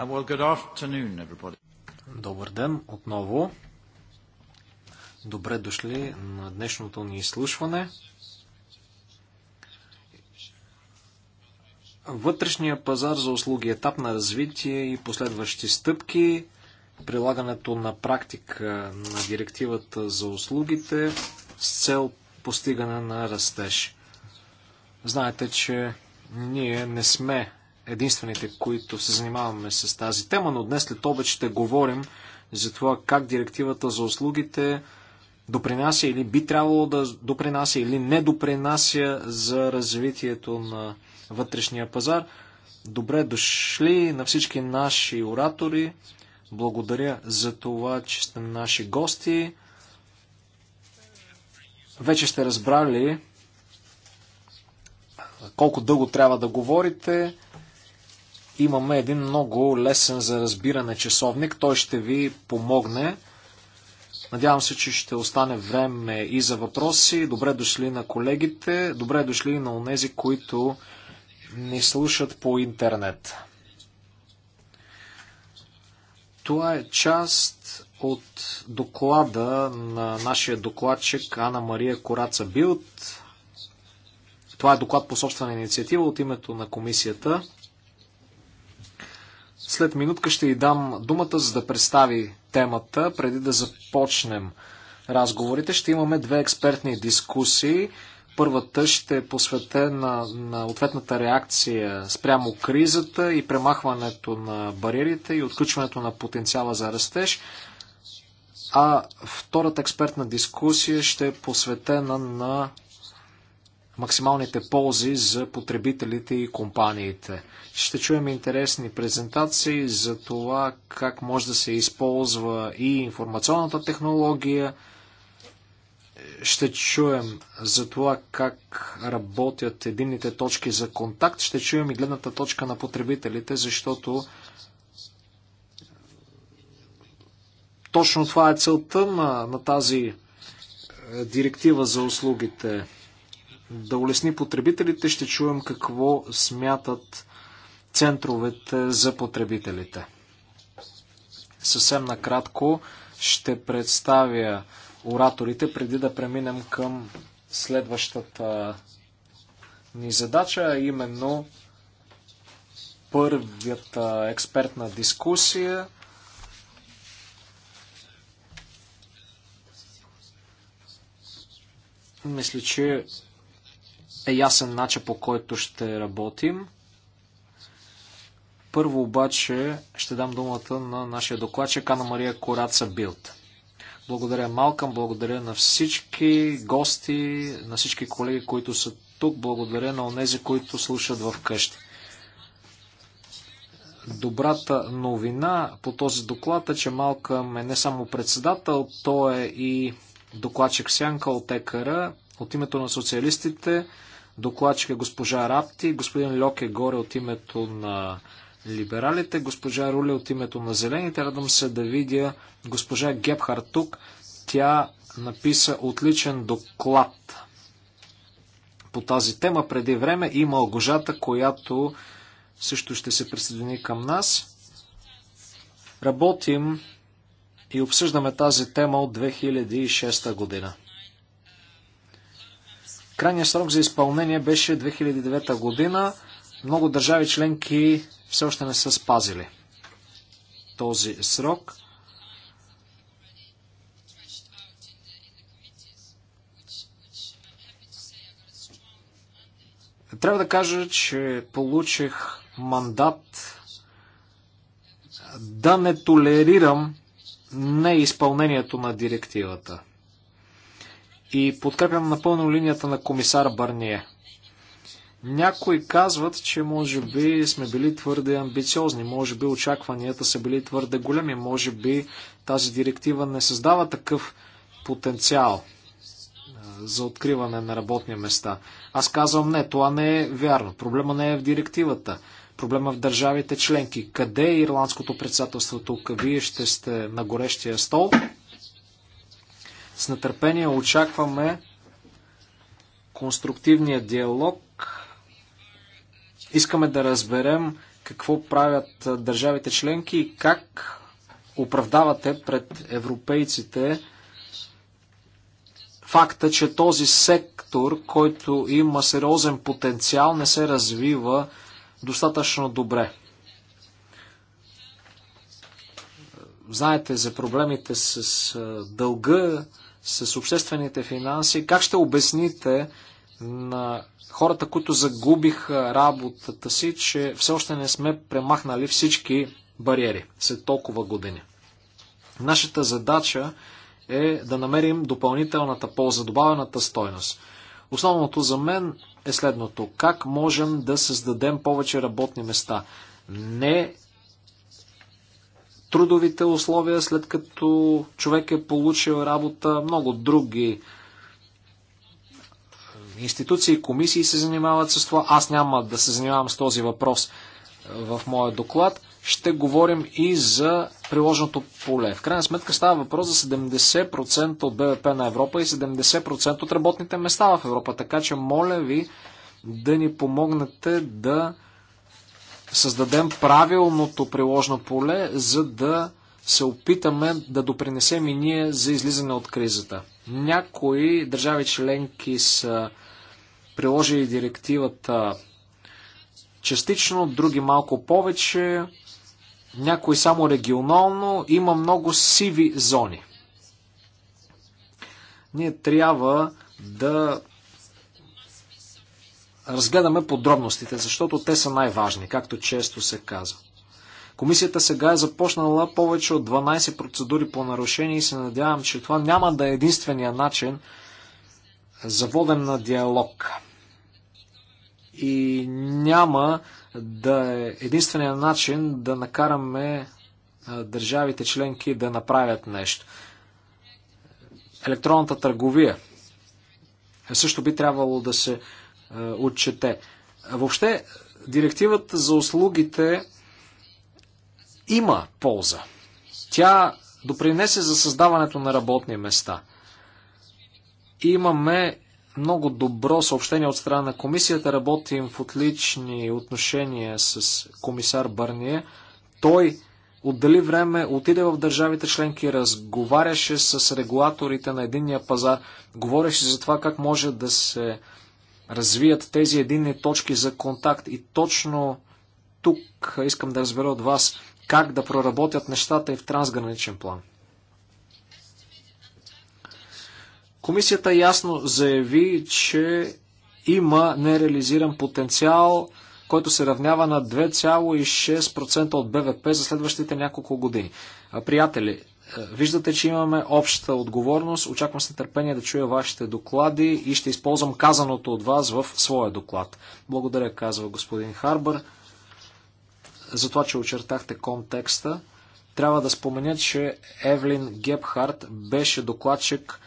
Uh, Добър ден отново. Добре дошли на днешното ни изслушване. Вътрешния пазар за услуги, етап на развитие и последващи стъпки, прилагането на практика на директивата за услугите с цел постигане на растеж. Знаете, че ние не сме единствените, които се занимаваме с тази тема, но днес след обед ще говорим за това как директивата за услугите допринася или би трябвало да допринася или не допринася за развитието на вътрешния пазар. Добре дошли на всички наши оратори. Благодаря за това, че сте наши гости. Вече сте разбрали колко дълго трябва да говорите имаме един много лесен за разбиране часовник. Той ще ви помогне. Надявам се, че ще остане време и за въпроси. Добре дошли на колегите, добре дошли на онези, които ни слушат по интернет. Това е част от доклада на нашия докладчик Ана Мария Кораца Билт. Това е доклад по собствена инициатива от името на комисията. След минутка ще й дам думата, за да представи темата. Преди да започнем разговорите, ще имаме две експертни дискусии. Първата ще е посветена на ответната реакция спрямо кризата и премахването на бариерите и отключването на потенциала за растеж. А втората експертна дискусия ще е посветена на максималните ползи за потребителите и компаниите. Ще чуем интересни презентации за това как може да се използва и информационната технология. Ще чуем за това как работят единните точки за контакт. Ще чуем и гледната точка на потребителите, защото точно това е целта на, на тази е, директива за услугите да улесни потребителите, ще чуем какво смятат центровете за потребителите. Съвсем накратко ще представя ораторите, преди да преминем към следващата ни задача, а именно първията експертна дискусия. Мисля, че е ясен начин по който ще работим. Първо обаче ще дам думата на нашия докладчик Ана Мария Кораца Билт. Благодаря Малкам, благодаря на всички гости, на всички колеги, които са тук, благодаря на онези, които слушат в къщи. Добрата новина по този доклад е, че Малкам е не само председател, той е и докладчик Сянка от ЕКР, от името на социалистите Докладчика госпожа Рапти, господин Льоке горе от името на либералите, госпожа Руле от името на зелените. Радвам се да видя госпожа Гепхар тук. Тя написа отличен доклад по тази тема преди време. Има огожата, която също ще се присъедини към нас. Работим и обсъждаме тази тема от 2006 година. Крайният срок за изпълнение беше 2009 година. Много държави членки все още не са спазили този срок. Трябва да кажа, че получих мандат да не толерирам неизпълнението на директивата и подкрепям напълно линията на комисар Барние. Някои казват, че може би сме били твърде амбициозни, може би очакванията са били твърде големи, може би тази директива не създава такъв потенциал за откриване на работни места. Аз казвам не, това не е вярно. Проблема не е в директивата. Проблема е в държавите членки. Къде е ирландското председателство тук? Вие ще сте на горещия стол с нетърпение очакваме конструктивния диалог. Искаме да разберем какво правят държавите членки и как оправдавате пред европейците факта, че този сектор, който има сериозен потенциал, не се развива достатъчно добре. Знаете за проблемите с дълга, с обществените финанси, как ще обясните на хората, които загубиха работата си, че все още не сме премахнали всички бариери след толкова години? Нашата задача е да намерим допълнителната полза, добавената стойност. Основното за мен е следното. Как можем да създадем повече работни места? Не трудовите условия, след като човек е получил работа, много други институции и комисии се занимават с това. Аз няма да се занимавам с този въпрос в моя доклад. Ще говорим и за приложеното поле. В крайна сметка става въпрос за 70% от БВП на Европа и 70% от работните места в Европа. Така че моля ви да ни помогнете да създадем правилното приложно поле, за да се опитаме да допринесем и ние за излизане от кризата. Някои държави членки са приложили директивата частично, други малко повече, някои само регионално. Има много сиви зони. Ние трябва да разгледаме подробностите, защото те са най-важни, както често се казва. Комисията сега е започнала повече от 12 процедури по нарушение и се надявам, че това няма да е единствения начин за воден на диалог. И няма да е единствения начин да накараме държавите членки да направят нещо. Електронната търговия е, също би трябвало да се е, отчете. Въобще, директивата за услугите има полза. Тя допринесе за създаването на работни места. Имаме много добро съобщение от страна на комисията. Работим в отлични отношения с комисар Бърния. Той отдели време, отиде в държавите членки, разговаряше с регулаторите на единния пазар, говореше за това как може да се развият тези единни точки за контакт. И точно тук искам да разбера от вас как да проработят нещата и в трансграничен план. Комисията ясно заяви, че има нереализиран потенциал, който се равнява на 2,6% от БВП за следващите няколко години. Приятели, е, виждате, че имаме обща отговорност. Очаквам с нетърпение да чуя вашите доклади и ще използвам казаното от вас в своя доклад. Благодаря, казва господин Харбър, за това, че очертахте контекста. Трябва да споменя, че Евлин Гебхарт беше докладчик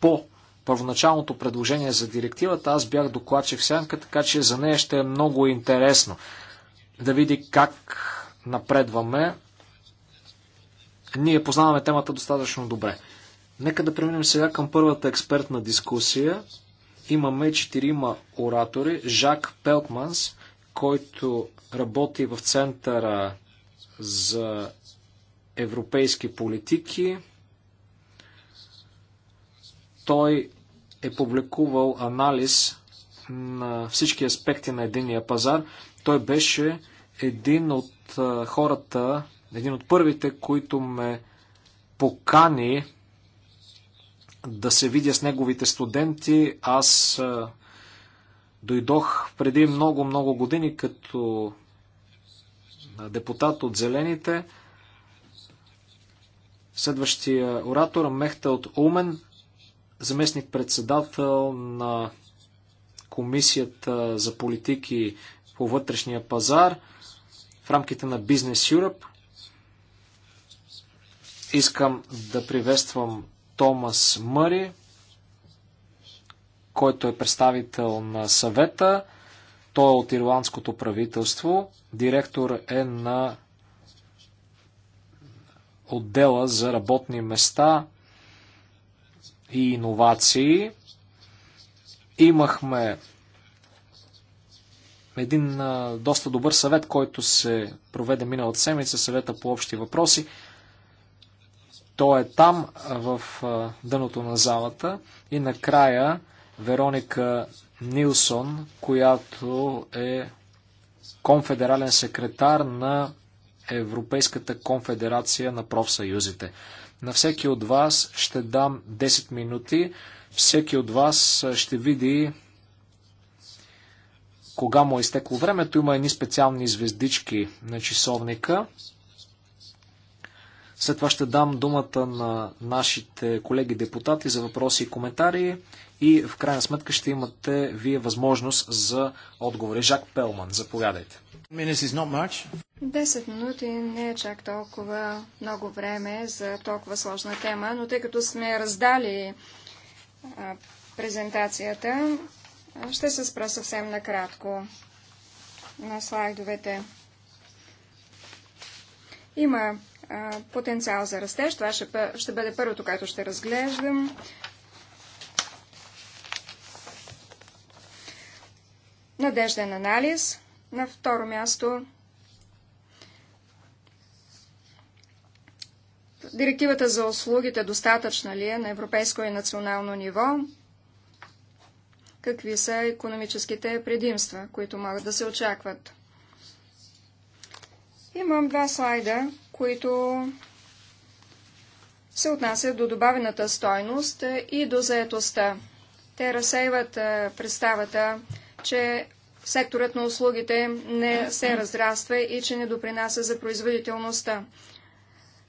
по първоначалното предложение за директивата. Аз бях докладчик в сянка, така че за нея ще е много интересно да види как напредваме ние познаваме темата достатъчно добре. Нека да преминем сега към първата експертна дискусия. Имаме четирима оратори. Жак Пелтманс, който работи в Центъра за европейски политики. Той е публикувал анализ на всички аспекти на единия пазар. Той беше един от хората един от първите, които ме покани да се видя с неговите студенти. Аз дойдох преди много-много години като депутат от Зелените. Следващия оратор Мехта от Умен, заместник-председател на Комисията за политики по вътрешния пазар в рамките на Бизнес Europe. Искам да приветствам Томас Мъри, който е представител на съвета. Той е от ирландското правителство. Директор е на отдела за работни места и иновации. Имахме един доста добър съвет, който се проведе миналата седмица, съвета по общи въпроси. Той е там в дъното на залата. И накрая Вероника Нилсон, която е конфедерален секретар на Европейската конфедерация на профсъюзите. На всеки от вас ще дам 10 минути. Всеки от вас ще види кога му е изтекло времето. Има едни специални звездички на часовника. След това ще дам думата на нашите колеги депутати за въпроси и коментари и в крайна сметка ще имате вие възможност за отговори. Жак Пелман, заповядайте. Десет минути не е чак толкова много време за толкова сложна тема, но тъй като сме раздали презентацията, ще се спра съвсем накратко на слайдовете. Има потенциал за растеж. Това ще, ще бъде първото, което ще разглеждам. Надежден анализ. На второ място Директивата за услугите достатъчна ли е на европейско и национално ниво? Какви са економическите предимства, които могат да се очакват? Имам два слайда, които се отнасят до добавената стойност и до заетостта. Те разсейват е, представата, че секторът на услугите не се разраства и че не допринася за производителността.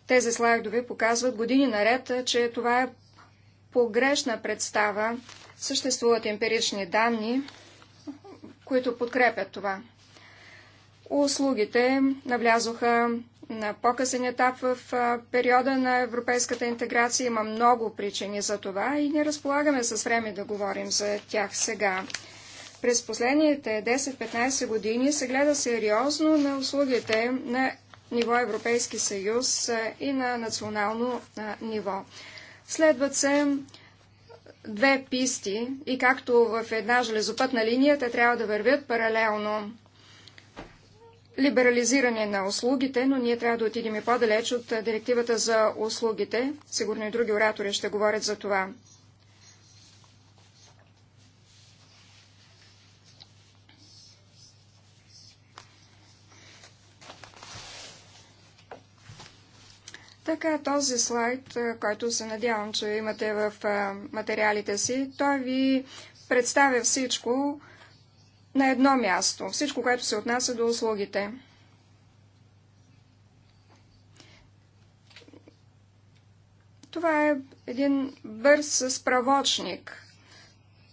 Тези слайдове показват години наред, е, че това е погрешна представа. Съществуват емпирични данни, които подкрепят това. Услугите навлязоха на по-късен етап в периода на европейската интеграция има много причини за това и не разполагаме с време да говорим за тях сега. През последните 10-15 години се гледа сериозно на услугите на ниво Европейски съюз и на национално ниво. Следват се две писти и както в една железопътна линия, те трябва да вървят паралелно либерализиране на услугите, но ние трябва да отидем и по-далеч от директивата за услугите. Сигурно и други оратори ще говорят за това. Така, този слайд, който се надявам, че имате в материалите си, той ви представя всичко, на едно място. Всичко, което се отнася до услугите. Това е един бърз справочник.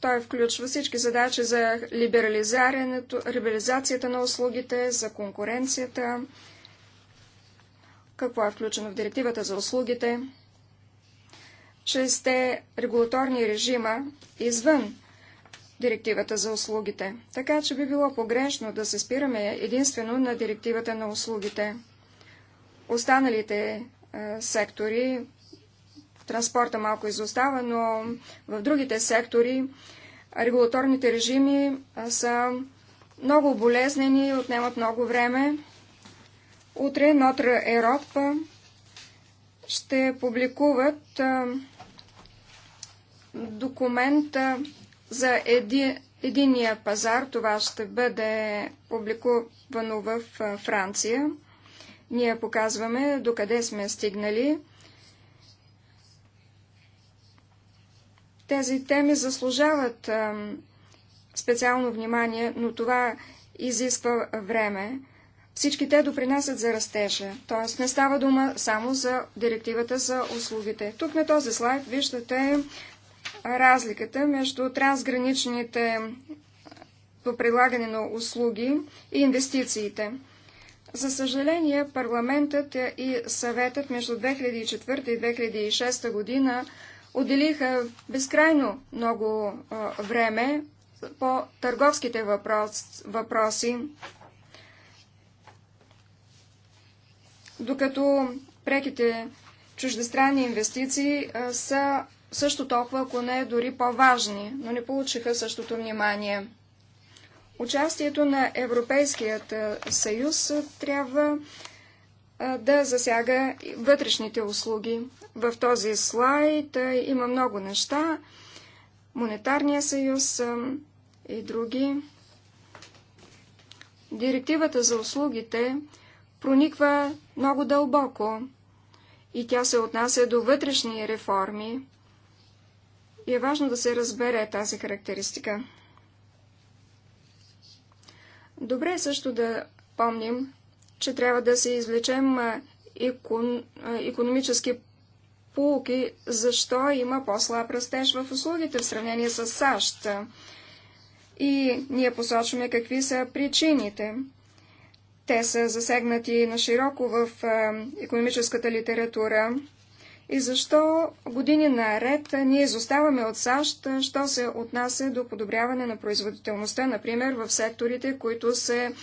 Той включва всички задачи за либерализацията на услугите, за конкуренцията, какво е включено в директивата за услугите, чрез те регулаторни режима извън директивата за услугите. Така че би било погрешно да се спираме единствено на директивата на услугите. Останалите е, сектори, транспорта малко изостава, но в другите сектори регулаторните режими е, са много болезнени, отнемат много време. Утре Нотра Европа ще публикуват е, документа за еди, единия пазар. Това ще бъде публикувано в Франция. Ние показваме докъде сме стигнали. Тези теми заслужават а, специално внимание, но това изисква време. Всички те допринасят за растежа, т.е. не става дума само за директивата за услугите. Тук на този слайд виждате разликата между трансграничните по прилагане на услуги и инвестициите. За съжаление, парламентът и съветът между 2004 и 2006 година отделиха безкрайно много време по търговските въпрос, въпроси, докато преките чуждестранни инвестиции са също толкова, ако не дори по-важни, но не получиха същото внимание. Участието на Европейският е, съюз е, трябва е, да засяга вътрешните услуги. В този слайд има много неща. Монетарния съюз и други. Директивата за услугите прониква много дълбоко и тя се отнася до вътрешни реформи, и е важно да се разбере тази характеристика. Добре е също да помним, че трябва да се извлечем екон... економически полуки, защо има по-слаб растеж в услугите в сравнение с САЩ. И ние посочваме какви са причините. Те са засегнати на широко в економическата литература и защо години наред ние изоставаме от САЩ, що се отнася до подобряване на производителността, например в секторите, които се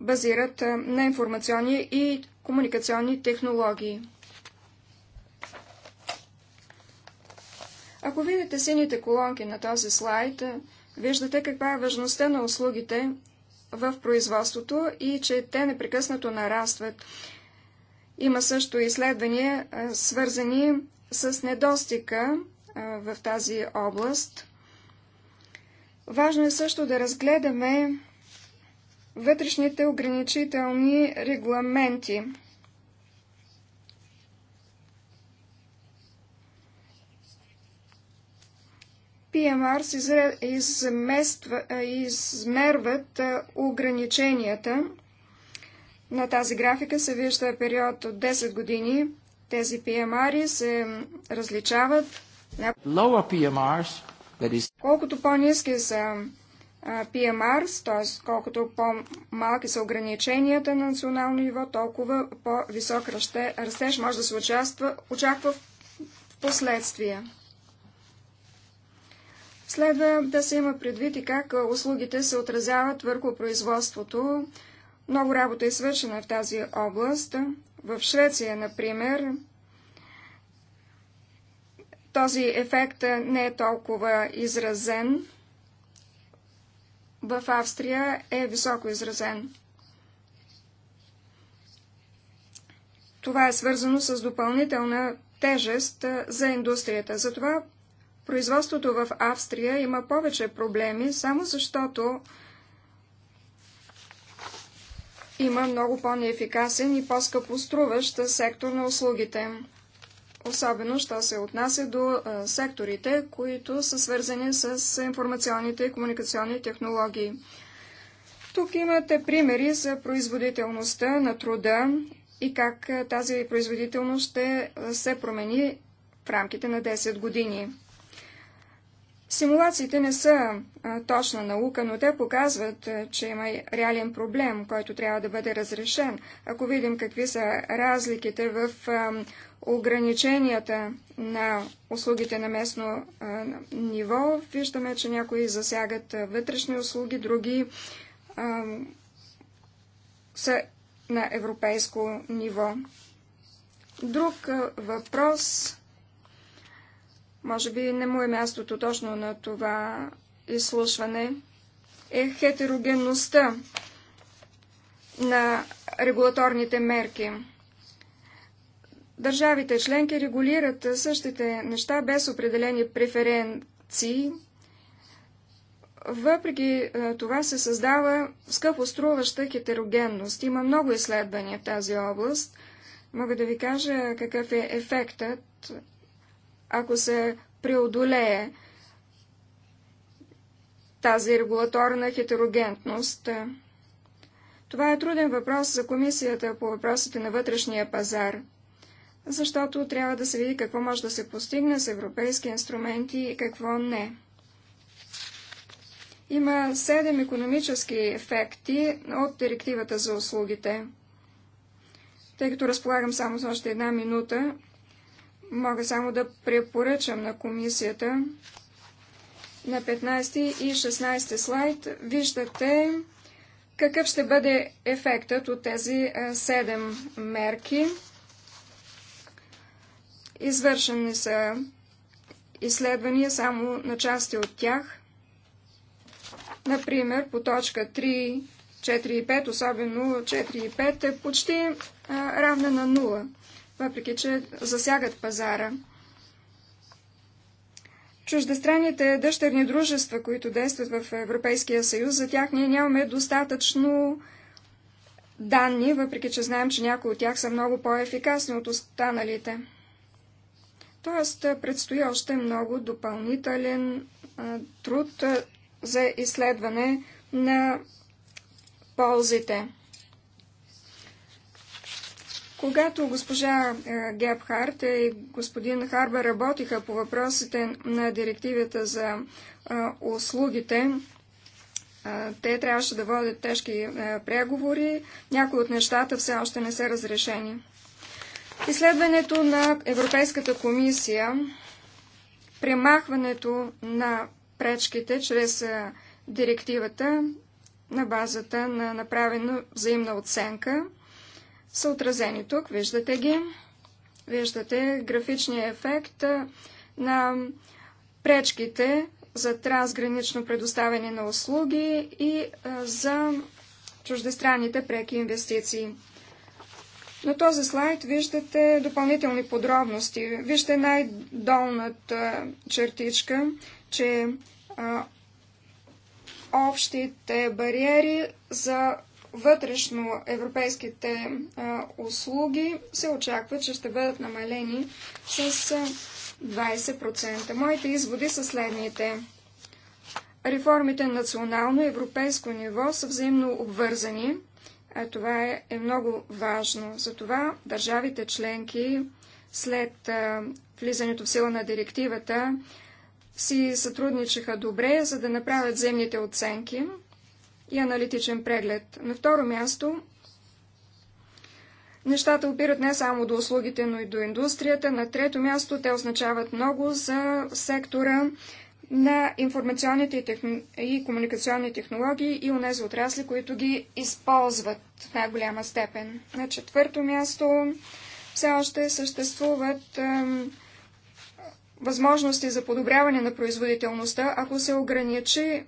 базират на информационни и комуникационни технологии. Ако видите сините колонки на този слайд, виждате каква е важността на услугите в производството и че те непрекъснато нарастват. Има също изследвания, свързани с недостига в тази област. Важно е също да разгледаме вътрешните ограничителни регламенти. PMR измерват ограниченията на тази графика се вижда период от 10 години. Тези PMR-и се различават. Колкото по-низки са PMRs, т.е. колкото по-малки са ограниченията на национално ниво, толкова по-висок растеж може да се участва, очаква в последствия. Следва да се има предвид и как услугите се отразяват върху производството, много работа е свършена в тази област. В Швеция, например, този ефект не е толкова изразен. В Австрия е високо изразен. Това е свързано с допълнителна тежест за индустрията. Затова производството в Австрия има повече проблеми, само защото има много по-неефикасен и по-скъпо струващ сектор на услугите. Особено, що се отнася до секторите, които са свързани с информационните и комуникационни технологии. Тук имате примери за производителността на труда и как тази производителност ще се промени в рамките на 10 години. Симулациите не са а, точна наука, но те показват, а, че има реален проблем, който трябва да бъде разрешен. Ако видим какви са разликите в а, ограниченията на услугите на местно а, ниво, виждаме, че някои засягат вътрешни услуги, други а, са на европейско ниво. Друг въпрос може би не му е мястото точно на това изслушване, е хетерогенността на регулаторните мерки. Държавите членки регулират същите неща без определени преференции. Въпреки е, това се създава скъпо струваща хетерогенност. Има много изследвания в тази област. Мога да ви кажа какъв е ефектът ако се преодолее тази регулаторна хетерогентност. Това е труден въпрос за комисията по въпросите на вътрешния пазар, защото трябва да се види какво може да се постигне с европейски инструменти и какво не. Има седем економически ефекти от директивата за услугите. Тъй като разполагам само с още една минута, Мога само да препоръчам на комисията. На 15 и 16 слайд виждате какъв ще бъде ефектът от тези 7 мерки. Извършени са изследвания само на части от тях. Например, по точка 3, 4 и 5, особено 4 и 5 е почти равна на 0 въпреки че засягат пазара. Чуждестранните дъщерни дружества, които действат в Европейския съюз, за тях ние нямаме достатъчно данни, въпреки че знаем, че някои от тях са много по-ефикасни от останалите. Тоест, предстои още много допълнителен труд за изследване на ползите. Когато госпожа е, Гебхарт и господин Харбер работиха по въпросите на директивата за е, услугите, е, те трябваше да водят тежки преговори. Някои от нещата все още не са разрешени. Изследването на Европейската комисия, премахването на пречките чрез директивата на базата на направено взаимна оценка – са отразени тук. Виждате ги. Виждате графичния ефект на пречките за трансгранично предоставяне на услуги и за чуждестранните преки инвестиции. На този слайд виждате допълнителни подробности. Вижте най-долната чертичка, че общите бариери за вътрешно европейските услуги се очаква, че ще бъдат намалени с 20%. Моите изводи са следните. Реформите на национално и европейско ниво са взаимно обвързани. А това е, е много важно. Затова държавите членки след влизането в сила на директивата си сътрудничаха добре, за да направят земните оценки и аналитичен преглед. На второ място, нещата опират не само до услугите, но и до индустрията. На трето място, те означават много за сектора на информационните и, техно... и комуникационни технологии и унези отрасли, които ги използват в най-голяма степен. На четвърто място все още съществуват ем, възможности за подобряване на производителността, ако се ограничи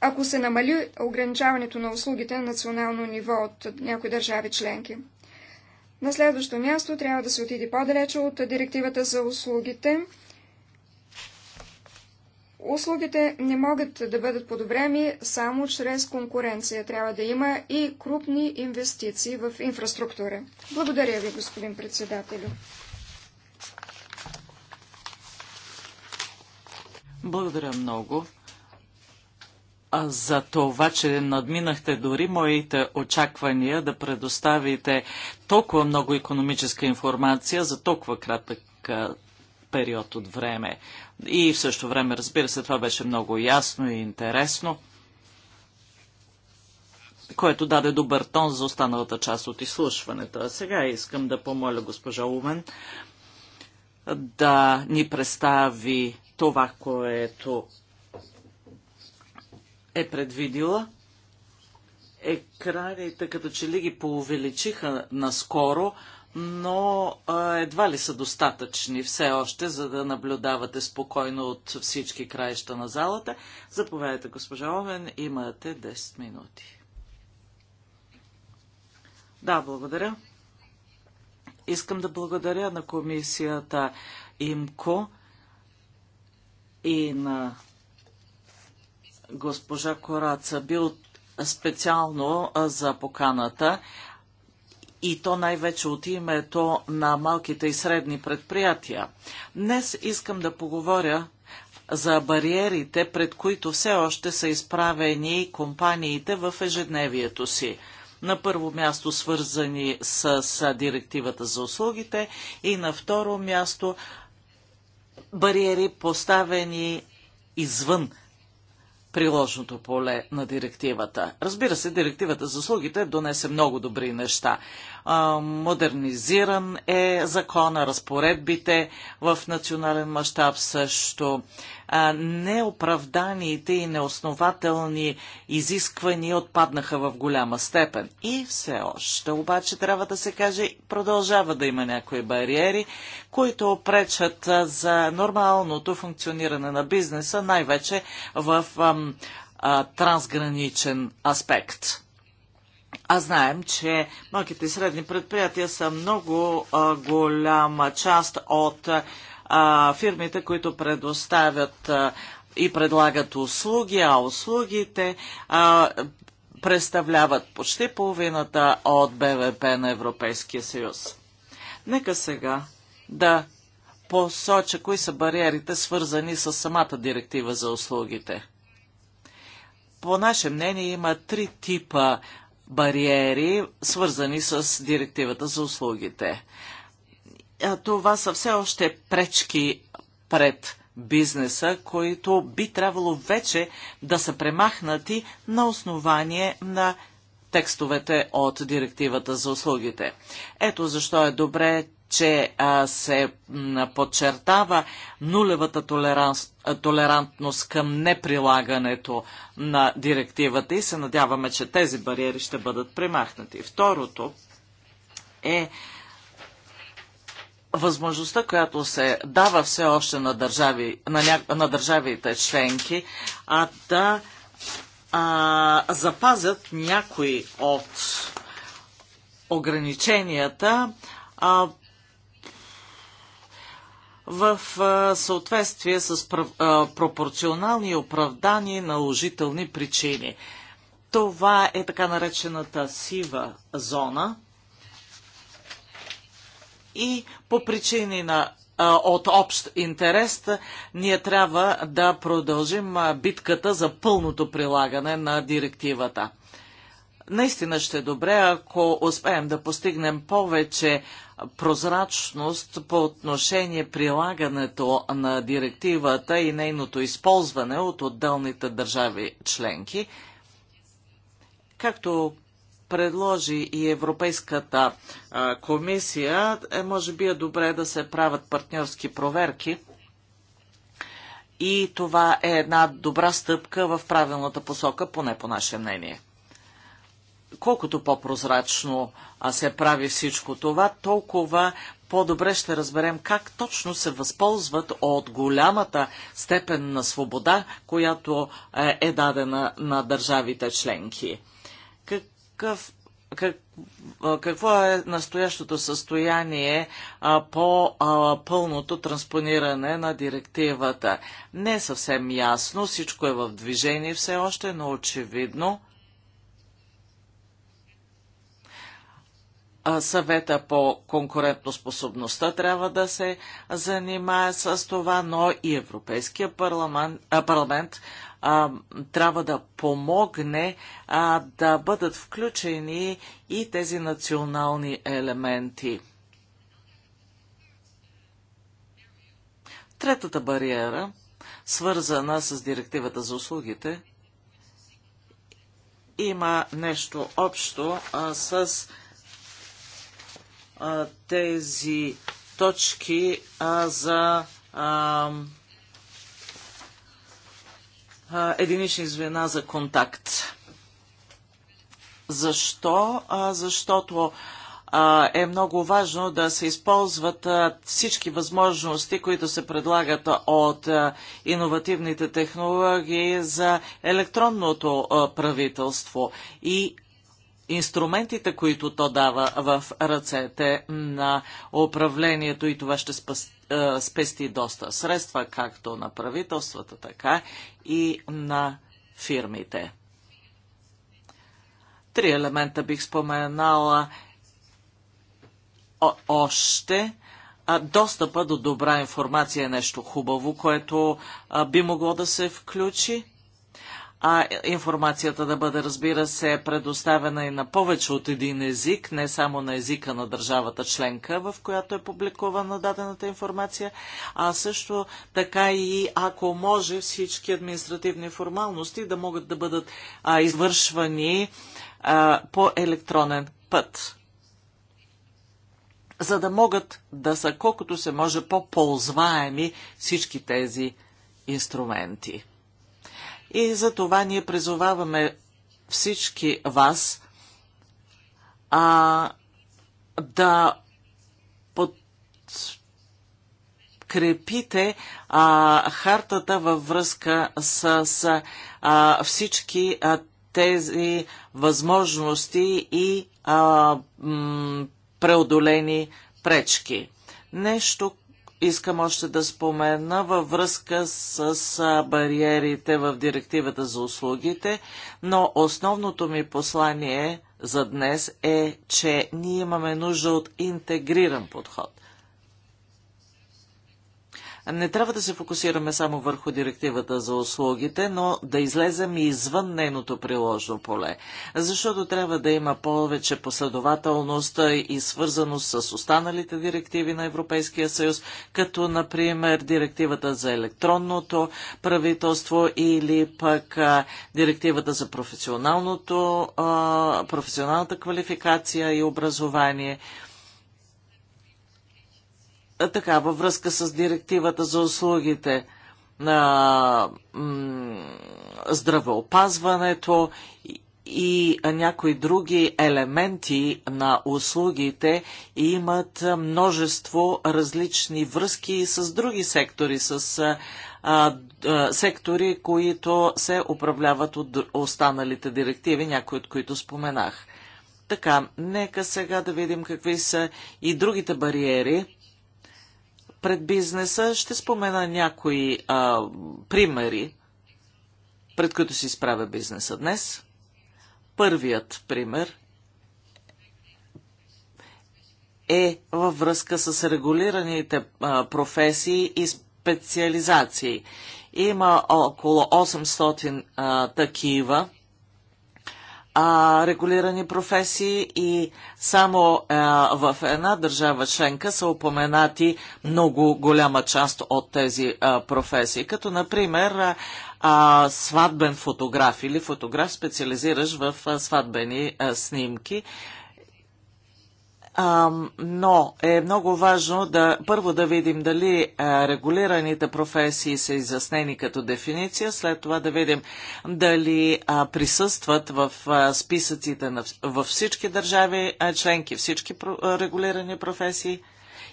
ако се намали ограничаването на услугите на национално ниво от някои държави членки. На следващо място трябва да се отиде по-далече от директивата за услугите. Услугите не могат да бъдат подобрени само чрез конкуренция. Трябва да има и крупни инвестиции в инфраструктура. Благодаря ви, господин председателю. Благодаря много за това, че надминахте дори моите очаквания да предоставите толкова много економическа информация за толкова кратък период от време. И в същото време, разбира се, това беше много ясно и интересно, което даде добър тон за останалата част от изслушването. А сега искам да помоля госпожа Умен да ни представи това, което е предвидила. Е Екраните като че ли ги поувеличиха наскоро, но а, едва ли са достатъчни все още, за да наблюдавате спокойно от всички краища на залата. Заповядайте, госпожа Овен, имате 10 минути. Да, благодаря. Искам да благодаря на комисията ИМКО и на госпожа Кораца бил специално за поканата и то най-вече от името на малките и средни предприятия. Днес искам да поговоря за бариерите, пред които все още са изправени компаниите в ежедневието си. На първо място свързани с директивата за услугите и на второ място бариери поставени извън приложното поле на директивата. Разбира се, директивата за услугите донесе много добри неща. модернизиран е закона, разпоредбите в национален мащаб също неоправданите и неоснователни изисквания отпаднаха в голяма степен. И все още, обаче трябва да се каже, продължава да има някои бариери, които пречат за нормалното функциониране на бизнеса, най-вече в ам, а, трансграничен аспект. А знаем, че малките и средни предприятия са много а, голяма част от а, а, фирмите, които предоставят а, и предлагат услуги, а услугите а, представляват почти половината от БВП на Европейския съюз. Нека сега да посоча кои са бариерите, свързани с самата директива за услугите. По наше мнение има три типа бариери, свързани с директивата за услугите. Е, това са все още пречки пред бизнеса, които би трябвало вече да са премахнати на основание на текстовете от директивата за услугите. Ето защо е добре, че а, се подчертава нулевата толеранс, толерантност към неприлагането на директивата и се надяваме, че тези бариери ще бъдат премахнати. Второто е възможността, която се дава все още на, държави, на, ня... на държавите членки, а да а, запазят някои от ограниченията а, в а, съответствие с прав, а, пропорционални оправдани наложителни причини. Това е така наречената сива зона – и по причини на от общ интерес, ние трябва да продължим битката за пълното прилагане на директивата. Наистина ще е добре, ако успеем да постигнем повече прозрачност по отношение прилагането на директивата и нейното използване от отделните държави членки. Както предложи и Европейската комисия, е, може би е добре да се правят партньорски проверки. И това е една добра стъпка в правилната посока, поне по наше мнение. Колкото по-прозрачно се прави всичко това, толкова по-добре ще разберем как точно се възползват от голямата степен на свобода, която е, е дадена на държавите членки какъв как, какво е настоящото състояние а, по а, пълното транспониране на директивата. Не е съвсем ясно, всичко е в движение все още, но очевидно съвета по конкурентоспособността трябва да се занимае с това, но и Европейския парламент, парламент а, трябва да помогне а, да бъдат включени и тези национални елементи. Третата бариера, свързана с директивата за услугите, има нещо общо а, с а, тези точки а, за а, единични звена за контакт. Защо? Защото е много важно да се използват всички възможности, които се предлагат от иновативните технологии за електронното правителство и инструментите, които то дава в ръцете на управлението и това ще спасти е, спести доста средства, както на правителствата, така и на фирмите. Три елемента бих споменала още. достъпа до добра информация е нещо хубаво, което би могло да се включи а информацията да бъде, разбира се, предоставена и на повече от един език, не само на езика на държавата членка, в която е публикувана дадената информация, а също така и ако може всички административни формалности да могат да бъдат а, извършвани а, по електронен път за да могат да са колкото се може по-ползваеми всички тези инструменти. И за това ние призоваваме всички вас а, да подкрепите а, хартата във връзка с, с а, всички а, тези възможности и а, м, преодолени пречки. Нещо, искам още да спомена във връзка с, с бариерите в директивата за услугите, но основното ми послание за днес е, че ние имаме нужда от интегриран подход не трябва да се фокусираме само върху директивата за услугите, но да излезем и извън нейното приложно поле, защото трябва да има повече последователност и свързаност с останалите директиви на Европейския съюз, като например директивата за електронното правителство или пък директивата за професионалното, професионалната квалификация и образование – така, във връзка с директивата за услугите на здравеопазването и някои други елементи на услугите имат множество различни връзки с други сектори, с а, а, сектори, които се управляват от останалите директиви, някои от които споменах. Така, нека сега да видим какви са и другите бариери, пред бизнеса. Ще спомена някои а, примери, пред които се изправя бизнеса днес. Първият пример е във връзка с регулираните а, професии и специализации. Има около 800 а, такива а, регулирани професии и само а, в една държава членка са упоменати много голяма част от тези а, професии, като например а, сватбен фотограф или фотограф специализираш в а, сватбени а, снимки но е много важно да първо да видим дали регулираните професии са изяснени като дефиниция, след това да видим дали присъстват в списъците във всички държави членки, всички регулирани професии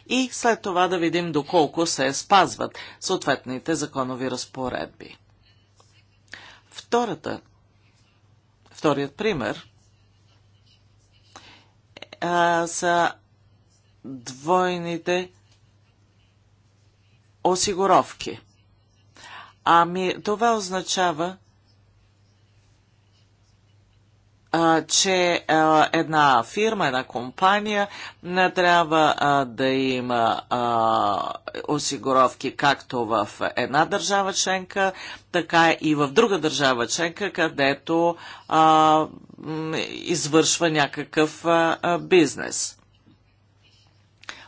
и след това да видим доколко се спазват съответните законови разпоредби. Втората, вторият пример – а, са двойните осигуровки. Ами това означава, че една фирма, една компания не трябва да има осигуровки както в една държава членка, така и в друга държава членка, където извършва някакъв бизнес.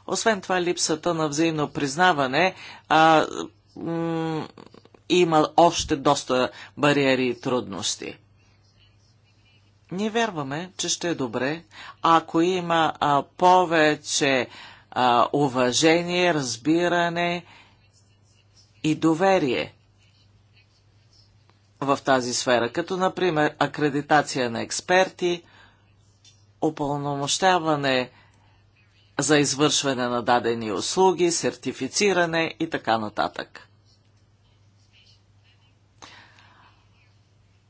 Освен това, липсата на взаимно признаване има още доста бариери и трудности. Ние вярваме, че ще е добре, ако има а, повече а, уважение, разбиране и доверие в тази сфера, като например акредитация на експерти, опълномощаване за извършване на дадени услуги, сертифициране и така нататък.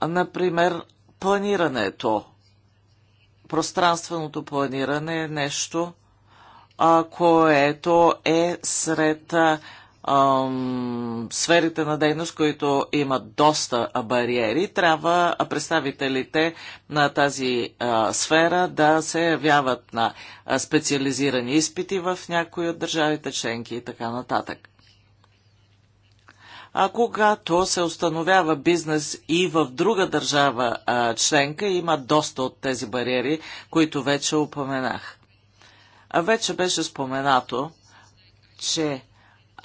Например, планирането. Пространственото планиране е нещо, а, което е сред а, сферите на дейност, които имат доста бариери, трябва представителите на тази а, сфера да се явяват на специализирани изпити в някои от държавите членки и така нататък а когато се установява бизнес и в друга държава а, членка, има доста от тези бариери, които вече упоменах. А вече беше споменато, че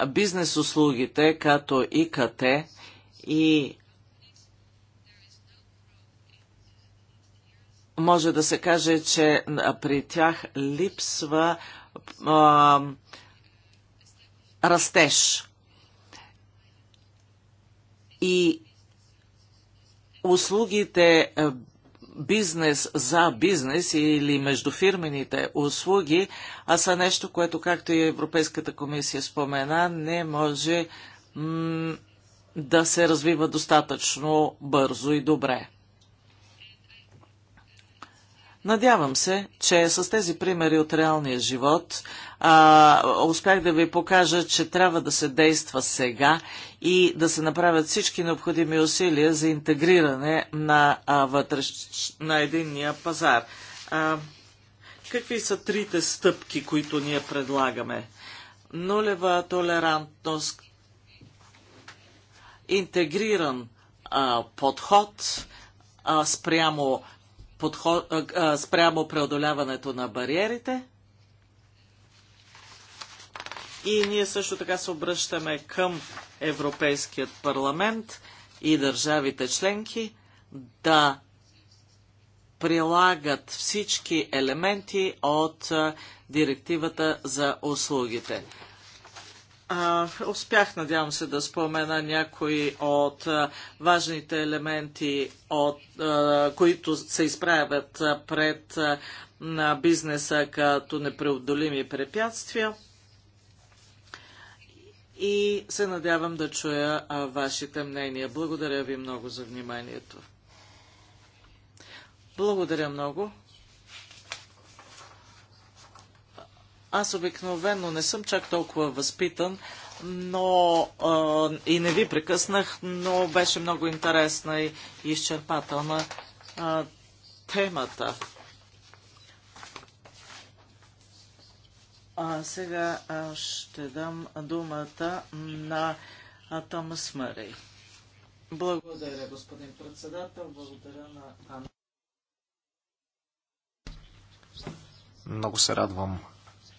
бизнес услугите като ИКТ и може да се каже, че при тях липсва а, растеж и услугите е, бизнес за бизнес или междуфирмените услуги, а са нещо, което, както и Европейската комисия спомена, не може да се развива достатъчно бързо и добре. Надявам се, че с тези примери от реалния живот а, успях да ви покажа, че трябва да се действа сега и да се направят всички необходими усилия за интегриране на, а, вътреш, на единния пазар. А, какви са трите стъпки, които ние предлагаме? Нулева толерантност, интегриран а, подход а, спрямо подход, а, спрямо преодоляването на бариерите. И ние също така се обръщаме към Европейският парламент и държавите членки да прилагат всички елементи от директивата за услугите. А, успях, надявам се, да спомена някои от а, важните елементи, от, а, които се изправят пред на бизнеса като непреодолими препятствия. И се надявам да чуя вашите мнения. Благодаря ви много за вниманието. Благодаря много. Аз обикновено не съм чак толкова възпитан, но а, и не ви прекъснах, но беше много интересна и изчерпателна а, темата. А, сега ще дам думата на Томас Мъри. Благодаря, господин председател. Благодаря на Анна. Много се радвам,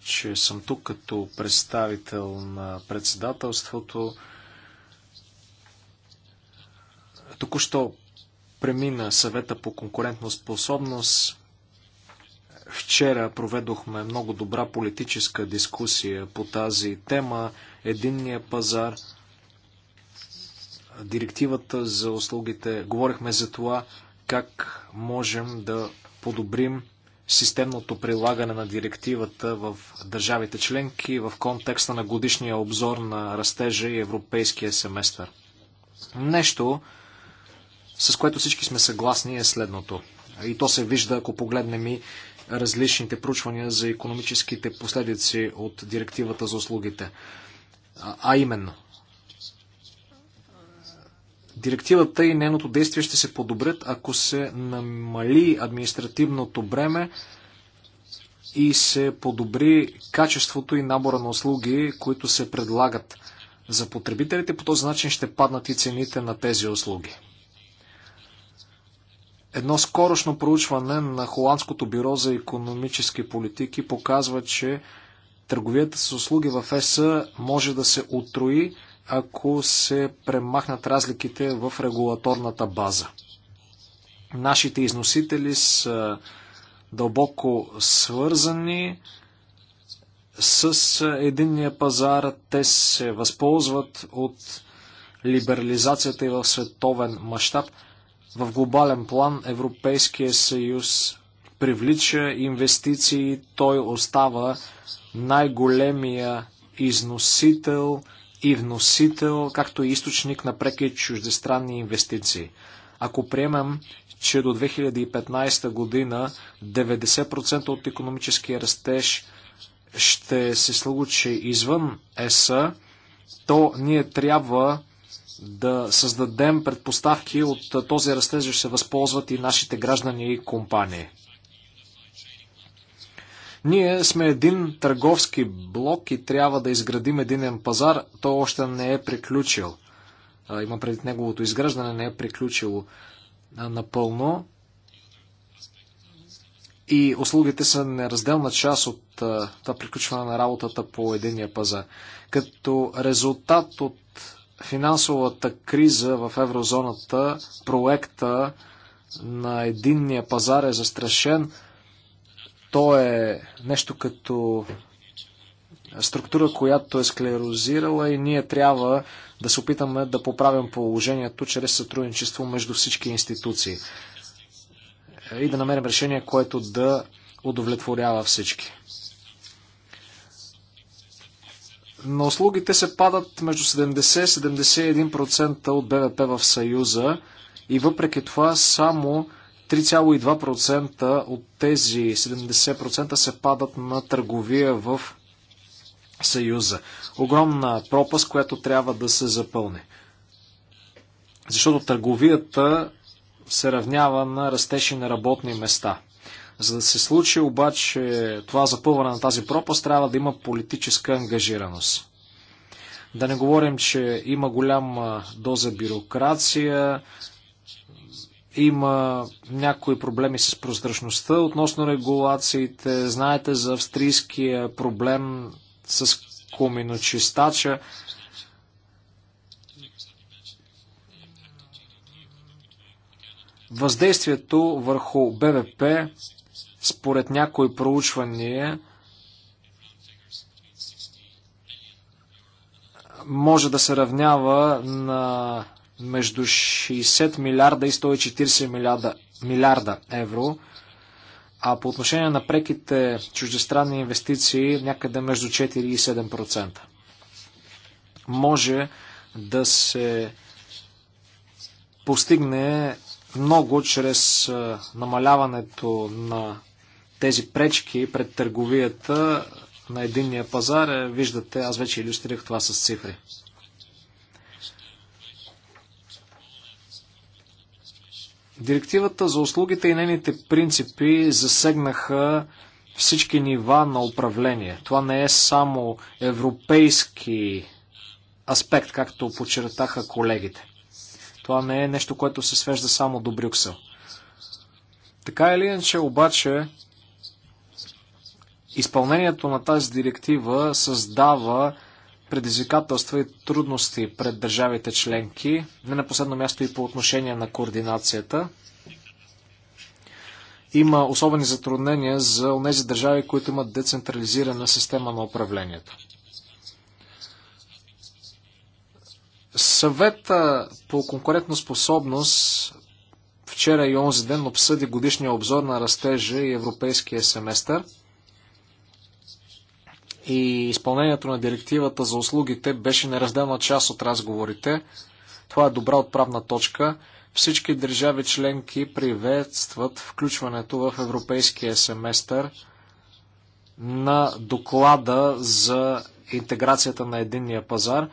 че съм тук като представител на председателството. Току-що премина съвета по конкурентна способност. Вчера проведохме много добра политическа дискусия по тази тема. Единния пазар, директивата за услугите. Говорихме за това как можем да подобрим системното прилагане на директивата в държавите членки в контекста на годишния обзор на растежа и европейския семестър. Нещо, с което всички сме съгласни е следното. И то се вижда, ако погледнем и различните проучвания за економическите последици от директивата за услугите. А, именно, Директивата и нейното действие ще се подобрят, ако се намали административното бреме и се подобри качеството и набора на услуги, които се предлагат за потребителите. По този начин ще паднат и цените на тези услуги. Едно скорошно проучване на Холандското бюро за економически политики показва, че търговията с услуги в ЕС може да се отрои ако се премахнат разликите в регулаторната база. Нашите износители са дълбоко свързани с единния пазар. Те се възползват от либерализацията и в световен мащаб. В глобален план Европейския съюз привлича инвестиции, той остава най-големия износител и вносител, както и източник на преки чуждестранни инвестиции. Ако приемем, че до 2015 година 90% от економическия растеж ще се случи извън ЕСА, то ние трябва да създадем предпоставки от този растеж, ще се възползват и нашите граждани и компании. Ние сме един търговски блок и трябва да изградим единен пазар. То още не е приключил. Има преди неговото изграждане, не е приключило напълно. И услугите са неразделна част от това приключване на работата по единия пазар. Като резултат от финансовата криза в еврозоната, проекта на единния пазар е застрашен. То е нещо като структура, която е склерозирала и ние трябва да се опитаме да поправим положението чрез сътрудничество между всички институции и да намерим решение, което да удовлетворява всички. На услугите се падат между 70-71% от БВП в Съюза и въпреки това само 3,2% от тези 70% се падат на търговия в Съюза. Огромна пропаст, която трябва да се запълни. Защото търговията се равнява на растеж на работни места. За да се случи обаче това запълване на тази пропаст, трябва да има политическа ангажираност. Да не говорим, че има голяма доза бюрокрация, има някои проблеми с прозрачността относно регулациите. Знаете за австрийския проблем с коминочистача. Въздействието върху БВП според някои проучвания може да се равнява на между 60 милиарда и 140 милиарда, милиарда евро, а по отношение на преките чуждестранни инвестиции някъде между 4 и 7%. Може да се постигне много чрез намаляването на тези пречки пред търговията на единния пазар. Виждате, аз вече иллюстрирах това с цифри. Директивата за услугите и нейните принципи засегнаха всички нива на управление. Това не е само европейски аспект, както подчертаха колегите. Това не е нещо, което се свежда само до Брюксел. Така или иначе, обаче, изпълнението на тази директива създава предизвикателства и трудности пред държавите членки, не на последно място и по отношение на координацията. Има особени затруднения за тези държави, които имат децентрализирана система на управлението. Съвета по конкурентна способност вчера и онзи ден обсъди годишния обзор на растежа и европейския семестър – и изпълнението на директивата за услугите беше неразделна част от разговорите. Това е добра отправна точка. Всички държави членки приветстват включването в европейския семестър на доклада за интеграцията на единния пазар.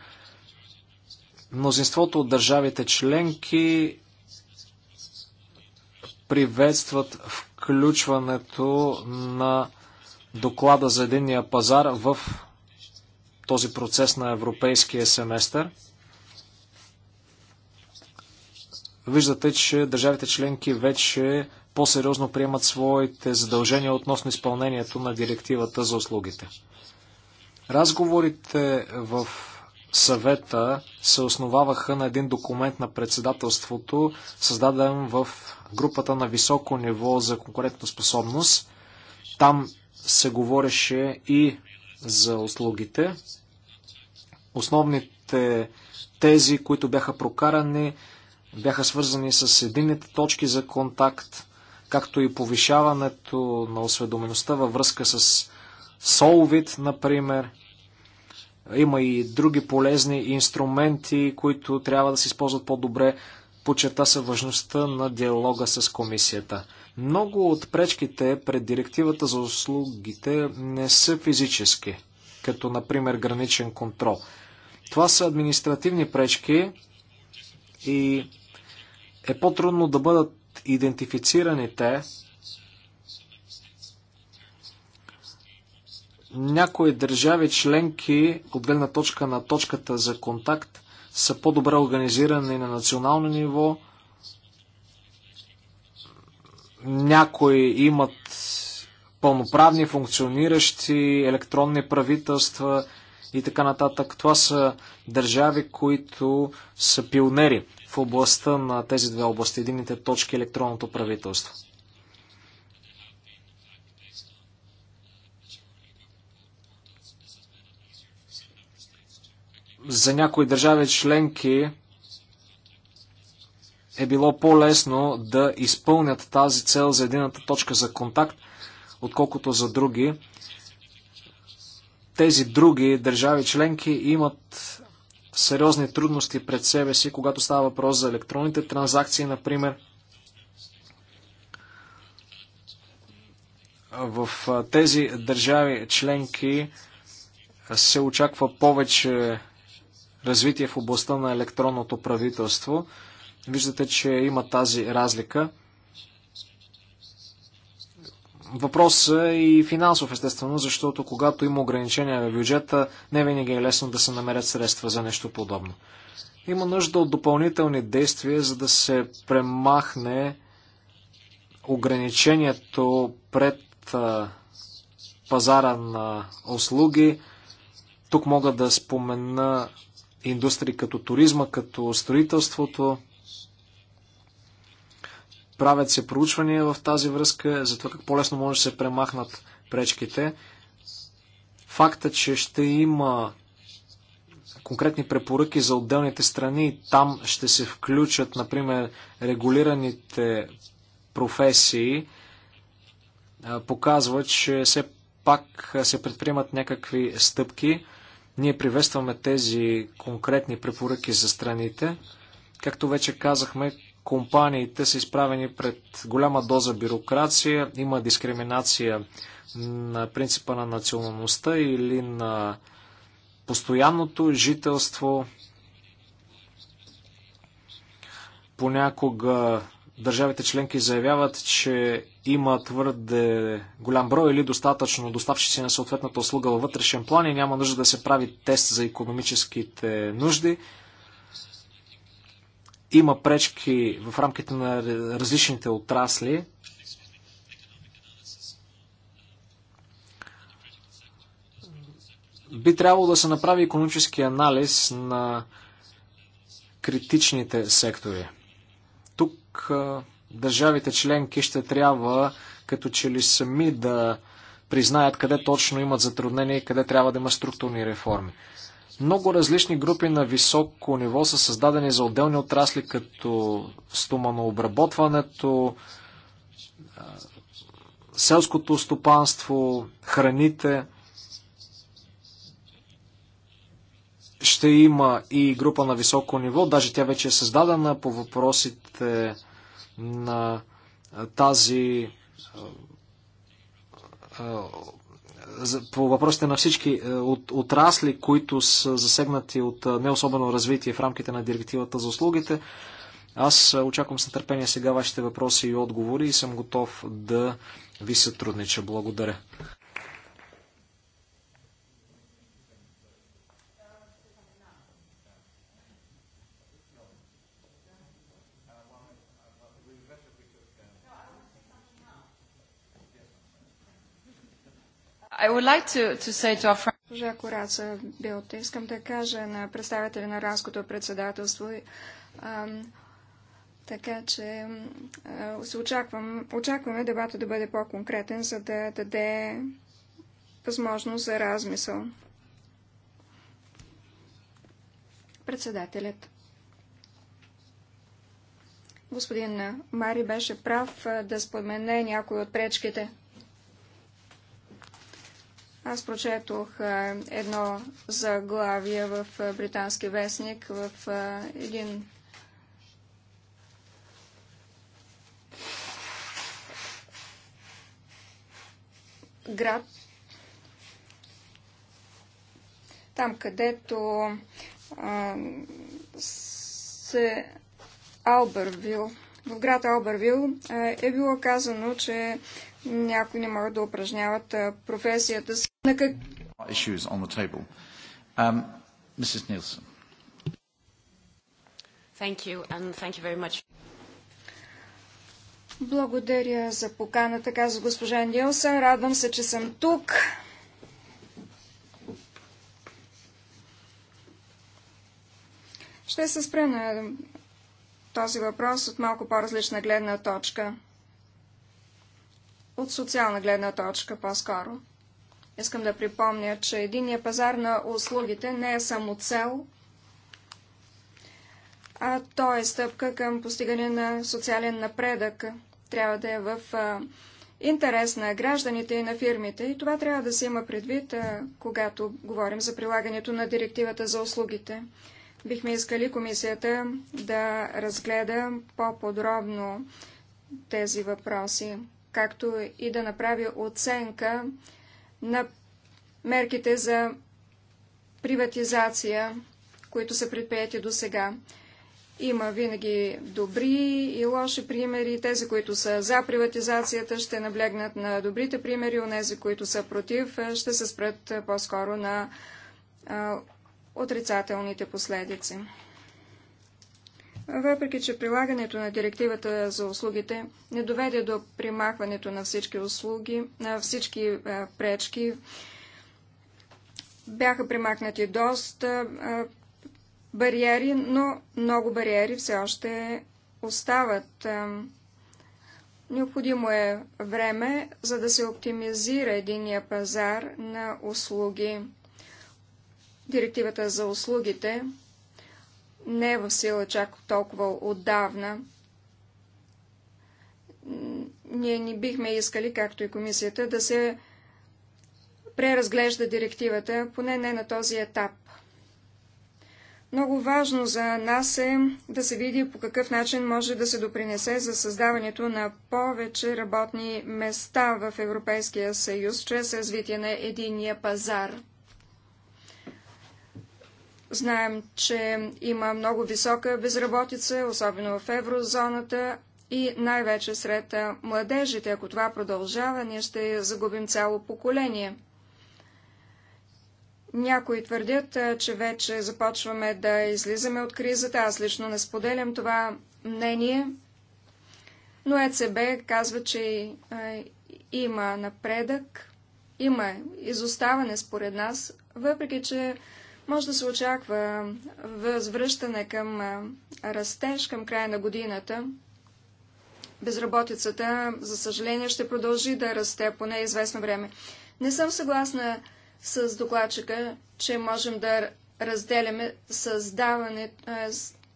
Мнозинството от държавите членки приветстват включването на доклада за единния пазар в този процес на европейския семестър. Виждате, че държавите членки вече по-сериозно приемат своите задължения относно изпълнението на директивата за услугите. Разговорите в съвета се основаваха на един документ на председателството, създаден в групата на високо ниво за конкурентоспособност. Там се говореше и за услугите. Основните тези, които бяха прокарани, бяха свързани с единните точки за контакт, както и повишаването на осведомеността във връзка с Solvit, например. Има и други полезни инструменти, които трябва да се използват по-добре. Почерта се важността на диалога с комисията. Много от пречките пред директивата за услугите не са физически, като например граничен контрол. Това са административни пречки и е по-трудно да бъдат идентифицирани те. Някои държави членки, от гледна точка на точката за контакт, са по-добре организирани на национално ниво – някои имат пълноправни, функциониращи електронни правителства и така нататък. Това са държави, които са пионери в областта на тези две области. Едините точки електронното правителство. За някои държави членки е било по-лесно да изпълнят тази цел за едината точка за контакт, отколкото за други. Тези други държави членки имат сериозни трудности пред себе си, когато става въпрос за електронните транзакции, например. В тези държави членки се очаква повече развитие в областта на електронното правителство. Виждате, че има тази разлика. Въпросът е и финансов, естествено, защото когато има ограничения в бюджета, не винаги е лесно да се намерят средства за нещо подобно. Има нужда от допълнителни действия, за да се премахне ограничението пред пазара на услуги. Тук мога да спомена индустрии като туризма, като строителството. Правят се проучвания в тази връзка за това как по-лесно може да се премахнат пречките. Факта, че ще има конкретни препоръки за отделните страни, там ще се включат, например, регулираните професии, показва, че все пак се предприемат някакви стъпки. Ние приветстваме тези конкретни препоръки за страните. Както вече казахме, компаниите са изправени пред голяма доза бюрокрация, има дискриминация на принципа на националността или на постоянното жителство. Понякога държавите членки заявяват, че има твърде голям брой или достатъчно доставчици на съответната услуга във вътрешен план и няма нужда да се прави тест за економическите нужди има пречки в рамките на различните отрасли. Би трябвало да се направи економически анализ на критичните сектори. Тук държавите членки ще трябва като че ли сами да признаят къде точно имат затруднения и къде трябва да има структурни реформи. Много различни групи на високо ниво са създадени за отделни отрасли, като стоманообработването, селското стопанство, храните. Ще има и група на високо ниво, даже тя вече е създадена по въпросите на тази по въпросите на всички е, от, отрасли, които са засегнати от е, не особено развитие в рамките на директивата за услугите. Аз е, очаквам с нетърпение сега вашите въпроси и отговори и съм готов да ви сътруднича. Благодаря. like to, to to our... Кораца Билт, искам да кажа на представители на ранското председателство, а, така че а, се очаквам, очакваме дебата да бъде по-конкретен, за да даде възможност за размисъл. Председателят. Господин Мари беше прав да спомене някои от пречките – аз прочетох едно заглавие в британски вестник в един град, там където а, се Албървил, в град Албървил е било казано, че някои не могат да упражняват професията си. Issues on the table. Um, Mrs. Nielsen. Thank you and thank you very much. Благодаря за поканата, каза госпожа Нилсън. Радвам се, че съм тук. Ще се спра на този въпрос от малко по-различна гледна точка. От социална гледна точка по-скоро. Искам да припомня, че единия пазар на услугите не е само цел, а то е стъпка към постигане на социален напредък. Трябва да е в интерес на гражданите и на фирмите. И това трябва да се има предвид, когато говорим за прилагането на директивата за услугите. Бихме искали комисията да разгледа по-подробно тези въпроси, както и да направи оценка на мерките за приватизация, които са предприяти до сега. Има винаги добри и лоши примери. Тези, които са за приватизацията, ще наблегнат на добрите примери, онези, които са против, ще се спрат по-скоро на отрицателните последици. Въпреки, че прилагането на директивата за услугите не доведе до примахването на всички услуги, на всички е, пречки, бяха примахнати доста е, бариери, но много бариери все още остават. Е, необходимо е време, за да се оптимизира единия пазар на услуги. Директивата за услугите не е в сила чак толкова отдавна. Ние не бихме искали, както и комисията, да се преразглежда директивата, поне не на този етап. Много важно за нас е да се види по какъв начин може да се допринесе за създаването на повече работни места в Европейския съюз чрез развитие на единия пазар. Знаем, че има много висока безработица, особено в еврозоната и най-вече сред младежите. Ако това продължава, ние ще загубим цяло поколение. Някои твърдят, че вече започваме да излизаме от кризата. Аз лично не споделям това мнение, но ЕЦБ казва, че има напредък, има изоставане според нас, въпреки че може да се очаква възвръщане към растеж към края на годината. Безработицата, за съжаление, ще продължи да расте поне известно време. Не съм съгласна с докладчика, че можем да разделяме създаване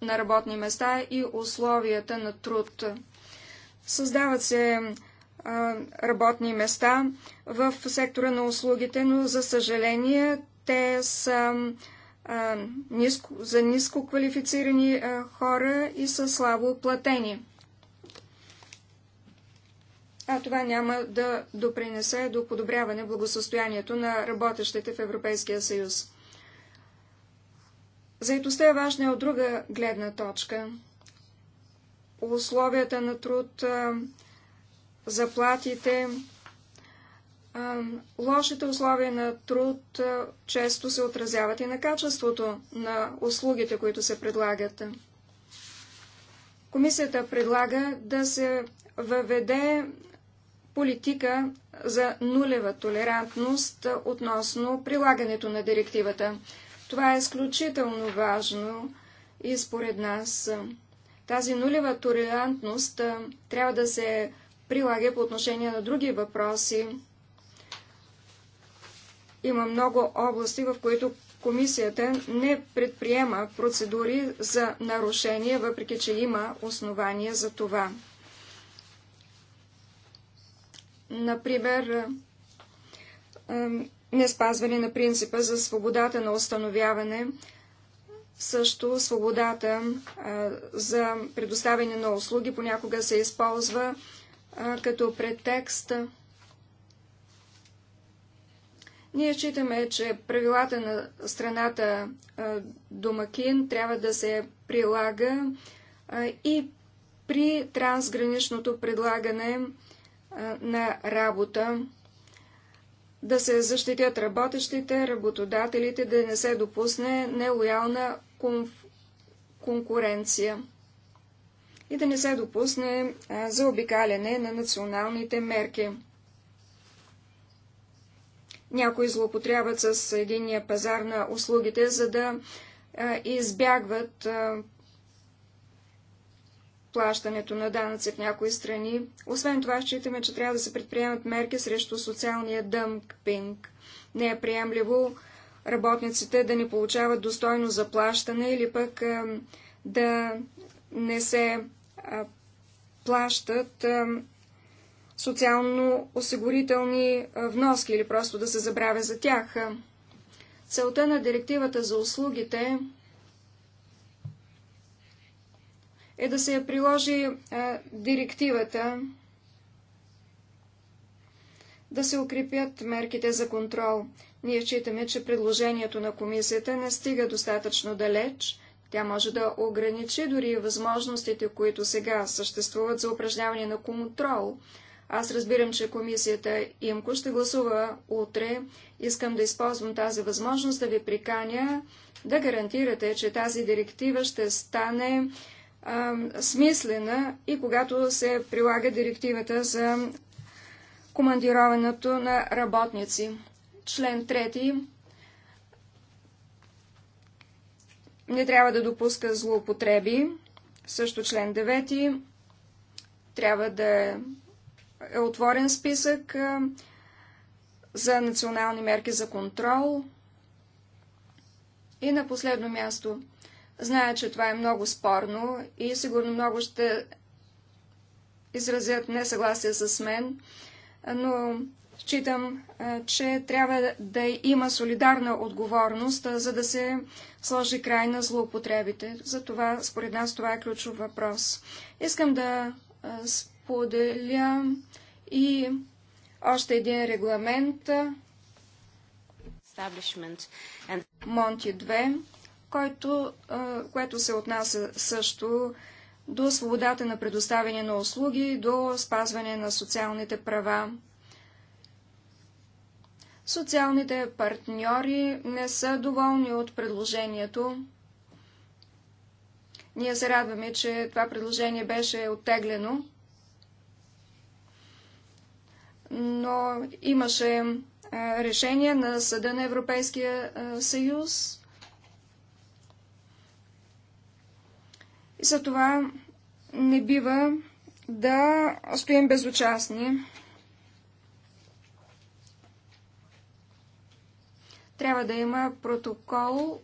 на работни места и условията на труд. Създават се работни места в сектора на услугите, но за съжаление те са а, ниско, за ниско квалифицирани а, хора и са слабо платени. А това няма да допринесе до подобряване благосостоянието на работещите в Европейския съюз. Заетостта е важна от друга гледна точка. Условията на труд, заплатите, лошите условия на труд често се отразяват и на качеството на услугите, които се предлагат. Комисията предлага да се въведе политика за нулева толерантност относно прилагането на директивата. Това е изключително важно и според нас. Тази нулева толерантност трябва да се прилага по отношение на други въпроси, има много области, в които комисията не предприема процедури за нарушение, въпреки че има основания за това. Например, не спазване на принципа за свободата на установяване, също свободата за предоставяне на услуги понякога се използва като претекст ние считаме, че правилата на страната домакин трябва да се прилага и при трансграничното предлагане на работа, да се защитят работещите, работодателите, да не се допусне нелоялна конф... конкуренция и да не се допусне заобикаляне на националните мерки. Някои злоупотребят с единния пазар на услугите, за да избягват плащането на данъци в някои страни. Освен това, считаме, че трябва да се предприемат мерки срещу социалния дъмпинг. Не е приемливо работниците да не получават достойно заплащане или пък да не се плащат социално-осигурителни вноски или просто да се забравя за тях. Целта на директивата за услугите е да се приложи директивата, да се укрепят мерките за контрол. Ние считаме, че предложението на комисията не стига достатъчно далеч. Тя може да ограничи дори възможностите, които сега съществуват за упражняване на контрол. Аз разбирам, че комисията ИМКО ще гласува утре. Искам да използвам тази възможност да ви приканя да гарантирате, че тази директива ще стане а, смислена и когато се прилага директивата за командироването на работници. Член 3 не трябва да допуска злоупотреби. Също член 9 трябва да е отворен списък е, за национални мерки за контрол. И на последно място, зная, че това е много спорно и сигурно много ще изразят несъгласие с мен, но считам, е, че трябва да има солидарна отговорност, е, за да се сложи край на злоупотребите. За това, според нас, това е ключов въпрос. Искам да споделя и още един регламент Монти 2, който, което се отнася също до свободата на предоставяне на услуги, до спазване на социалните права. Социалните партньори не са доволни от предложението. Ние се радваме, че това предложение беше оттеглено но имаше е, решение на Съда на Европейския е, съюз. И за това не бива да стоим безучастни. Трябва да има протокол,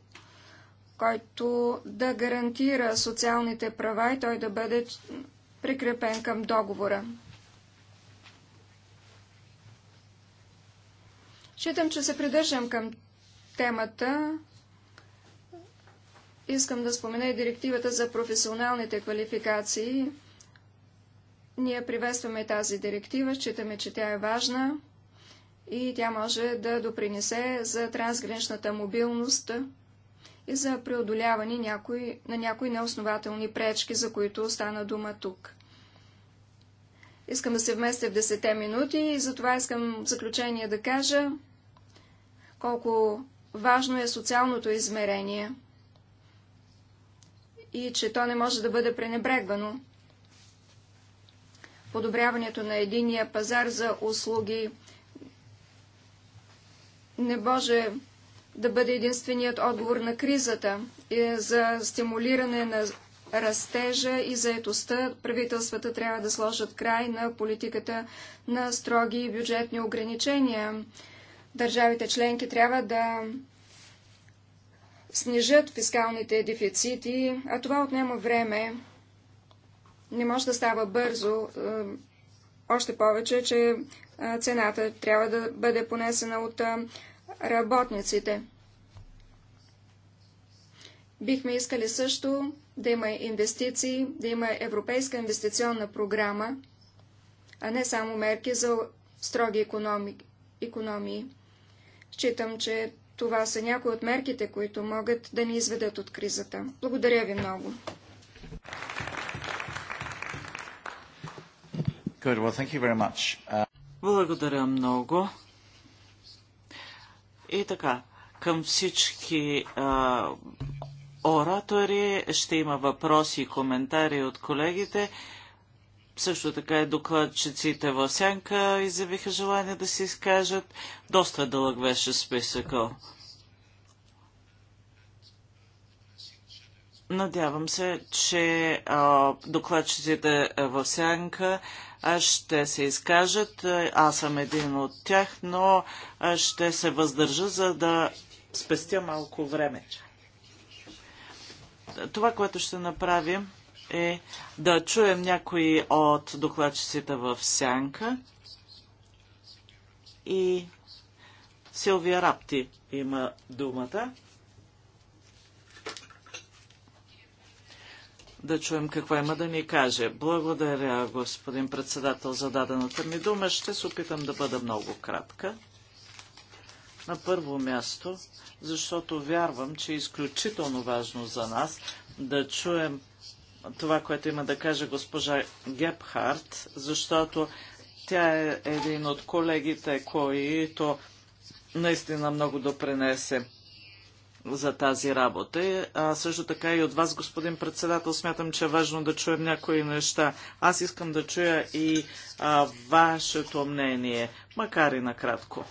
който да гарантира социалните права и той да бъде прикрепен към договора. Считам, че се придържам към темата. Искам да спомена и директивата за професионалните квалификации. Ние приветстваме тази директива, считаме, че тя е важна и тя може да допринесе за трансграничната мобилност и за преодоляване някой, на някои неоснователни пречки, за които стана дума тук. Искам да се вместя в 10 минути и затова искам в заключение да кажа колко важно е социалното измерение и че то не може да бъде пренебрегвано. Подобряването на единия пазар за услуги не може да бъде единственият отговор на кризата и за стимулиране на растежа и заетостта, правителствата трябва да сложат край на политиката на строги бюджетни ограничения. Държавите членки трябва да снижат фискалните дефицити, а това отнема време. Не може да става бързо, е, още повече, че е, цената трябва да бъде понесена от е, работниците. Бихме искали също да има инвестиции, да има европейска инвестиционна програма, а не само мерки за строги економи... економии. Считам, че това са някои от мерките, които могат да ни изведат от кризата. Благодаря ви много. Uh, Благодаря много. И така, към всички а, оратори, ще има въпроси и коментари от колегите. Също така и докладчиците в сянка изявиха желание да се изкажат. Доста дълъг беше списъка. Надявам се, че а, докладчиците в сянка ще се изкажат. Аз съм един от тях, но ще се въздържа, за да спестя малко време това, което ще направим е да чуем някои от докладчиците в сянка и Силвия Рапти има думата. да чуем какво има да ни каже. Благодаря, господин председател, за дадената ми дума. Ще се опитам да бъда много кратка. На първо място, защото вярвам, че е изключително важно за нас да чуем това, което има да каже госпожа Гепхарт, защото тя е един от колегите, които наистина много допренесе за тази работа. А също така и от вас, господин председател, смятам, че е важно да чуем някои неща. Аз искам да чуя и а, вашето мнение, макар и накратко.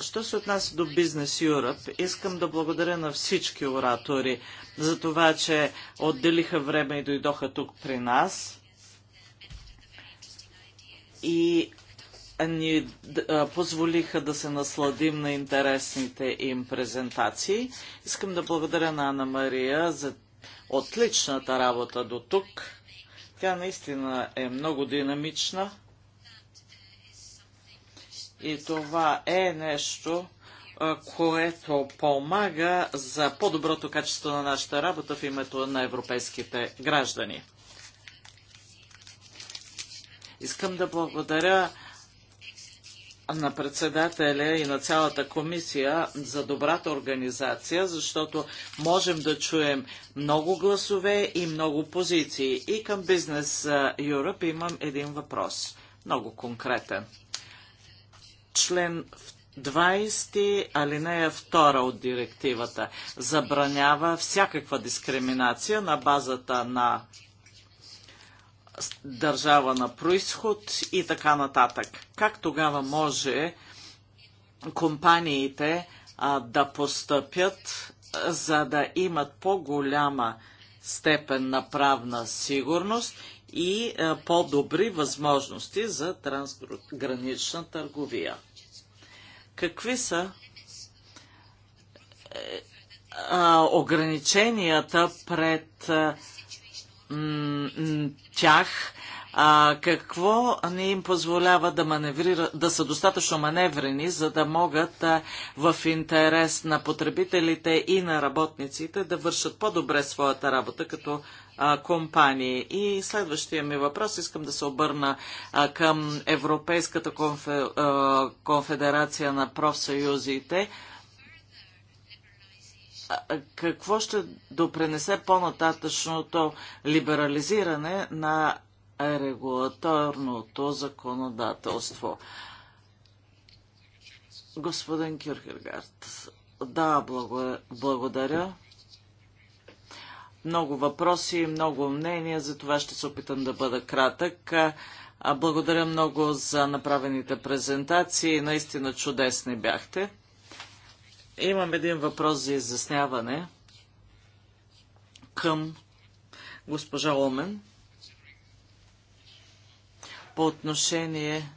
Що се отнася до Бизнес Юръп, искам да благодаря на всички оратори за това, че отделиха време и дойдоха тук при нас и ни позволиха да се насладим на интересните им презентации. Искам да благодаря на Анна Мария за отличната работа до тук. Тя наистина е много динамична и това е нещо, което помага за по-доброто качество на нашата работа в името на европейските граждани. Искам да благодаря на председателя и на цялата комисия за добрата организация, защото можем да чуем много гласове и много позиции. И към Бизнес Europe имам един въпрос, много конкретен член 20, алинея 2 от директивата забранява всякаква дискриминация на базата на държава на происход и така нататък. Как тогава може компаниите а, да постъпят, за да имат по-голяма степен на правна сигурност и по-добри възможности за трансгранична търговия. Какви са е, ограниченията пред тях? А, какво не им позволява да, маневрира, да са достатъчно маневрени, за да могат а, в интерес на потребителите и на работниците да вършат по-добре своята работа като компании. И следващия ми въпрос искам да се обърна а, към Европейската конфе, а, конфедерация на профсъюзите. Какво ще допренесе по-нататъчното либерализиране на регулаторното законодателство? Господин Кирхергард, да, благодаря много въпроси, много мнения, за това ще се опитам да бъда кратък. Благодаря много за направените презентации. Наистина чудесни бяхте. Имам един въпрос за изясняване към госпожа Омен по отношение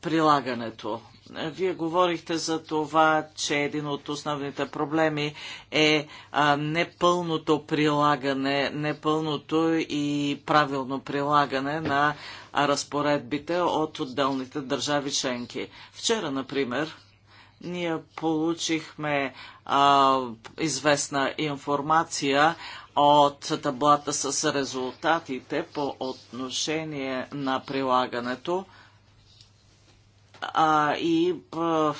прилагането вие говорихте за това, че един от основните проблеми е непълното прилагане, непълното и правилно прилагане на разпоредбите от отделните държави членки. Вчера, например, ние получихме а, известна информация от таблата с резултатите по отношение на прилагането а, и а,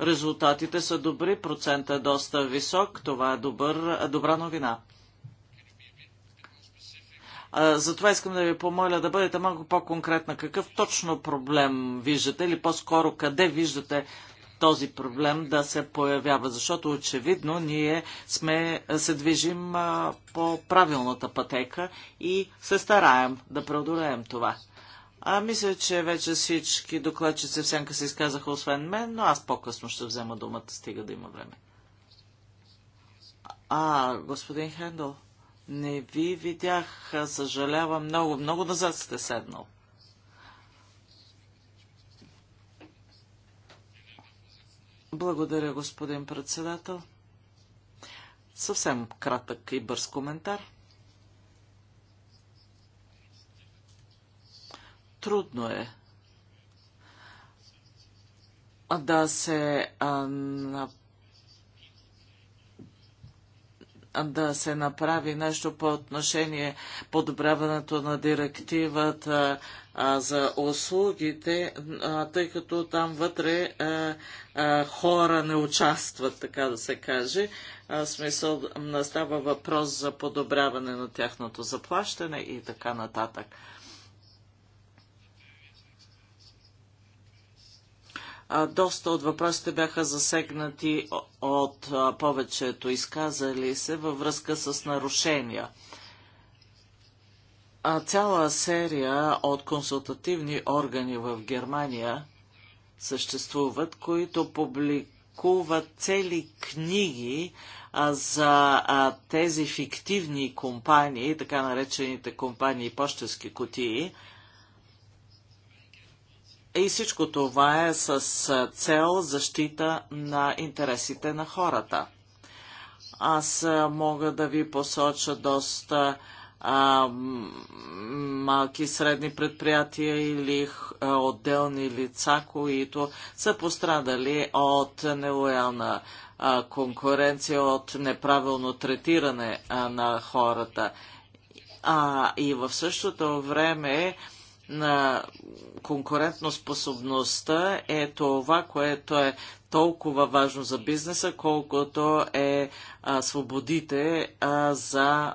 резултатите са добри, процентът е доста висок, това е добър, добра новина. Затова искам да ви помоля да бъдете малко по-конкретна. Какъв точно проблем виждате или по-скоро къде виждате този проблем да се появява? Защото очевидно ние сме, се движим по правилната пътека и се стараем да преодолеем това. А, мисля, че вече всички докладчици в сянка се изказаха, освен мен, но аз по-късно ще взема думата, стига да има време. А, господин Хендъл, не ви видях, съжалявам много, много назад сте седнал. Благодаря, господин председател. Съвсем кратък и бърз коментар. Трудно е да се а, да се направи нещо по отношение подобряването на директивата а, за услугите, а, тъй като там вътре а, а, хора не участват, така да се каже. А, смисъл става въпрос за подобряване на тяхното заплащане и така нататък. А, Доста от въпросите бяха засегнати от повечето изказали се във връзка с нарушения. Цяла серия от консултативни органи в Германия съществуват, които публикуват цели книги за тези фиктивни компании, така наречените компании пощески кутии, и всичко това е с цел защита на интересите на хората. Аз мога да ви посоча доста а, малки и средни предприятия или а, отделни лица, които са пострадали от нелоялна а, конкуренция, от неправилно третиране а, на хората. А, и в същото време а, на конкурентноспособността е това, което е толкова важно за бизнеса, колкото е а, свободите а, за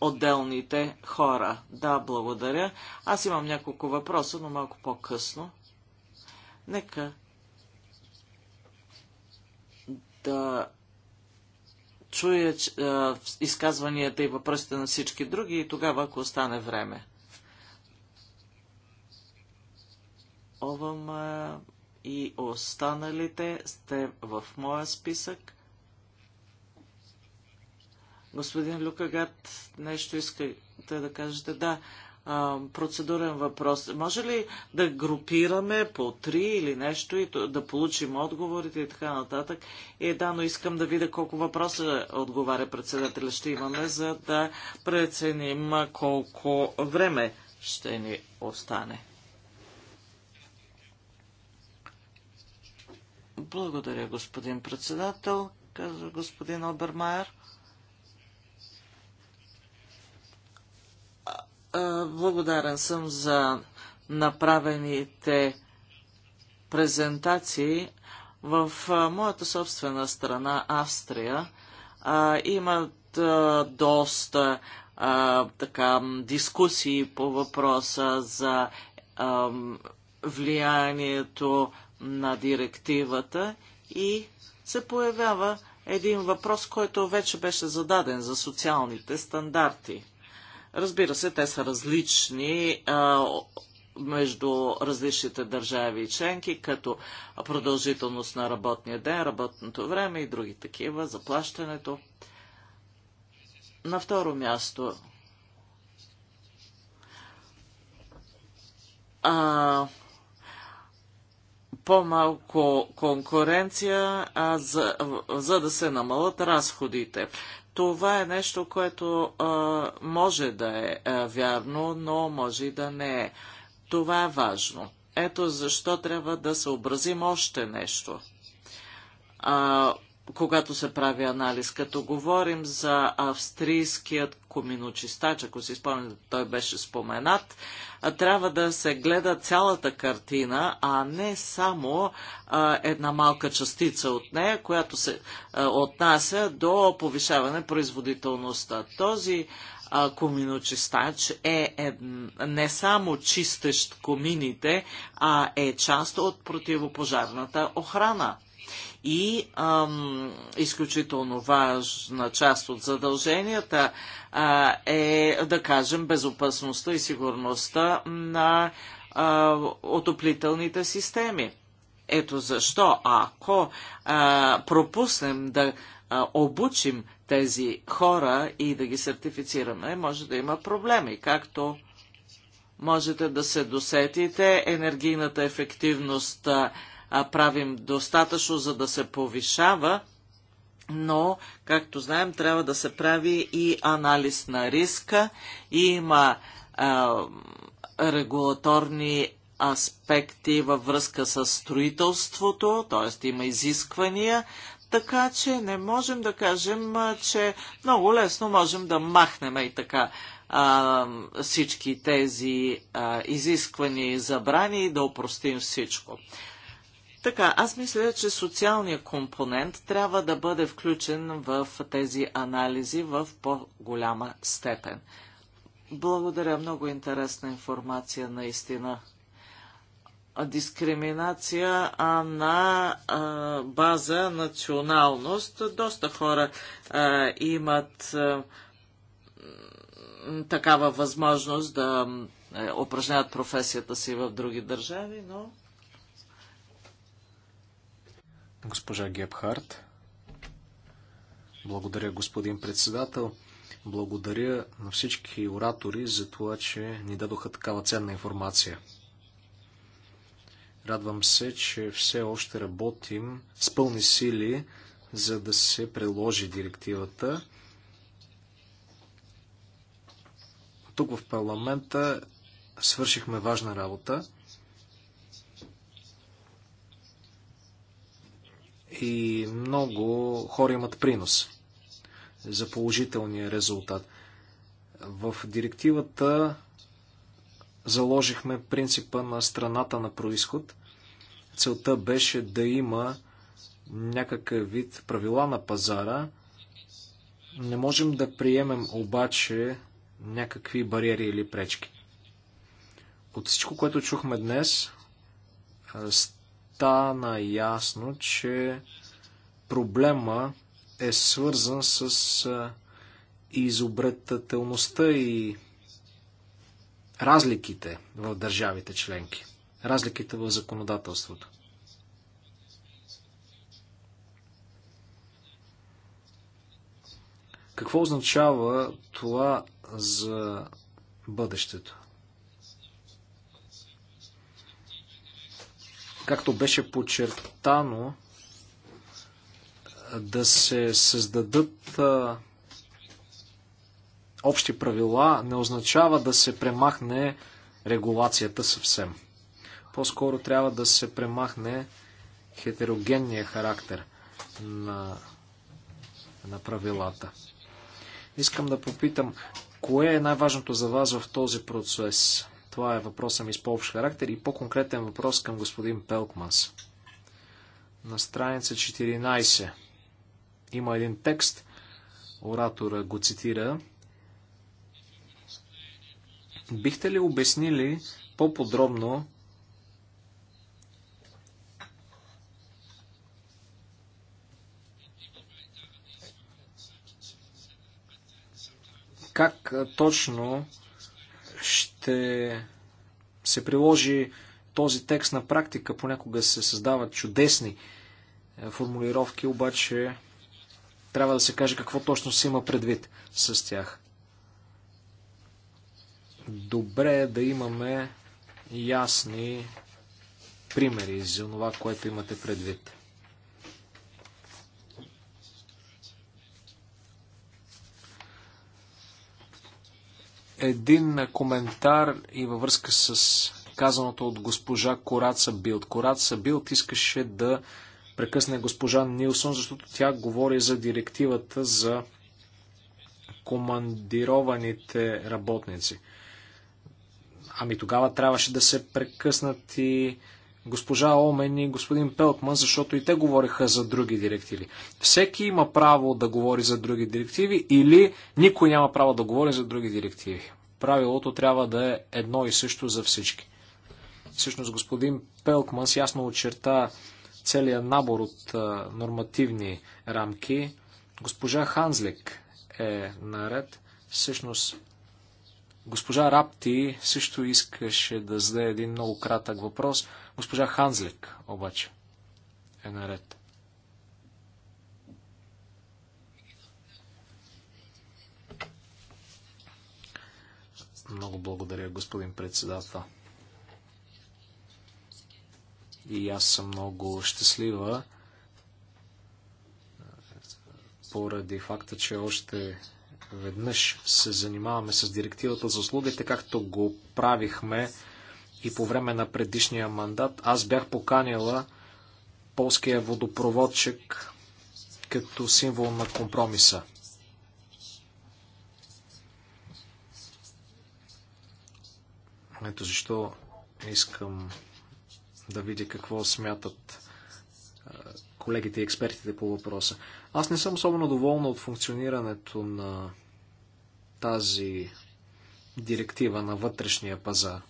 отделните хора. Да, благодаря. Аз имам няколко въпроса, но малко по-късно. Нека да чуя а, изказванията и въпросите на всички други и тогава, ако остане време. ОВМ и останалите сте в моя списък. Господин Люкагат, нещо искате да кажете? Да, процедурен въпрос. Може ли да групираме по три или нещо и да получим отговорите и така нататък? Е, да, но искам да видя колко въпроса отговаря председателя ще имаме, за да преценим колко време ще ни остане. Благодаря, господин председател, казва господин Обермайер. Благодарен съм за направените презентации. В моята собствена страна, Австрия, имат доста така, дискусии по въпроса за влиянието на директивата и се появява един въпрос, който вече беше зададен за социалните стандарти. Разбира се, те са различни а, между различните държави и членки, като продължителност на работния ден, работното време и други такива, заплащането. На второ място, а, по-малко конкуренция, а за, за да се намалят разходите. Това е нещо, което а, може да е а, вярно, но може и да не е. Това е важно. Ето защо трябва да съобразим още нещо. А, когато се прави анализ. Като говорим за австрийският коминочистач, ако си спомняте, той беше споменат, трябва да се гледа цялата картина, а не само а, една малка частица от нея, която се а, отнася до повишаване производителността. Този а, коминочистач е, е не само чистещ комините, а е част от противопожарната охрана и ам, изключително важна част от задълженията а, е, да кажем, безопасността и сигурността на а, отоплителните системи. Ето защо, ако а, пропуснем да а, обучим тези хора и да ги сертифицираме, може да има проблеми, както можете да се досетите, енергийната ефективност а, правим достатъчно, за да се повишава, но, както знаем, трябва да се прави и анализ на риска. И има а, регулаторни аспекти във връзка с строителството, т.е. има изисквания, така че не можем да кажем, че много лесно можем да махнем и така а, всички тези а, изисквания и забрани и да упростим всичко. Така, аз мисля, че социалният компонент трябва да бъде включен в тези анализи в по-голяма степен. Благодаря, много интересна информация наистина. Дискриминация а на база националност. Доста хора имат такава възможност да е, упражняват професията си в други държави, но Госпожа Гебхарт. Благодаря, господин председател. Благодаря на всички оратори за това, че ни дадоха такава ценна информация. Радвам се, че все още работим с пълни сили, за да се приложи директивата. Тук в парламента свършихме важна работа. и много хора имат принос за положителния резултат. В директивата заложихме принципа на страната на происход. Целта беше да има някакъв вид правила на пазара. Не можем да приемем обаче някакви бариери или пречки. От всичко, което чухме днес, стана ясно, че проблема е свързан с изобретателността и разликите в държавите членки, разликите в законодателството. Какво означава това за бъдещето? както беше подчертано, да се създадат общи правила, не означава да се премахне регулацията съвсем. По-скоро трябва да се премахне хетерогенния характер на, на правилата. Искам да попитам, кое е най-важното за вас в този процес? Това е въпросът ми с по-общ характер и по-конкретен въпрос към господин Пелкманс. На страница 14 има един текст, оратора го цитира. Бихте ли обяснили по-подробно как точно ще ще се приложи този текст на практика. Понякога се създават чудесни е, формулировки, обаче трябва да се каже какво точно се има предвид с тях. Добре е да имаме ясни примери за това, което имате предвид. един коментар и във връзка с казаното от госпожа Кораца Билт. Кораца Билт искаше да прекъсне госпожа Нилсон, защото тя говори за директивата за командированите работници. Ами тогава трябваше да се прекъснат и госпожа Омен и господин Пелтман, защото и те говориха за други директиви. Всеки има право да говори за други директиви или никой няма право да говори за други директиви. Правилото трябва да е едно и също за всички. Всъщност господин Пелкман, с ясно очерта целият набор от а, нормативни рамки. Госпожа Ханзлик е наред. Всъщност Госпожа Рапти също искаше да зададе един много кратък въпрос. Госпожа Ханзлик обаче е наред. Много благодаря, господин председател. И аз съм много щастлива поради факта, че още веднъж се занимаваме с директивата за услугите, както го правихме и по време на предишния мандат. Аз бях поканила полския водопроводчик като символ на компромиса. Ето защо искам да видя какво смятат колегите и експертите по въпроса. Аз не съм особено доволна от функционирането на тази директива на вътрешния пазар.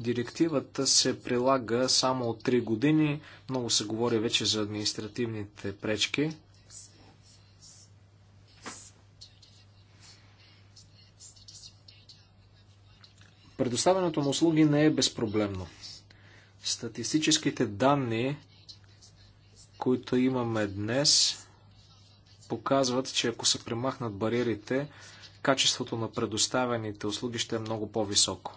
Директивата се прилага само от 3 години. Много се говори вече за административните пречки. Предоставянето на услуги не е безпроблемно. Статистическите данни, които имаме днес, показват, че ако се премахнат бариерите, качеството на предоставените услуги ще е много по-високо.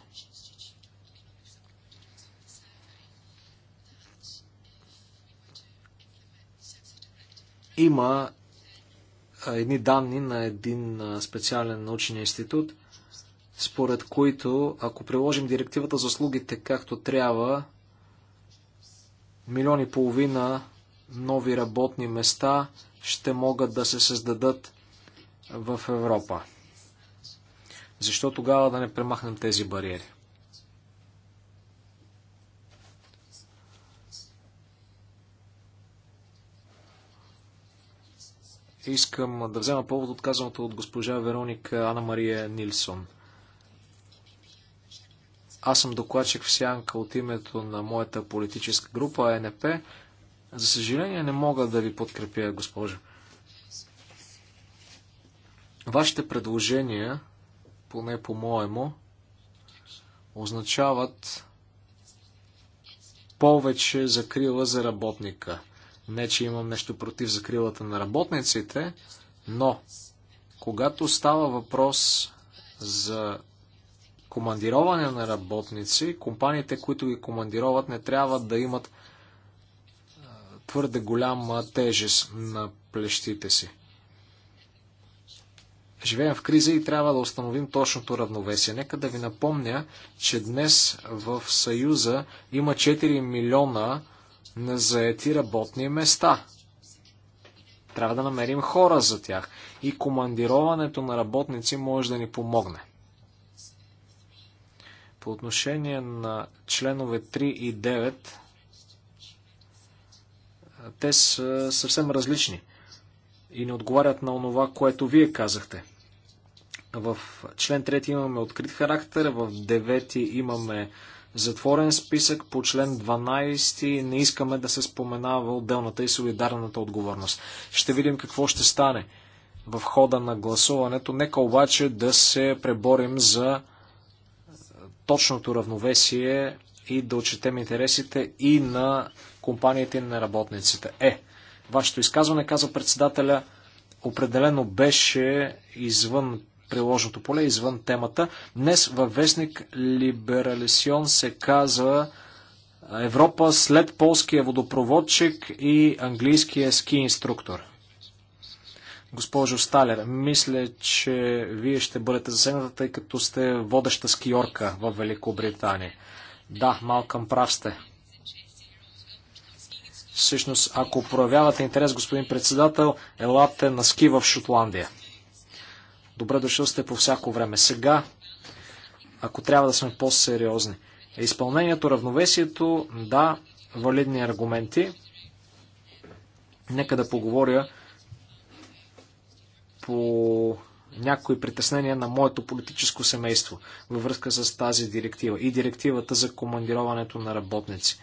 Има едни данни на един специален научен институт, според които, ако приложим директивата за услугите както трябва, милиони и половина нови работни места ще могат да се създадат в Европа. Защо тогава да не премахнем тези бариери? Искам да взема повод от казаното от госпожа Вероника Ана Мария Нилсон. Аз съм докладчик в сянка от името на моята политическа група АНП. Е за съжаление не мога да ви подкрепя, госпожо. Вашите предложения, поне по-моему, означават повече закрила за работника. Не, че имам нещо против закрилата на работниците, но когато става въпрос за командироване на работници, компаниите, които ги командироват, не трябва да имат твърде голяма тежест на плещите си. Живеем в криза и трябва да установим точното равновесие. Нека да ви напомня, че днес в Съюза има 4 милиона на заети работни места. Трябва да намерим хора за тях и командироването на работници може да ни помогне. По отношение на членове 3 и те са съвсем различни и не отговарят на онова, което вие казахте. В член 3 имаме открит характер, в 9 имаме затворен списък по член 12 не искаме да се споменава отделната и солидарната отговорност. Ще видим какво ще стане в хода на гласуването. Нека обаче да се преборим за точното равновесие и да отчетем интересите и на компаниите и на работниците. Е, вашето изказване, каза председателя, определено беше извън приложното поле, извън темата. Днес във вестник Либералисион се казва Европа след полския водопроводчик и английския ски инструктор. Госпожо Сталер, мисля, че вие ще бъдете засегната, тъй като сте водеща скиорка в Великобритания. Да, малкам прав сте. Всъщност, ако проявявате интерес, господин председател, елате на ски в Шотландия. Добре дошъл сте по всяко време. Сега, ако трябва да сме по-сериозни. е Изпълнението, равновесието, да, валидни аргументи. Нека да поговоря по някои притеснения на моето политическо семейство във връзка с тази директива и директивата за командироването на работници.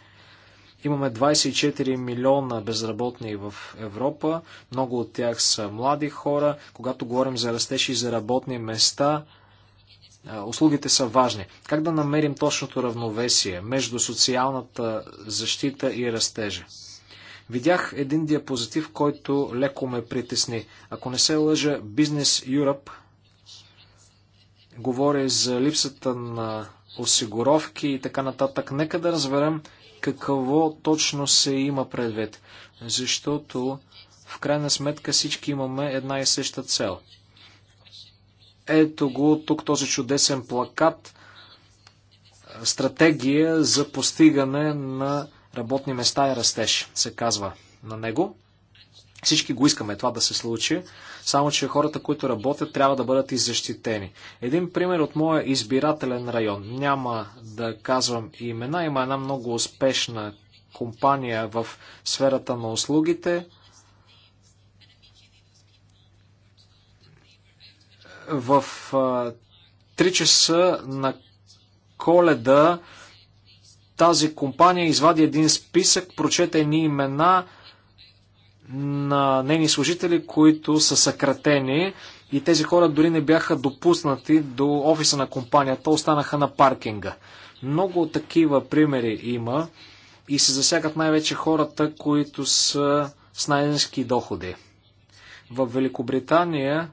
Имаме 24 милиона безработни в Европа. Много от тях са млади хора. Когато говорим за растеж и за работни места, услугите са важни. Как да намерим точното равновесие между социалната защита и растежа? Видях един диапозитив, който леко ме притесни. Ако не се лъжа, Business Europe говори за липсата на осигуровки и така нататък. Нека да разберем какво точно се има предвид. Защото в крайна сметка всички имаме една и съща цел. Ето го тук този чудесен плакат. Стратегия за постигане на работни места и растеж, се казва на него. Всички го искаме това да се случи, само че хората, които работят, трябва да бъдат и защитени. Един пример от моя избирателен район. Няма да казвам имена. Има една много успешна компания в сферата на услугите. В 3 часа на коледа тази компания извади един списък, прочете ни имена, на нейни служители, които са съкратени и тези хора дори не бяха допуснати до офиса на компанията, останаха на паркинга. Много такива примери има и се засягат най-вече хората, които са с най-низки доходи. В Великобритания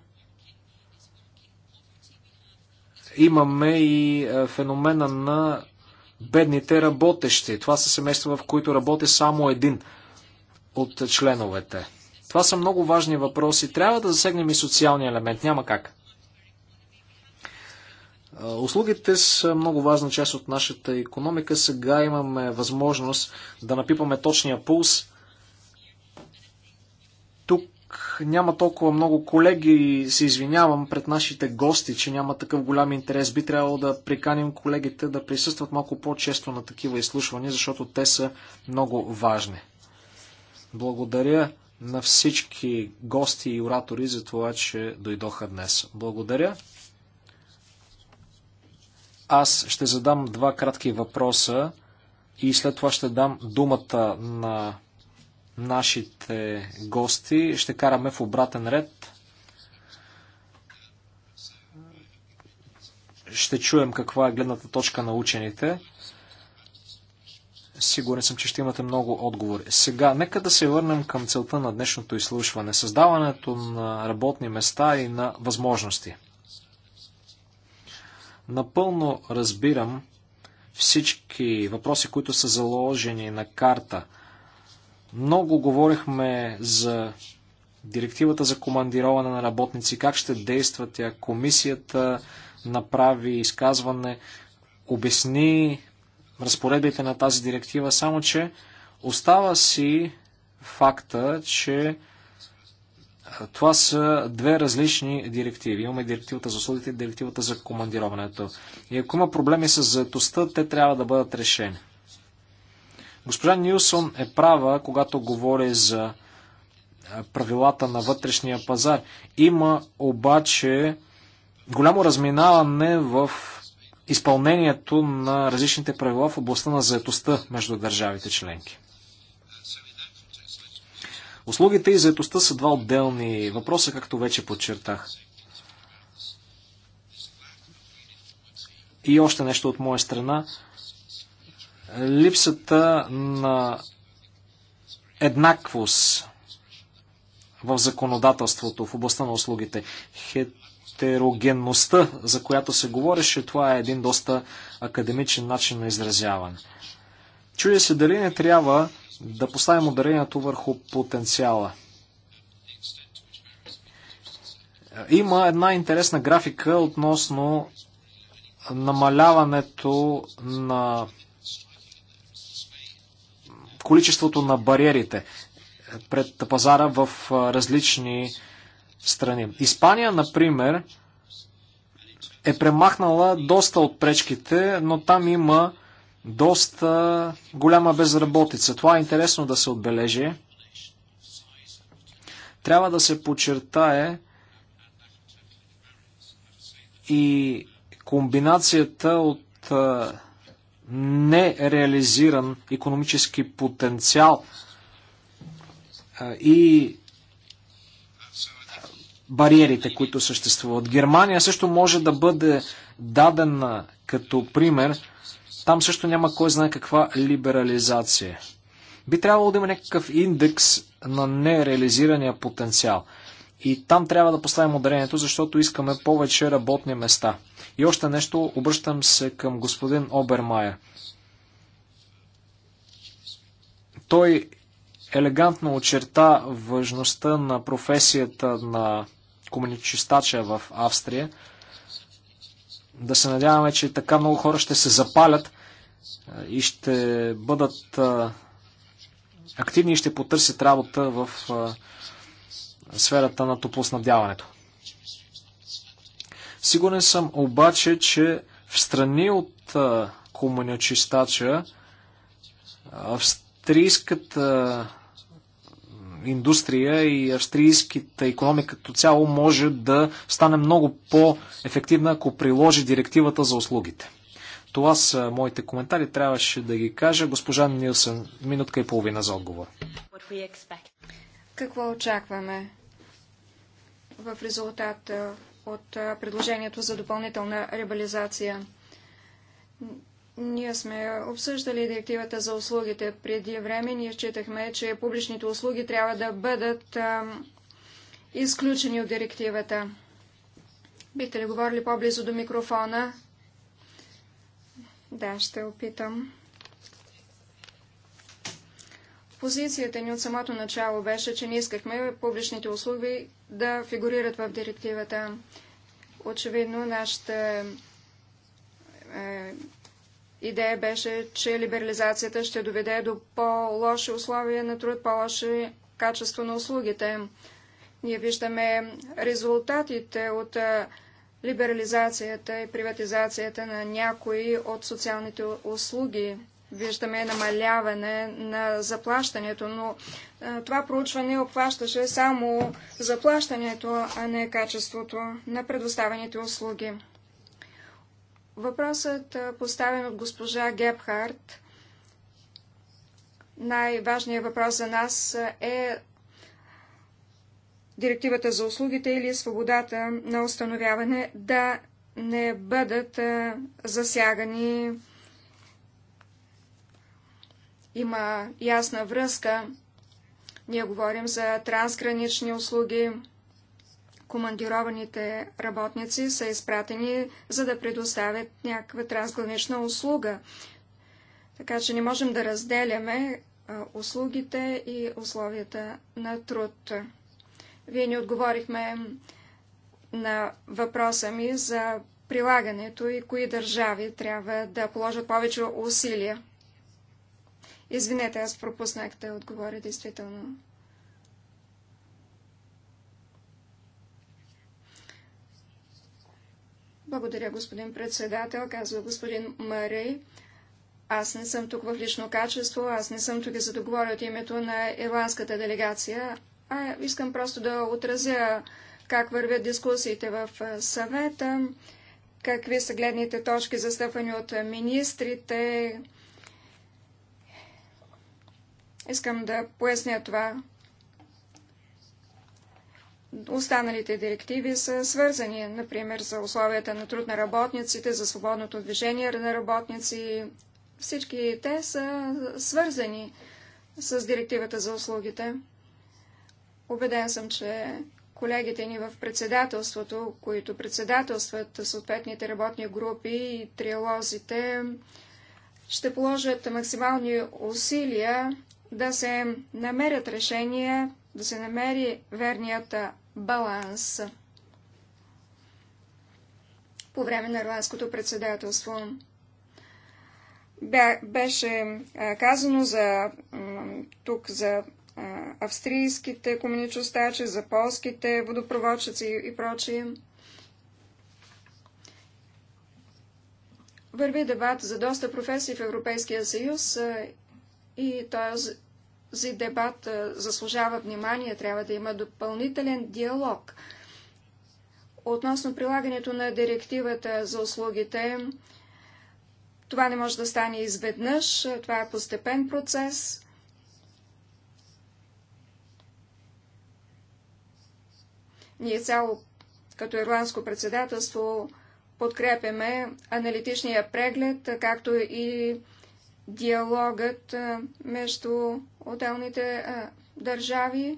имаме и е, феномена на бедните работещи. Това са семейства, в които работи само един от членовете. Това са много важни въпроси. Трябва да засегнем и социалния елемент. Няма как. Услугите са много важна част от нашата економика. Сега имаме възможност да напипаме точния пулс. Тук няма толкова много колеги и се извинявам пред нашите гости, че няма такъв голям интерес. Би трябвало да приканим колегите да присъстват малко по-често на такива изслушвания, защото те са много важни. Благодаря на всички гости и оратори за това, че дойдоха днес. Благодаря. Аз ще задам два кратки въпроса и след това ще дам думата на нашите гости. Ще караме в обратен ред. Ще чуем каква е гледната точка на учените. Сигурен съм, че ще имате много отговори. Сега, нека да се върнем към целта на днешното изслушване. Създаването на работни места и на възможности. Напълно разбирам всички въпроси, които са заложени на карта. Много говорихме за директивата за командироване на работници, как ще действат тя. Комисията направи изказване, обясни разпоредбите на тази директива, само че остава си факта, че е, това са две различни директиви. Имаме директивата за услугите и директивата за командироването. И ако има проблеми с заетостта, те трябва да бъдат решени. Госпожа Нилсон е права, когато говори за е, правилата на вътрешния пазар. Има обаче голямо разминаване в изпълнението на различните правила в областта на заетостта между държавите членки. Услугите и заетостта са два отделни въпроса, както вече подчертах. И още нещо от моя страна. Липсата на еднаквост в законодателството в областта на услугите. Хет хетерогенността, за която се говореше, това е един доста академичен начин на изразяване. Чуя се дали не трябва да поставим ударението върху потенциала. Има една интересна графика относно намаляването на количеството на бариерите пред пазара в различни страни. Испания, например, е премахнала доста от пречките, но там има доста голяма безработица. Това е интересно да се отбележи. Трябва да се подчертае и комбинацията от нереализиран економически потенциал и бариерите, които съществуват. Германия също може да бъде дадена като пример. Там също няма кой знае каква либерализация. Би трябвало да има някакъв индекс на нереализирания потенциал. И там трябва да поставим ударението, защото искаме повече работни места. И още нещо, обръщам се към господин Обермайер. Той елегантно очерта важността на професията на комуничистача в Австрия. Да се надяваме, че така много хора ще се запалят и ще бъдат активни и ще потърсят работа в сферата на топлоснабдяването. Сигурен съм обаче, че в страни от комуничистача австрийската индустрия и австрийската економика като цяло може да стане много по-ефективна, ако приложи директивата за услугите. Това са моите коментари. Трябваше да ги кажа. Госпожа Нилсън, минутка и половина за отговор. Какво очакваме в резултат от предложението за допълнителна ребализация? Ние сме обсъждали директивата за услугите преди време. Ние считахме, че публичните услуги трябва да бъдат изключени от директивата. Бихте ли говорили по-близо до микрофона? Да, ще опитам. Позицията ни от самото начало беше, че не искахме публичните услуги да фигурират в директивата. Очевидно, нашата е, идея беше, че либерализацията ще доведе до по-лоши условия на труд, по-лоши качество на услугите. Ние виждаме резултатите от либерализацията и приватизацията на някои от социалните услуги. Виждаме намаляване на заплащането, но това проучване обхващаше само заплащането, а не качеството на предоставените услуги. Въпросът, поставен от госпожа Гебхарт, най-важният въпрос за нас е директивата за услугите или свободата на установяване да не бъдат засягани. Има ясна връзка. Ние говорим за трансгранични услуги, командированите работници са изпратени, за да предоставят някаква трансгранична услуга. Така че не можем да разделяме услугите и условията на труд. Вие ни отговорихме на въпроса ми за прилагането и кои държави трябва да положат повече усилия. Извинете, аз пропуснах да отговоря действително Благодаря, господин председател, казва господин Марей. Аз не съм тук в лично качество, аз не съм тук за да говоря от името на ирландската делегация, а искам просто да отразя как вървят дискусиите в съвета, какви са гледните точки застъпани от министрите. Искам да поясня това, Останалите директиви са свързани, например, за условията на труд на работниците, за свободното движение на работници. Всички те са свързани с директивата за услугите. Обеден съм, че колегите ни в председателството, които председателстват съответните работни групи и триалозите, ще положат максимални усилия да се намерят решения, да се намери верният баланс по време на ирландското председателство. Беше казано за, тук за австрийските комуничостачи, за полските водопроводчици и прочие. Върви дебат за доста професии в Европейския съюз и този този дебат заслужава внимание, трябва да има допълнителен диалог. Относно прилагането на директивата за услугите, това не може да стане изведнъж, това е постепен процес. Ние цяло като ирландско председателство подкрепяме аналитичния преглед, както и диалогът между отделните държави,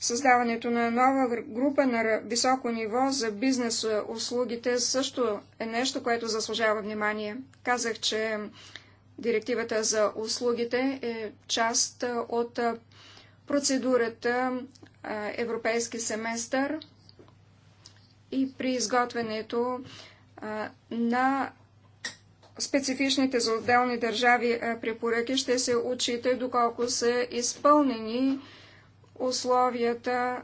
Създаването на нова група на високо ниво за бизнес услугите също е нещо, което заслужава внимание. Казах, че директивата за услугите е част от процедурата Европейски семестър и при изготвянето на специфичните за отделни държави препоръки ще се отчита доколко са изпълнени условията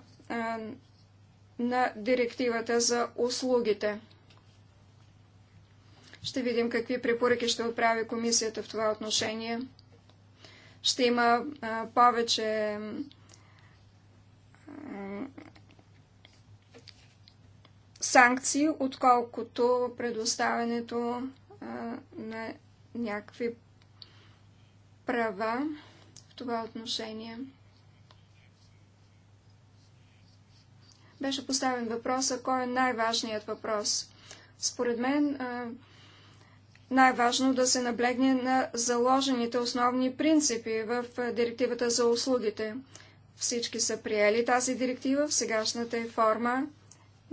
на директивата за услугите. Ще видим какви препоръки ще отправи комисията в това отношение. Ще има повече санкции, отколкото предоставянето а, на някакви права в това отношение. Беше поставен въпроса, кой е най-важният въпрос. Според мен най-важно да се наблегне на заложените основни принципи в директивата за услугите. Всички са приели тази директива в сегашната форма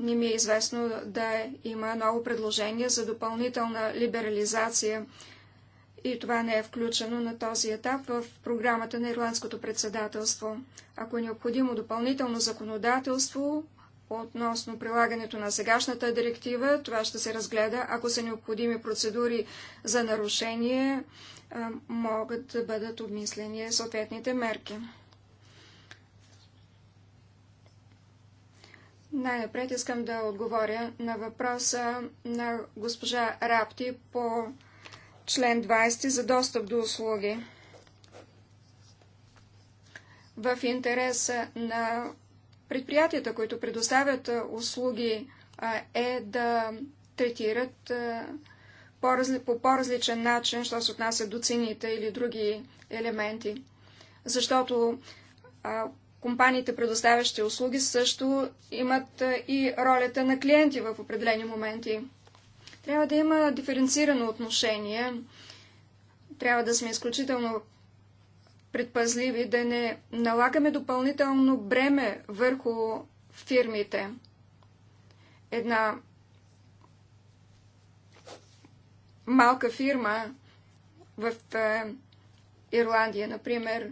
не ми е известно да има ново предложение за допълнителна либерализация и това не е включено на този етап в програмата на Ирландското председателство. Ако е необходимо допълнително законодателство относно прилагането на сегашната директива, това ще се разгледа. Ако са необходими процедури за нарушение, могат да бъдат обмислени съответните мерки. Най-напред искам да отговоря на въпроса на госпожа Рапти по член 20 за достъп до услуги. В интереса на предприятията, които предоставят услуги, е да третират по по-различен начин, що се отнася до цените или други елементи. Защото Компаниите, предоставящи услуги, също имат е, и ролята на клиенти в определени моменти. Трябва да има диференцирано отношение. Трябва да сме изключително предпазливи, да не налагаме допълнително бреме върху фирмите. Една малка фирма в е, Ирландия, например,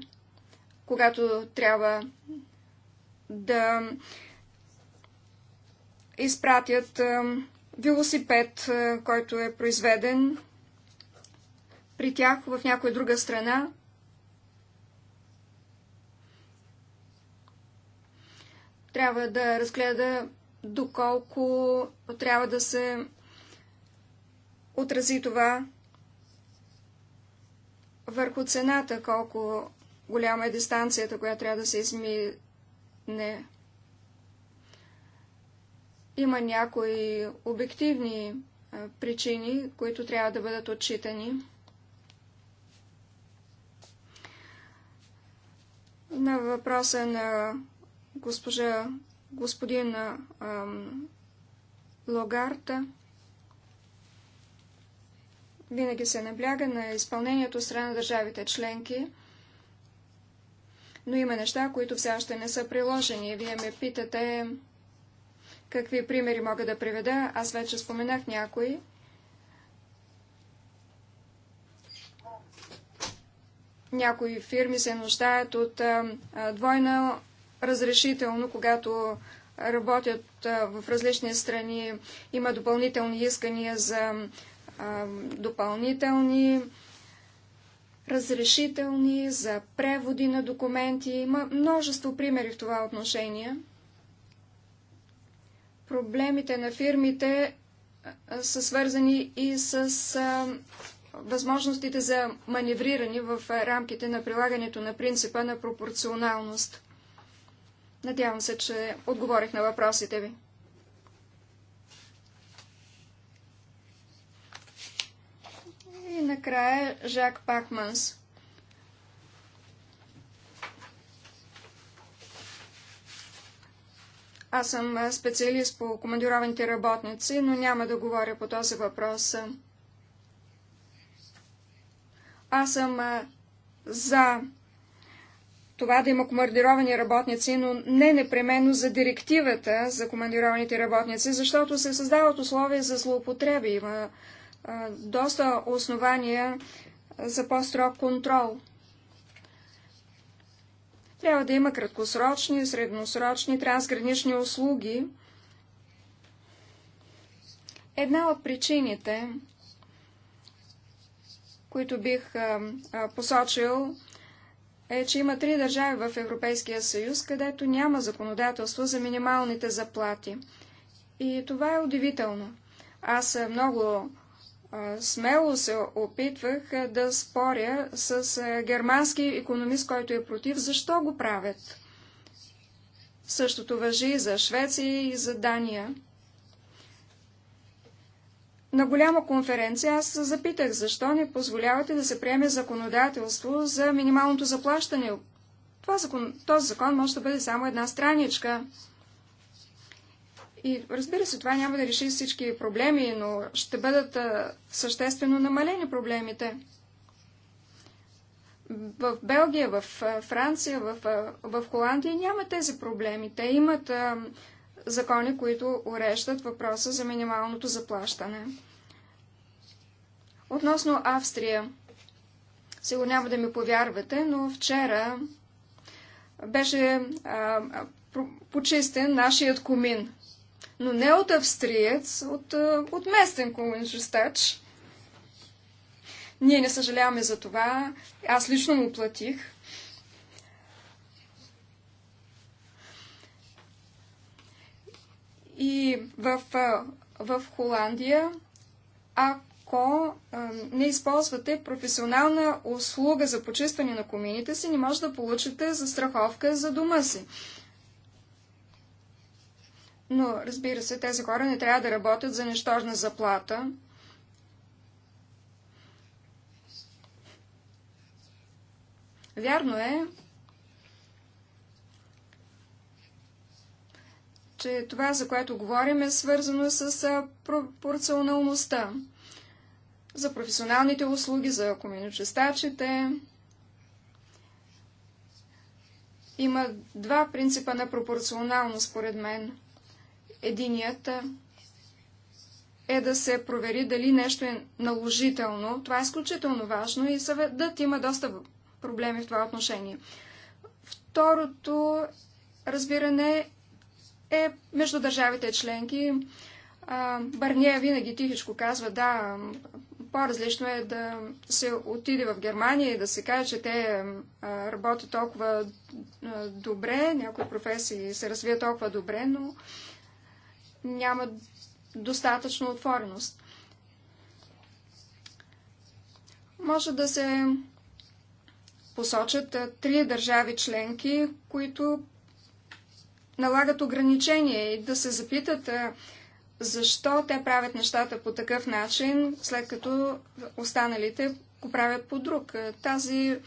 когато трябва да изпратят велосипед, който е произведен при тях в някоя друга страна. Трябва да разгледа доколко трябва да се отрази това върху цената, колко голяма е дистанцията, която трябва да се измине. Има някои обективни причини, които трябва да бъдат отчитани. На въпроса на госпожа, господин ам, Логарта винаги се набляга на изпълнението страна на държавите членки но има неща, които все още не са приложени. Вие ме питате какви примери мога да приведа. Аз вече споменах някои. Някои фирми се нуждаят от а, а, двойна разрешително, когато работят в различни страни. Има допълнителни искания за допълнителни разрешителни за преводи на документи. Има множество примери в това отношение. Проблемите на фирмите са свързани и с възможностите за маневриране в рамките на прилагането на принципа на пропорционалност. Надявам се, че отговорих на въпросите ви. накрая Жак Пакманс. Аз съм специалист по командированите работници, но няма да говоря по този въпрос. Аз съм за това да има командировани работници, но не непременно за директивата за командированите работници, защото се създават условия за злоупотреби. Има доста основания за по-строг контрол. Трябва да има краткосрочни, средносрочни, трансгранични услуги. Една от причините, които бих посочил, е, че има три държави в Европейския съюз, където няма законодателство за минималните заплати. И това е удивително. Аз много смело се опитвах да споря с германски економист, който е против, защо го правят. Същото въжи и за Швеция и за Дания. На голяма конференция аз запитах, защо не позволявате да се приеме законодателство за минималното заплащане. Това закон, този закон може да бъде само една страничка. И разбира се, това няма да реши всички проблеми, но ще бъдат а, съществено намалени проблемите. В Белгия, в Франция, в, в Холандия няма тези проблеми. Те имат а, закони, които уреждат въпроса за минималното заплащане. Относно Австрия, сигурно няма да ми повярвате, но вчера беше а, почистен нашият комин но не от австриец, от, от местен колонжестач. Ние не съжаляваме за това. Аз лично му платих. И в, в Холандия, ако не използвате професионална услуга за почистване на комините си, не може да получите застраховка за дома си. Но, разбира се, тези хора не трябва да работят за нещожна заплата. Вярно е, че това, за което говорим, е свързано с пропорционалността. За професионалните услуги, за коминочистачите. Има два принципа на пропорционалност, според мен – Единият е да се провери дали нещо е наложително. Това е изключително важно и съветът има доста проблеми в това отношение. Второто разбиране е между държавите членки. Барния винаги тихичко казва, да, по-различно е да се отиде в Германия и да се каже, че те работят толкова добре, някои професии се развият толкова добре, но няма достатъчно отвореност. Може да се посочат три държави членки, които налагат ограничения и да се запитат защо те правят нещата по такъв начин, след като останалите го правят по друг. Тази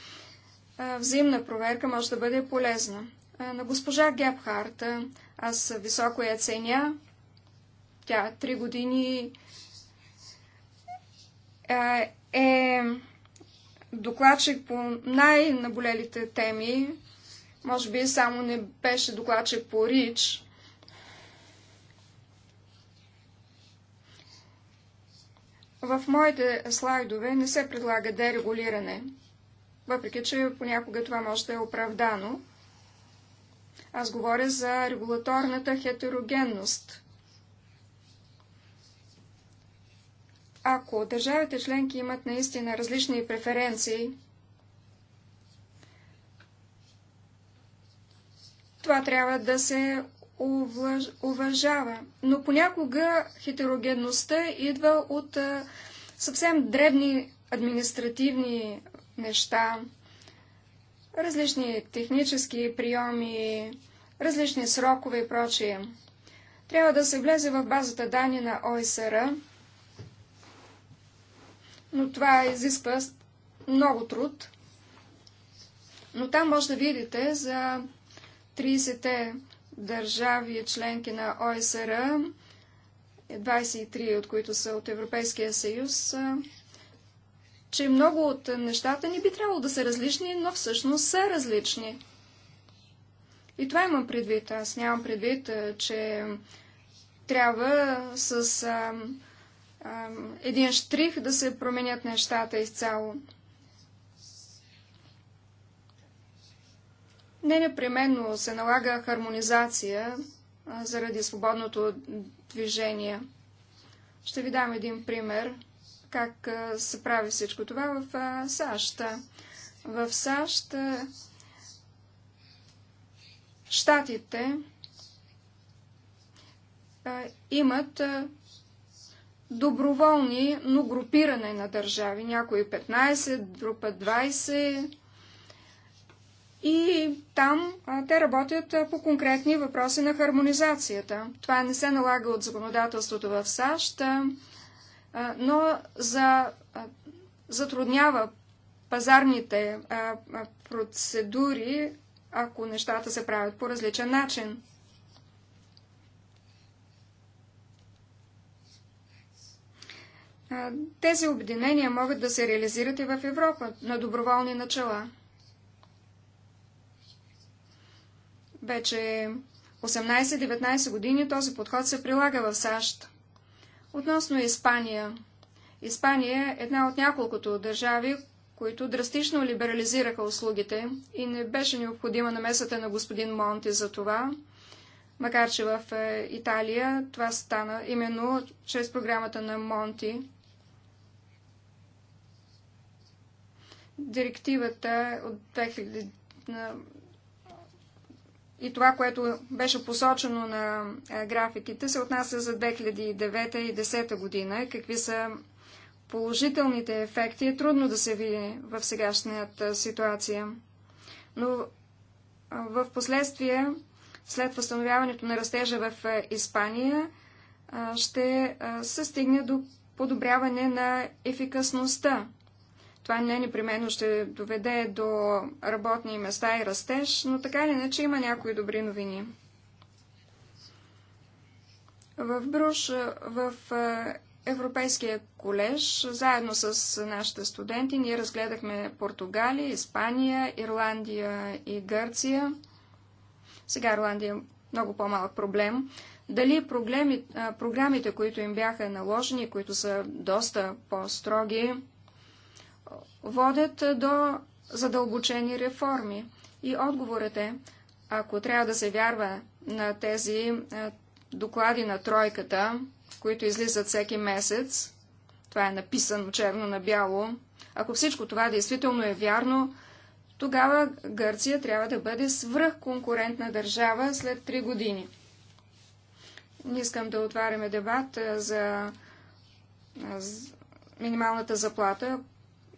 взаимна проверка може да бъде полезна. На госпожа Гепхарта аз високо я ценя. Тя три години е докладчик по най-наболелите теми. Може би само не беше докладчик по РИЧ. В моите слайдове не се предлага дерегулиране, въпреки че понякога това може да е оправдано. Аз говоря за регулаторната хетерогенност – Ако държавите членки имат наистина различни преференции, това трябва да се уважава. Но понякога хетерогенността идва от съвсем дребни административни неща, различни технически приеми, различни срокове и прочие. Трябва да се влезе в базата данни на ОСР, но това изисква много труд. Но там може да видите за 30-те държави членки на ОСР, 23 е от които са от Европейския съюз, че много от нещата ни би трябвало да са различни, но всъщност са различни. И това имам предвид. Аз нямам предвид, че трябва с един штрих да се променят нещата изцяло. Не непременно се налага хармонизация заради свободното движение. Ще ви дам един пример как се прави всичко това в САЩ. В САЩ щатите имат доброволни, но групиране на държави. Някои 15, друг път 20. И там а, те работят а, по конкретни въпроси на хармонизацията. Това не се налага от законодателството в САЩ, а, но за, затруднява пазарните процедури, ако нещата се правят по различен начин. Тези обединения могат да се реализират и в Европа на доброволни начала. Вече 18-19 години този подход се прилага в САЩ. Относно Испания. Испания е една от няколкото държави, които драстично либерализираха услугите и не беше необходима намесата на господин Монти за това, макар че в е, Италия това стана именно чрез програмата на Монти. Директивата от 2000 и това, което беше посочено на графиките, се отнася за 2009 и 2010 година. Какви са положителните ефекти е трудно да се види в сегашната ситуация. Но в последствие, след възстановяването на растежа в Испания, ще се стигне до подобряване на ефикасността това не непременно ще доведе до работни места и растеж, но така или иначе има някои добри новини. В Бруш, в е, Европейския колеж, заедно с нашите студенти, ние разгледахме Португалия, Испания, Ирландия и Гърция. Сега Ирландия е много по-малък проблем. Дали проблеми, програмите, които им бяха наложени, които са доста по-строги, водят до задълбочени реформи. И отговорът е, ако трябва да се вярва на тези е, доклади на тройката, които излизат всеки месец, това е написано черно на бяло, ако всичко това действително е вярно, тогава Гърция трябва да бъде свръхконкурентна държава след 3 години. Не искам да отваряме дебат е, за е, минималната заплата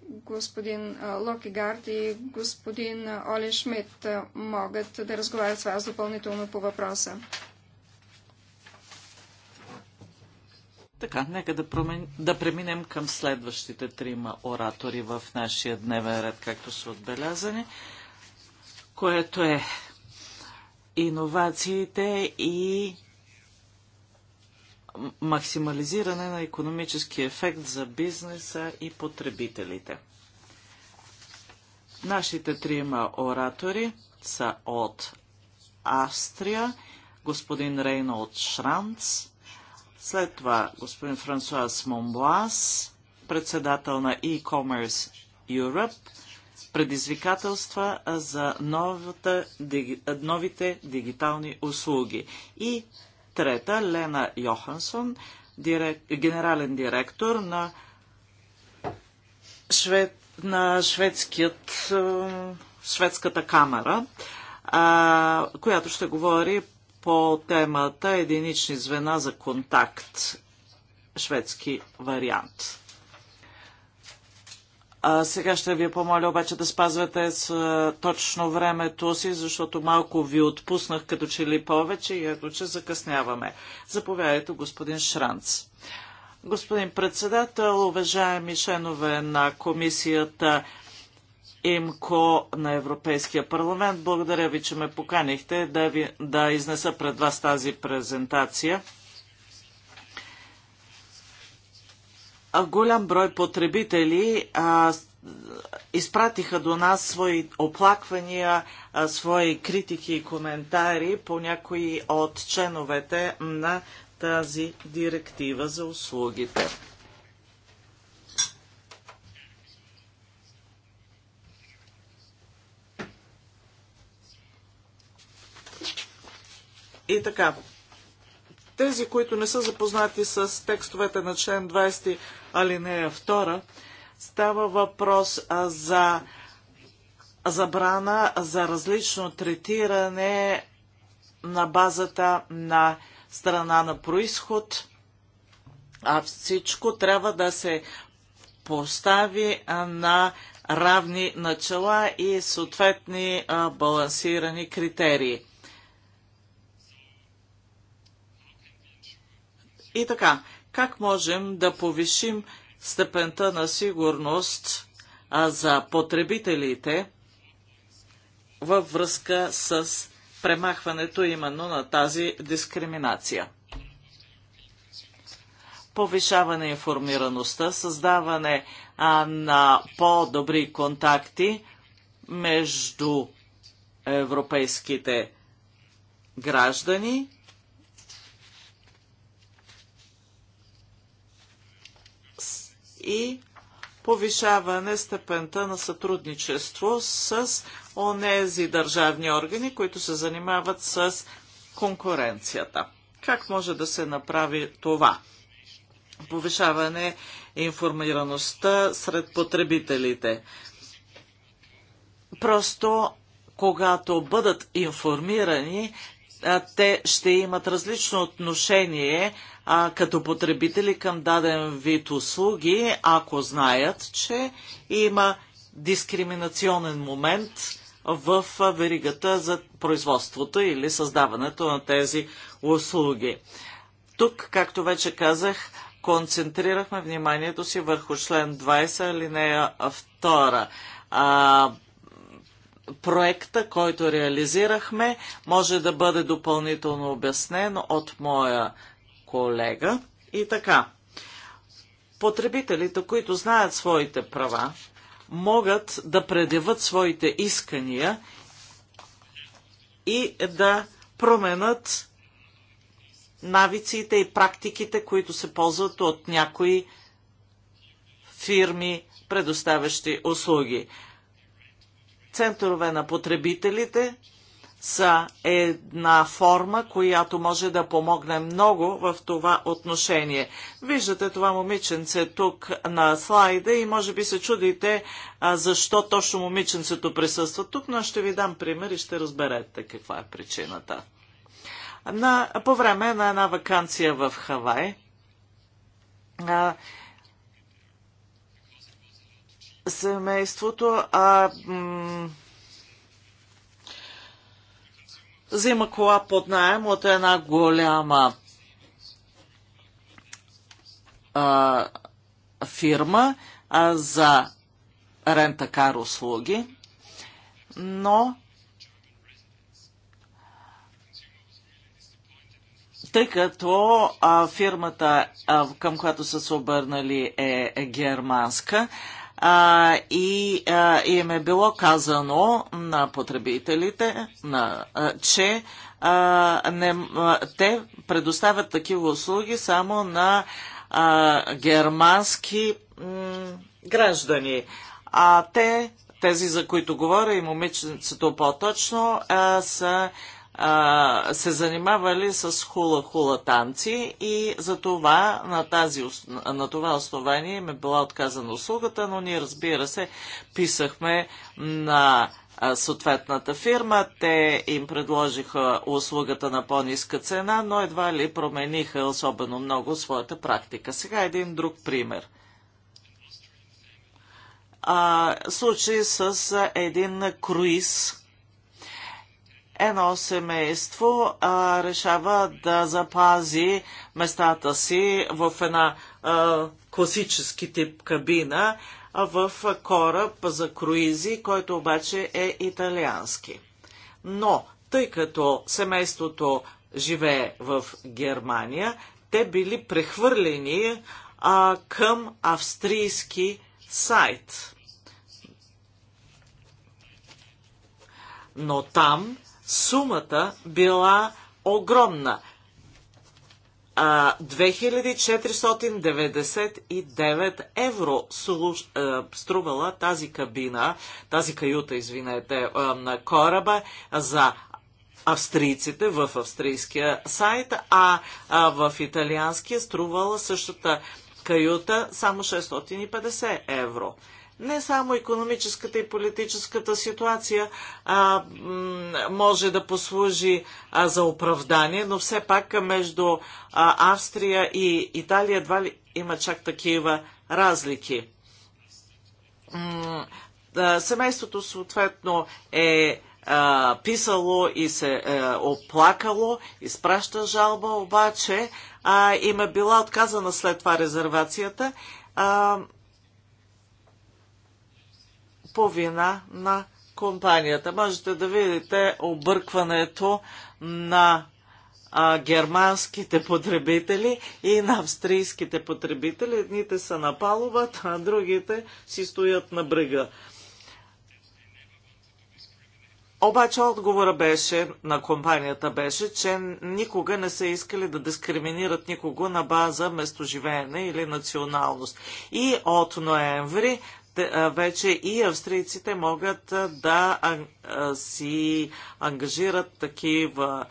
господин Локигард и господин Оле Шмидт могат да разговарят с вас допълнително по въпроса. Така, нека да, промен... да преминем към следващите трима оратори в нашия дневен ред, както са отбелязани, което е иновациите и максимализиране на економически ефект за бизнеса и потребителите. Нашите трима оратори са от Австрия, господин Рейнолд Шранц, след това господин Франсуас Момблас, председател на e-commerce Europe, предизвикателства за новите дигитални услуги и Трета, Лена Йохансон, дирек... генерален директор на, швед... на шведският... Е, шведската камера, а, която ще говори по темата единични звена за контакт, шведски вариант. А, сега ще ви помоля обаче да спазвате с, а, точно времето си, защото малко ви отпуснах като че ли повече и ето че закъсняваме. Заповядайте, господин Шранц. Господин председател, уважаеми членове на комисията ИМКО на Европейския парламент, благодаря ви, че ме поканихте да, ви, да изнеса пред вас тази презентация. голям брой потребители а, изпратиха до нас свои оплаквания, а, свои критики и коментари по някои от членовете на тази директива за услугите. И така, тези, които не са запознати с текстовете на член 20 алинея 2 става въпрос за забрана за различно третиране на базата на страна на происход, а всичко трябва да се постави на равни начала и съответни балансирани критерии. И така, как можем да повишим степента на сигурност за потребителите във връзка с премахването именно на тази дискриминация. Повишаване информираността, създаване а, на по-добри контакти между европейските граждани и повишаване степента на сътрудничество с онези държавни органи, които се занимават с конкуренцията. Как може да се направи това? Повишаване информираността сред потребителите. Просто когато бъдат информирани, те ще имат различно отношение а, като потребители към даден вид услуги, ако знаят, че има дискриминационен момент в веригата за производството или създаването на тези услуги. Тук, както вече казах, концентрирахме вниманието си върху член 20, алинея 2. А, проекта, който реализирахме, може да бъде допълнително обяснен от моя колега. И така, потребителите, които знаят своите права, могат да предяват своите искания и да променят навиците и практиките, които се ползват от някои фирми, предоставящи услуги. Центрове на потребителите са една форма, която може да помогне много в това отношение. Виждате това момиченце тук на слайда и може би се чудите а, защо точно момиченцето присъства тук, но ще ви дам пример и ще разберете каква е причината. На, по време на една вакансия в Хавай а, семейството а, взима кола под найем от една голяма а, фирма а, за рентакар услуги, но тъй като а, фирмата, а, към която са се обърнали, е, е германска, а, и а, им е било казано на потребителите, на, а, че а, не, а, те предоставят такива услуги само на а, германски граждани. А те, тези за които говоря и момиченцето по-точно, са а, се занимавали с хула-хула танци и за това на, тази, на това основание ме била отказана услугата, но ние разбира се писахме на съответната фирма. Те им предложиха услугата на по-ниска цена, но едва ли промениха особено много своята практика. Сега един друг пример. А, случай с един круиз, едно семейство а, решава да запази местата си в една а, класически тип кабина а, в кораб за круизи, който обаче е италиански. Но, тъй като семейството живее в Германия, те били прехвърлени а, към австрийски сайт. Но там сумата била огромна. 2499 евро струвала тази кабина, тази каюта, извинете, на кораба за австрийците в австрийския сайт, а в италианския струвала същата каюта само 650 евро не само економическата и политическата ситуация а, може да послужи а, за оправдание, но все пак между а, Австрия и Италия едва ли има чак такива разлики. М- семейството съответно е а, писало и се е, оплакало, изпраща жалба, обаче а, им е била отказана след това резервацията. А, по вина на компанията. Можете да видите объркването на а, германските потребители и на австрийските потребители. Едните са на палубата, а другите си стоят на брега. Обаче отговора беше на компанията беше, че никога не са искали да дискриминират никого на база местоживеене или националност. И от ноември вече и австрийците могат да си ангажират такива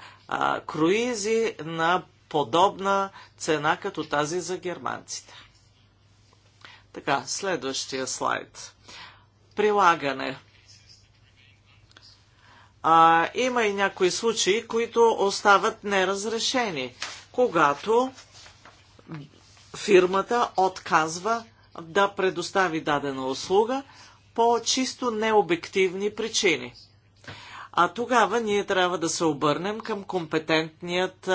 круизи на подобна цена като тази за германците. Така, следващия слайд. Прилагане. А, има и някои случаи, които остават неразрешени, когато фирмата отказва да предостави дадена услуга по чисто необективни причини. А тогава ние трябва да се обърнем към компетентният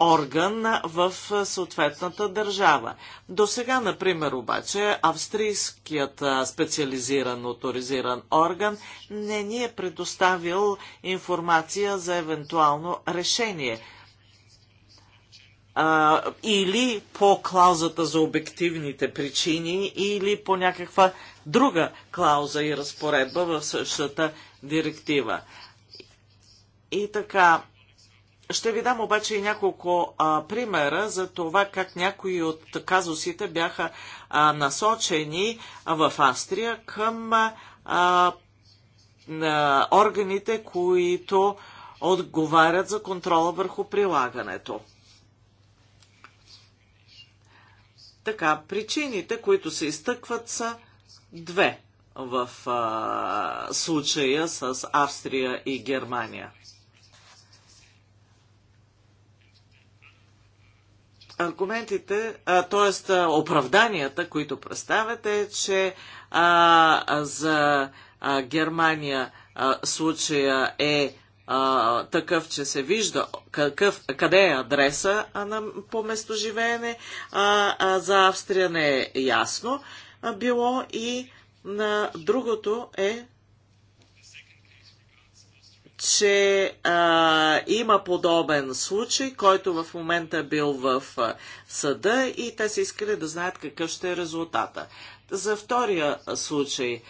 орган в съответната държава. До сега, например, обаче, австрийският специализиран авторизиран орган не ни е предоставил информация за евентуално решение – а, или по клаузата за обективните причини, или по някаква друга клауза и разпоредба в същата директива. И така, ще ви дам обаче и няколко а, примера за това как някои от казусите бяха а, насочени а, в Австрия към а, а, органите, които отговарят за контрола върху прилагането. Така, причините, които се изтъкват са две в а, случая с Австрия и Германия. аргументите, т.е. оправданията, които представяте, е, че а, за а, Германия а, случая е а, такъв, че се вижда какъв, къде е адреса а, на, по местоживеене, а, а за Австрия не е ясно а, било и на другото е че а, има подобен случай, който в момента е бил в а, съда и те са искали да знаят какъв ще е резултата. За втория случай,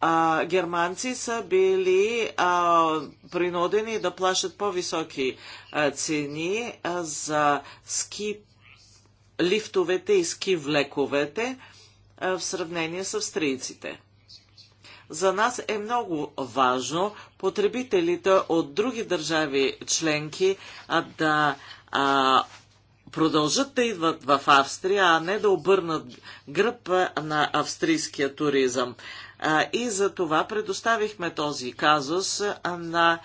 а, германци са били а, принудени да плащат по-високи цени а, за ски лифтовете и ски влековете а, в сравнение с австрийците. За нас е много важно потребителите от други държави членки а, да а, продължат да идват в Австрия, а не да обърнат гръб на австрийския туризъм и за това предоставихме този казус на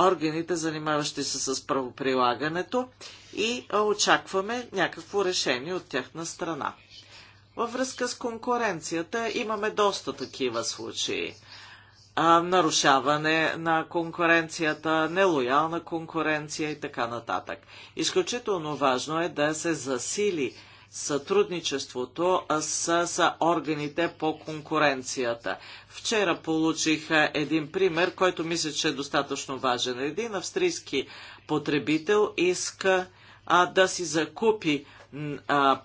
органите, занимаващи се с правоприлагането и очакваме някакво решение от тяхна страна. Във връзка с конкуренцията имаме доста такива случаи. нарушаване на конкуренцията, нелоялна конкуренция и така нататък. Изключително важно е да се засили сътрудничеството с, с органите по конкуренцията. Вчера получих един пример, който мисля, че е достатъчно важен. Един австрийски потребител иска а, да си закупи а,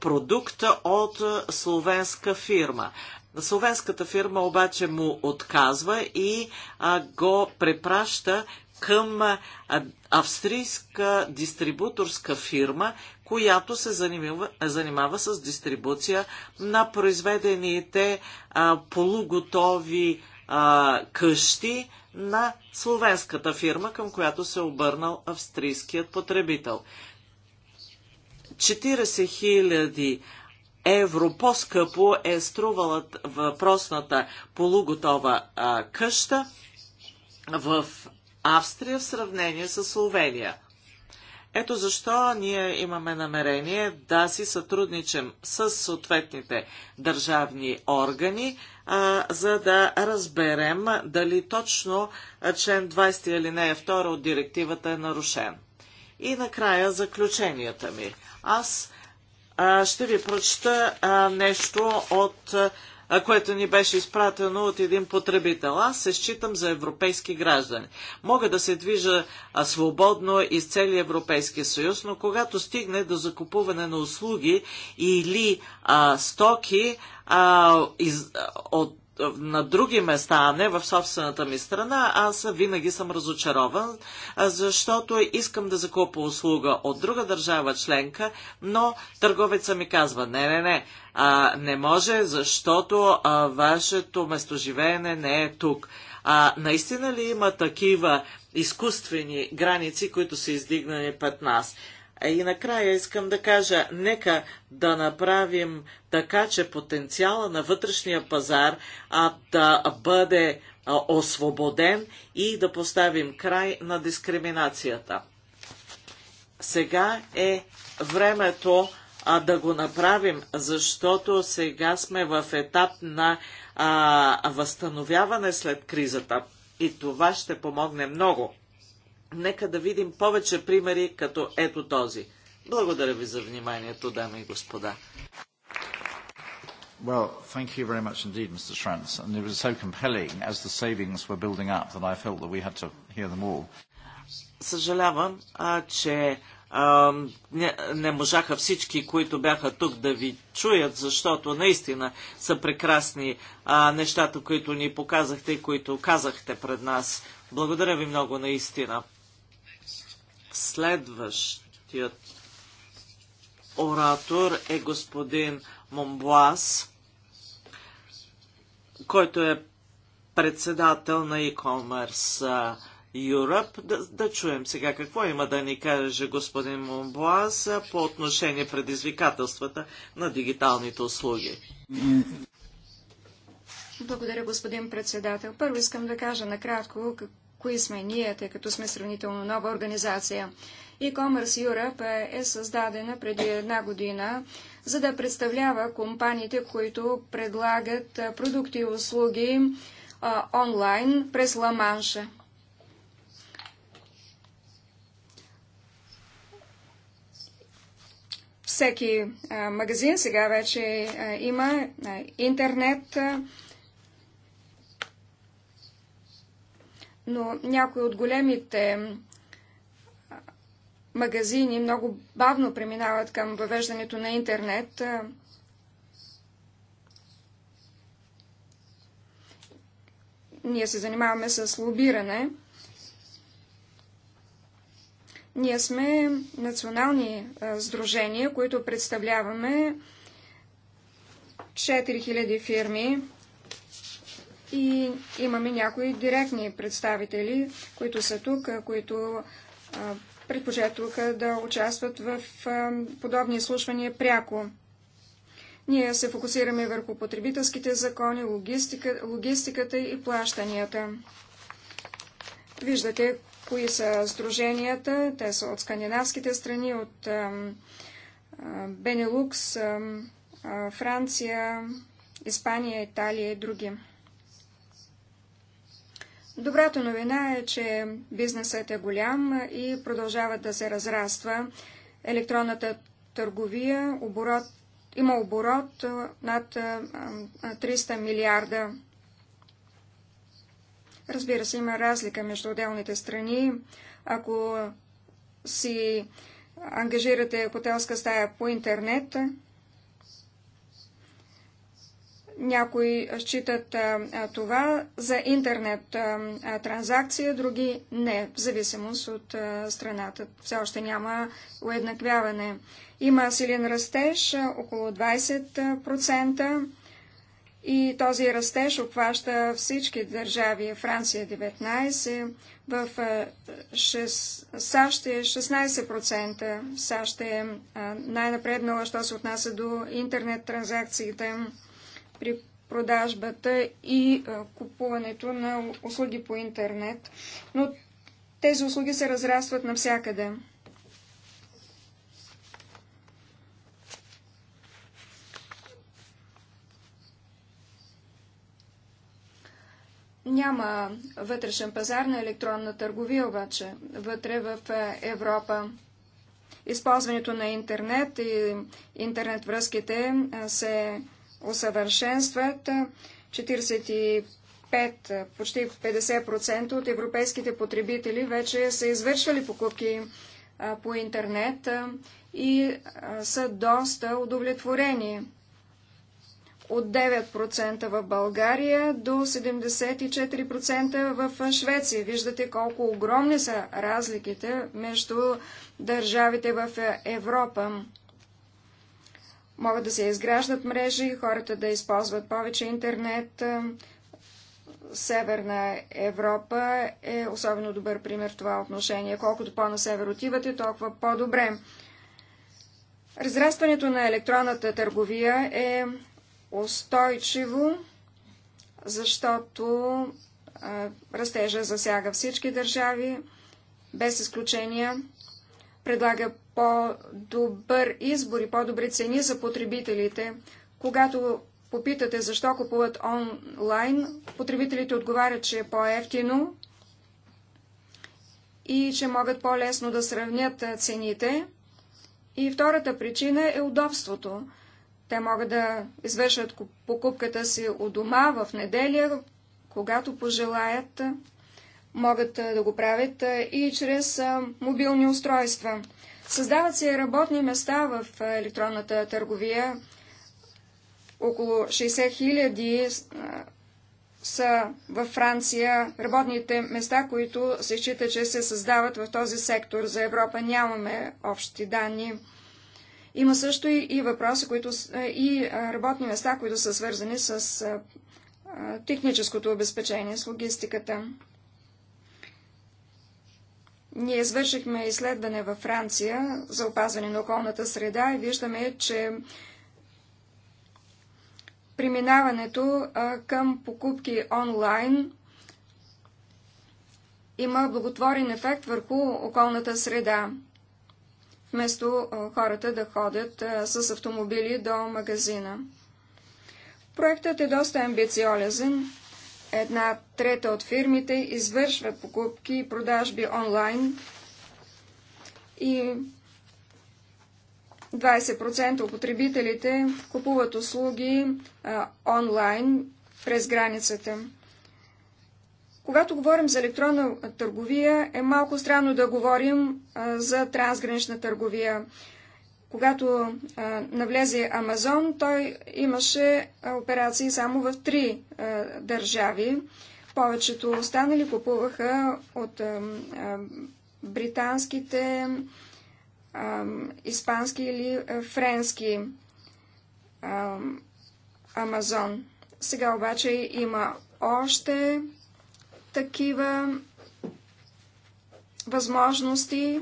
продукт от словенска фирма. Словенската фирма обаче му отказва и а, го препраща към австрийска дистрибуторска фирма, която се занимава, занимава с дистрибуция на произведените а, полуготови а, къщи на словенската фирма, към която се е обърнал австрийският потребител. 40 000 евро по-скъпо е струвала въпросната полуготова а, къща в Австрия в сравнение с Словения. Ето защо ние имаме намерение да си сътрудничим с съответните държавни органи, а, за да разберем дали точно член 20 или е 2 от директивата е нарушен. И накрая заключенията ми. Аз а, ще ви прочета а, нещо от което ни беше изпратено от един потребител. Аз се считам за европейски граждани. Мога да се движа свободно из целия Европейски съюз, но когато стигне до закупуване на услуги или а, стоки а, из, а, от на други места, а не в собствената ми страна, аз винаги съм разочарован, защото искам да закупа услуга от друга държава членка, но търговеца ми казва, не, не, не, а, не може, защото а, вашето местоживеене не е тук. А, наистина ли има такива изкуствени граници, които са издигнани пред нас? И накрая искам да кажа, нека да направим така, че потенциала на вътрешния пазар а, да бъде а, освободен и да поставим край на дискриминацията. Сега е времето а, да го направим, защото сега сме в етап на а, възстановяване след кризата. И това ще помогне много нека да видим повече примери като ето този. Благодаря ви за вниманието, дами и господа. Well, thank you very much indeed, Mr. Schranz. And it was so compelling as the savings were building up that I felt that we had to hear them all. Съжалявам, а, че а, не, не можаха всички, които бяха тук да ви чуят, защото наистина са прекрасни а, нещата, които ни показахте и които казахте пред нас. Благодаря ви много наистина. Следващият оратор е господин Момбуас, който е председател на e-commerce Europe. Да, да чуем сега какво има да ни каже господин Момбуас по отношение предизвикателствата на дигиталните услуги. Благодаря, господин председател. Първо искам да кажа накратко кои сме ние, тъй като сме сравнително нова организация. E-Commerce Europe е създадена преди една година, за да представлява компаниите, които предлагат продукти и услуги а, онлайн през Ла-Манша. Всеки а, магазин сега вече а, има интернет. А, но някои от големите магазини много бавно преминават към въвеждането на интернет. Ние се занимаваме с лобиране. Ние сме национални сдружения, които представляваме 4000 фирми и имаме някои директни представители, които са тук, които предпочетоха да участват в подобни изслушвания пряко. Ние се фокусираме върху потребителските закони, логистика, логистиката и плащанията. Виждате кои са сдруженията. Те са от скандинавските страни, от Бенелукс, Франция, Испания, Италия и други. Добрата новина е, че бизнесът е голям и продължава да се разраства. Електронната търговия оборот, има оборот над 300 милиарда. Разбира се, има разлика между отделните страни. Ако си ангажирате хотелска стая по интернет, някои считат това за интернет транзакция, други не, в зависимост от страната. Все още няма уеднаквяване. Има силен растеж, около 20%. И този растеж обхваща всички държави. Франция 19, е в САЩ е 16%. САЩ е най-напреднала, що се отнася до интернет транзакциите при продажбата и купуването на услуги по интернет, но тези услуги се разрастват навсякъде. Няма вътрешен пазар на електронна търговия обаче вътре в Европа. Използването на интернет и интернет връзките се усъвършенстват 45, почти 50% от европейските потребители вече са извършвали покупки по интернет и са доста удовлетворени. От 9% в България до 74% в Швеция. Виждате колко огромни са разликите между държавите в Европа могат да се изграждат мрежи, хората да използват повече интернет. Е, Северна Европа е особено добър пример в това отношение. Колкото по-на север отивате, толкова по-добре. Разрастването на електронната търговия е устойчиво, защото е, растежа засяга всички държави, без изключения, предлага по-добър избор и по-добри цени за потребителите. Когато попитате защо купуват онлайн, потребителите отговарят, че е по-ефтино и че могат по-лесно да сравнят цените. И втората причина е удобството. Те могат да извършат покупката си у дома в неделя, когато пожелаят, могат да го правят и чрез мобилни устройства. Създават се работни места в електронната търговия. Около 60 хиляди са във Франция работните места, които се счита, че се създават в този сектор. За Европа нямаме общи данни. Има също и, и въпроси, които, и работни места, които са свързани с техническото обезпечение, с логистиката. Ние извършихме изследване във Франция за опазване на околната среда и виждаме, че преминаването към покупки онлайн има благотворен ефект върху околната среда. Вместо хората да ходят с автомобили до магазина. Проектът е доста амбициозен. Една трета от фирмите извършват покупки и продажби онлайн и 20% от потребителите купуват услуги онлайн през границата. Когато говорим за електронна търговия, е малко странно да говорим за трансгранична търговия. Когато а, навлезе Амазон, той имаше операции само в три а, държави. Повечето останали купуваха от а, а, британските, а, испански или а, френски а, Амазон. Сега обаче има още такива възможности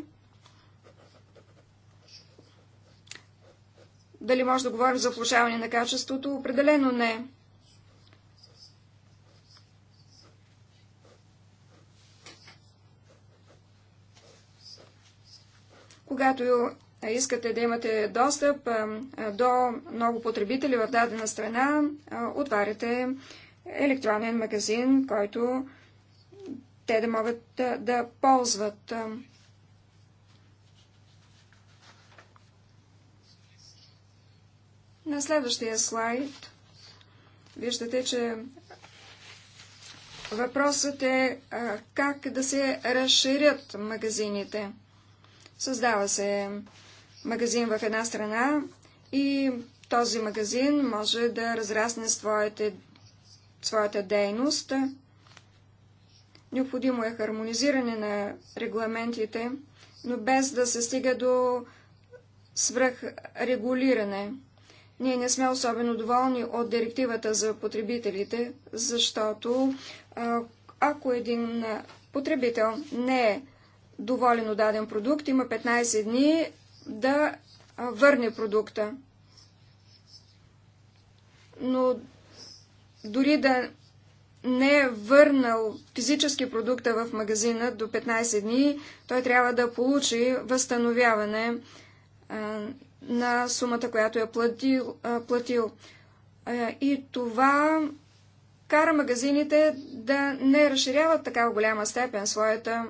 Дали може да говорим за влушаване на качеството? Определено не. Когато искате да имате достъп до много потребители в дадена страна, отваряте електронен магазин, който те да могат да ползват. На следващия слайд виждате, че въпросът е как да се разширят магазините. Създава се магазин в една страна и този магазин може да разрасне своите, своята дейност. Необходимо е хармонизиране на регламентите, но без да се стига до свръхрегулиране. регулиране. Ние не сме особено доволни от директивата за потребителите, защото ако един потребител не е доволен от даден продукт, има 15 дни да върне продукта. Но дори да не е върнал физически продукта в магазина до 15 дни, той трябва да получи възстановяване на сумата, която е платил. платил. И това кара магазините да не разширяват така в голяма степен своята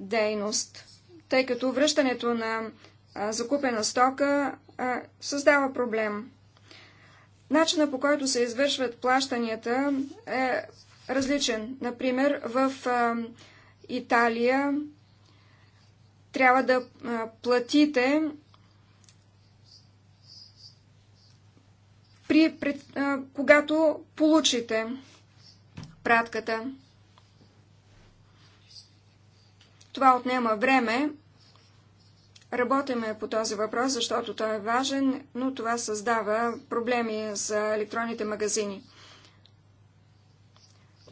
дейност, тъй като връщането на закупена стока създава проблем. Начина по който се извършват плащанията е различен. Например, в Италия трябва да платите при, пред, а, когато получите пратката. Това отнема време. Работиме по този въпрос, защото той е важен, но това създава проблеми за електронните магазини.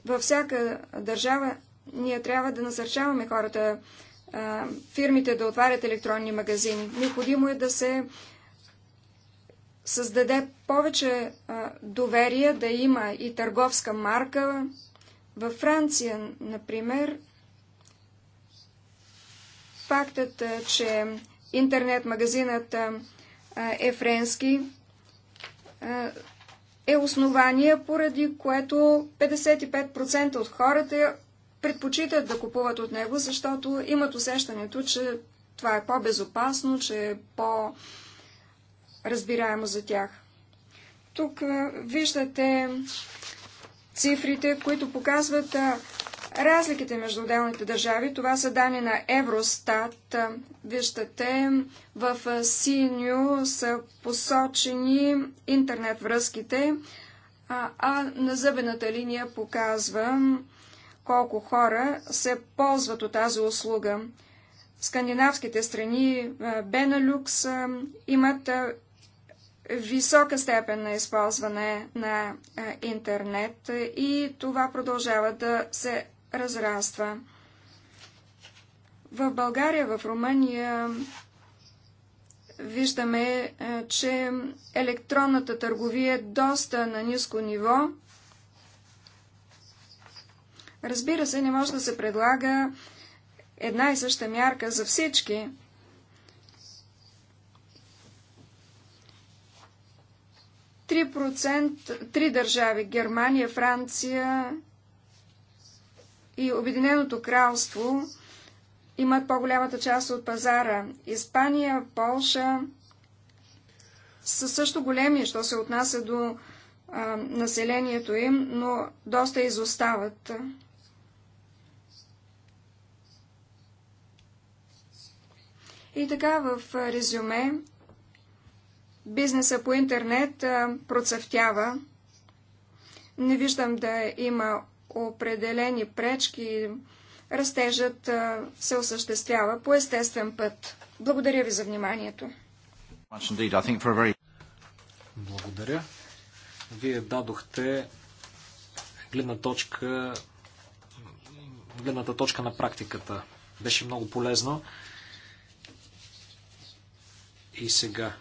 Във всяка държава ние трябва да насърчаваме хората, фирмите да отварят електронни магазини. Необходимо е да се създаде повече а, доверие да има и търговска марка. Във Франция, например, фактът, че интернет-магазинът е френски, е основание, поради което 55% от хората предпочитат да купуват от него, защото имат усещането, че това е по-безопасно, че е по-безопасно разбираемо за тях. Тук виждате цифрите, които показват разликите между отделните държави. Това са данни на Евростат. Виждате, в синьо са посочени интернет връзките, а, на зъбената линия показва колко хора се ползват от тази услуга. Скандинавските страни, Бенелюкс, имат висока степен на използване на интернет и това продължава да се разраства. В България, в Румъния виждаме, че електронната търговия е доста на ниско ниво. Разбира се, не може да се предлага една и съща мярка за всички. 3%, три държави Германия, Франция и Обединеното кралство имат по-голямата част от пазара. Испания, Полша са също големи, що се отнася до а, населението им, но доста изостават. И така в резюме Бизнеса по интернет процъфтява. Не виждам да има определени пречки. Растежът се осъществява по естествен път. Благодаря ви за вниманието. Благодаря. Вие дадохте гледна точка, гледната точка на практиката. Беше много полезно. И сега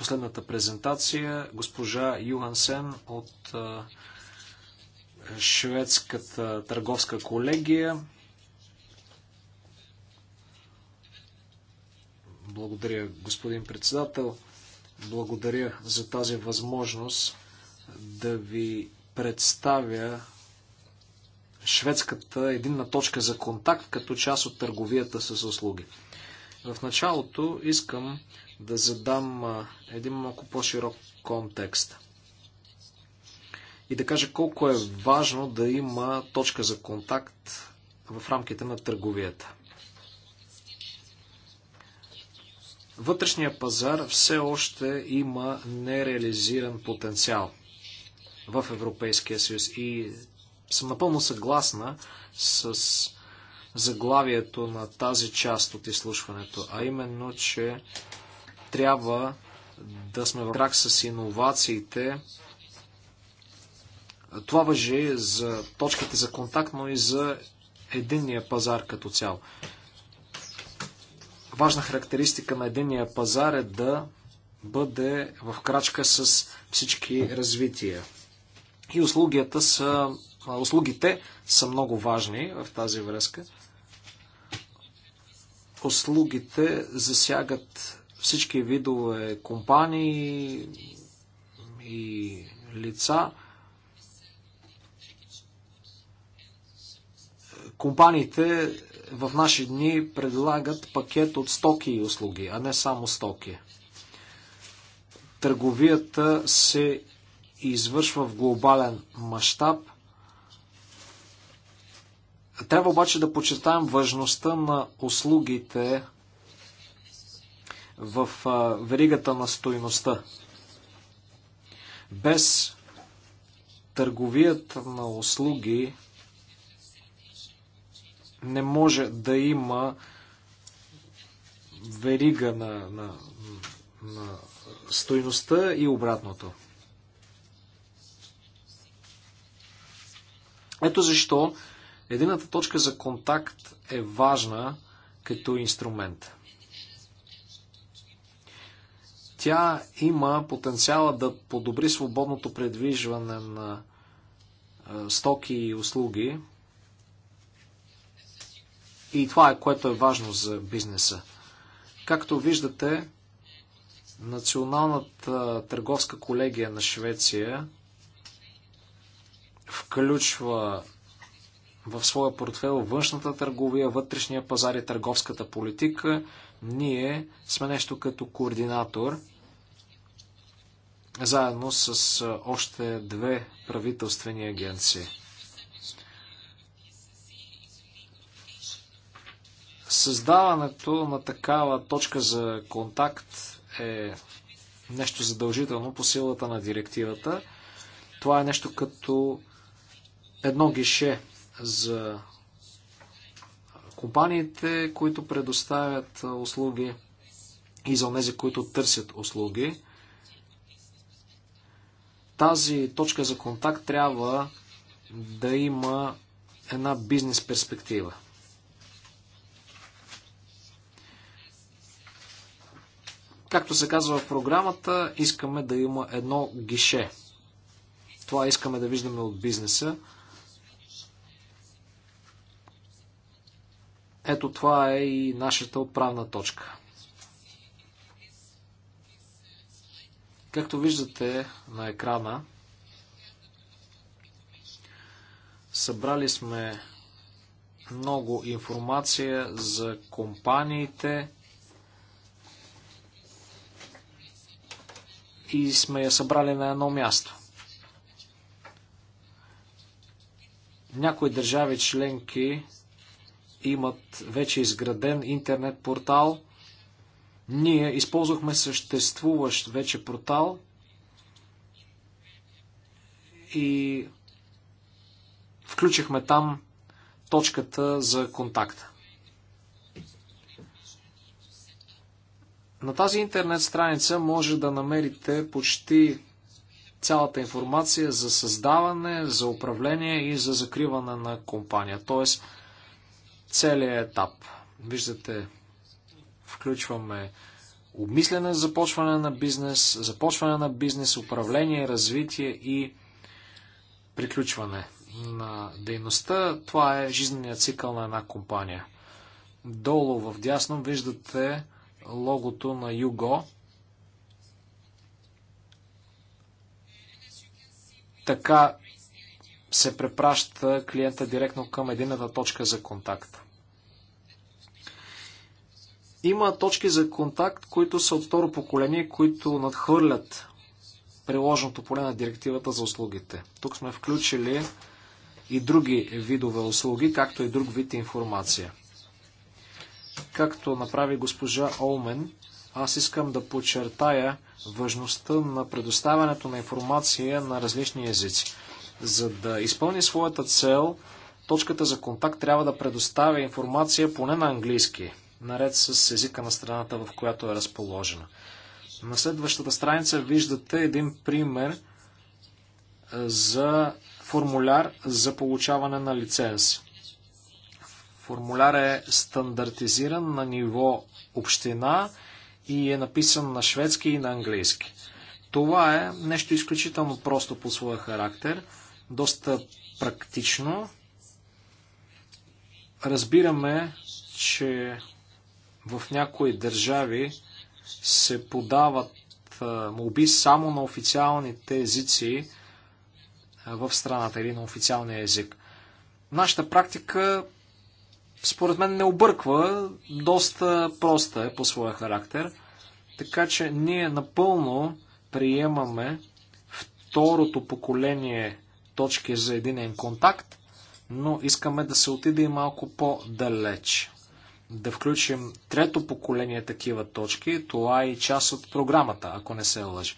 последната презентация госпожа Юхансен от Шведската търговска колегия. Благодаря, господин председател. Благодаря за тази възможност да ви представя шведската единна точка за контакт като част от търговията с услуги. В началото искам да задам един малко по-широк контекст и да кажа колко е важно да има точка за контакт в рамките на търговията. Вътрешния пазар все още има нереализиран потенциал в Европейския съюз и съм напълно съгласна с заглавието на тази част от изслушването, а именно, че трябва да сме в крак с иновациите. Това въжи за точките за контакт, но и за единния пазар като цяло. Важна характеристика на единния пазар е да бъде в крачка с всички развития. И услугите са много важни в тази връзка услугите засягат всички видове компании и лица. Компаниите в наши дни предлагат пакет от стоки и услуги, а не само стоки. Търговията се извършва в глобален мащаб – трябва обаче да почитаем важността на услугите в веригата на стоеността. Без търговията на услуги не може да има верига на, на, на стойността и обратното. Ето защо Едината точка за контакт е важна като инструмент. Тя има потенциала да подобри свободното предвижване на стоки и услуги. И това е което е важно за бизнеса. Както виждате, Националната търговска колегия на Швеция включва в своя портфел външната търговия, вътрешния пазар и търговската политика. Ние сме нещо като координатор, заедно с още две правителствени агенции. Създаването на такава точка за контакт е нещо задължително по силата на директивата. Това е нещо като едно гише за компаниите, които предоставят услуги и за тези, които търсят услуги. Тази точка за контакт трябва да има една бизнес перспектива. Както се казва в програмата, искаме да има едно гише. Това искаме да виждаме от бизнеса. Ето това е и нашата отправна точка. Както виждате на екрана, събрали сме много информация за компаниите и сме я събрали на едно място. Някои държави членки имат вече изграден интернет портал. Ние използвахме съществуващ вече портал и включихме там точката за контакт. На тази интернет страница може да намерите почти цялата информация за създаване, за управление и за закриване на компания. Тоест, целият етап. Виждате, включваме обмислене, започване на бизнес, започване на бизнес, управление, развитие и приключване на дейността. Това е жизненият цикъл на една компания. Долу в дясно виждате логото на Юго. Така се препраща клиента директно към едината точка за контакт. Има точки за контакт, които са от второ поколение, които надхвърлят приложното поле на директивата за услугите. Тук сме включили и други видове услуги, както и друг вид информация. Както направи госпожа Олмен, аз искам да подчертая важността на предоставянето на информация на различни езици. За да изпълни своята цел, точката за контакт трябва да предоставя информация поне на английски, наред с езика на страната, в която е разположена. На следващата страница виждате един пример за формуляр за получаване на лиценз. Формуляр е стандартизиран на ниво община и е написан на шведски и на английски. Това е нещо изключително просто по своя характер – доста практично. Разбираме, че в някои държави се подават молби само на официалните езици в страната или на официалния език. Нашата практика, според мен, не обърква, доста проста е по своя характер, така че ние напълно приемаме второто поколение точки за единен контакт, но искаме да се отиде и малко по-далеч. Да включим трето поколение такива точки, това е и част от програмата, ако не се лъжи.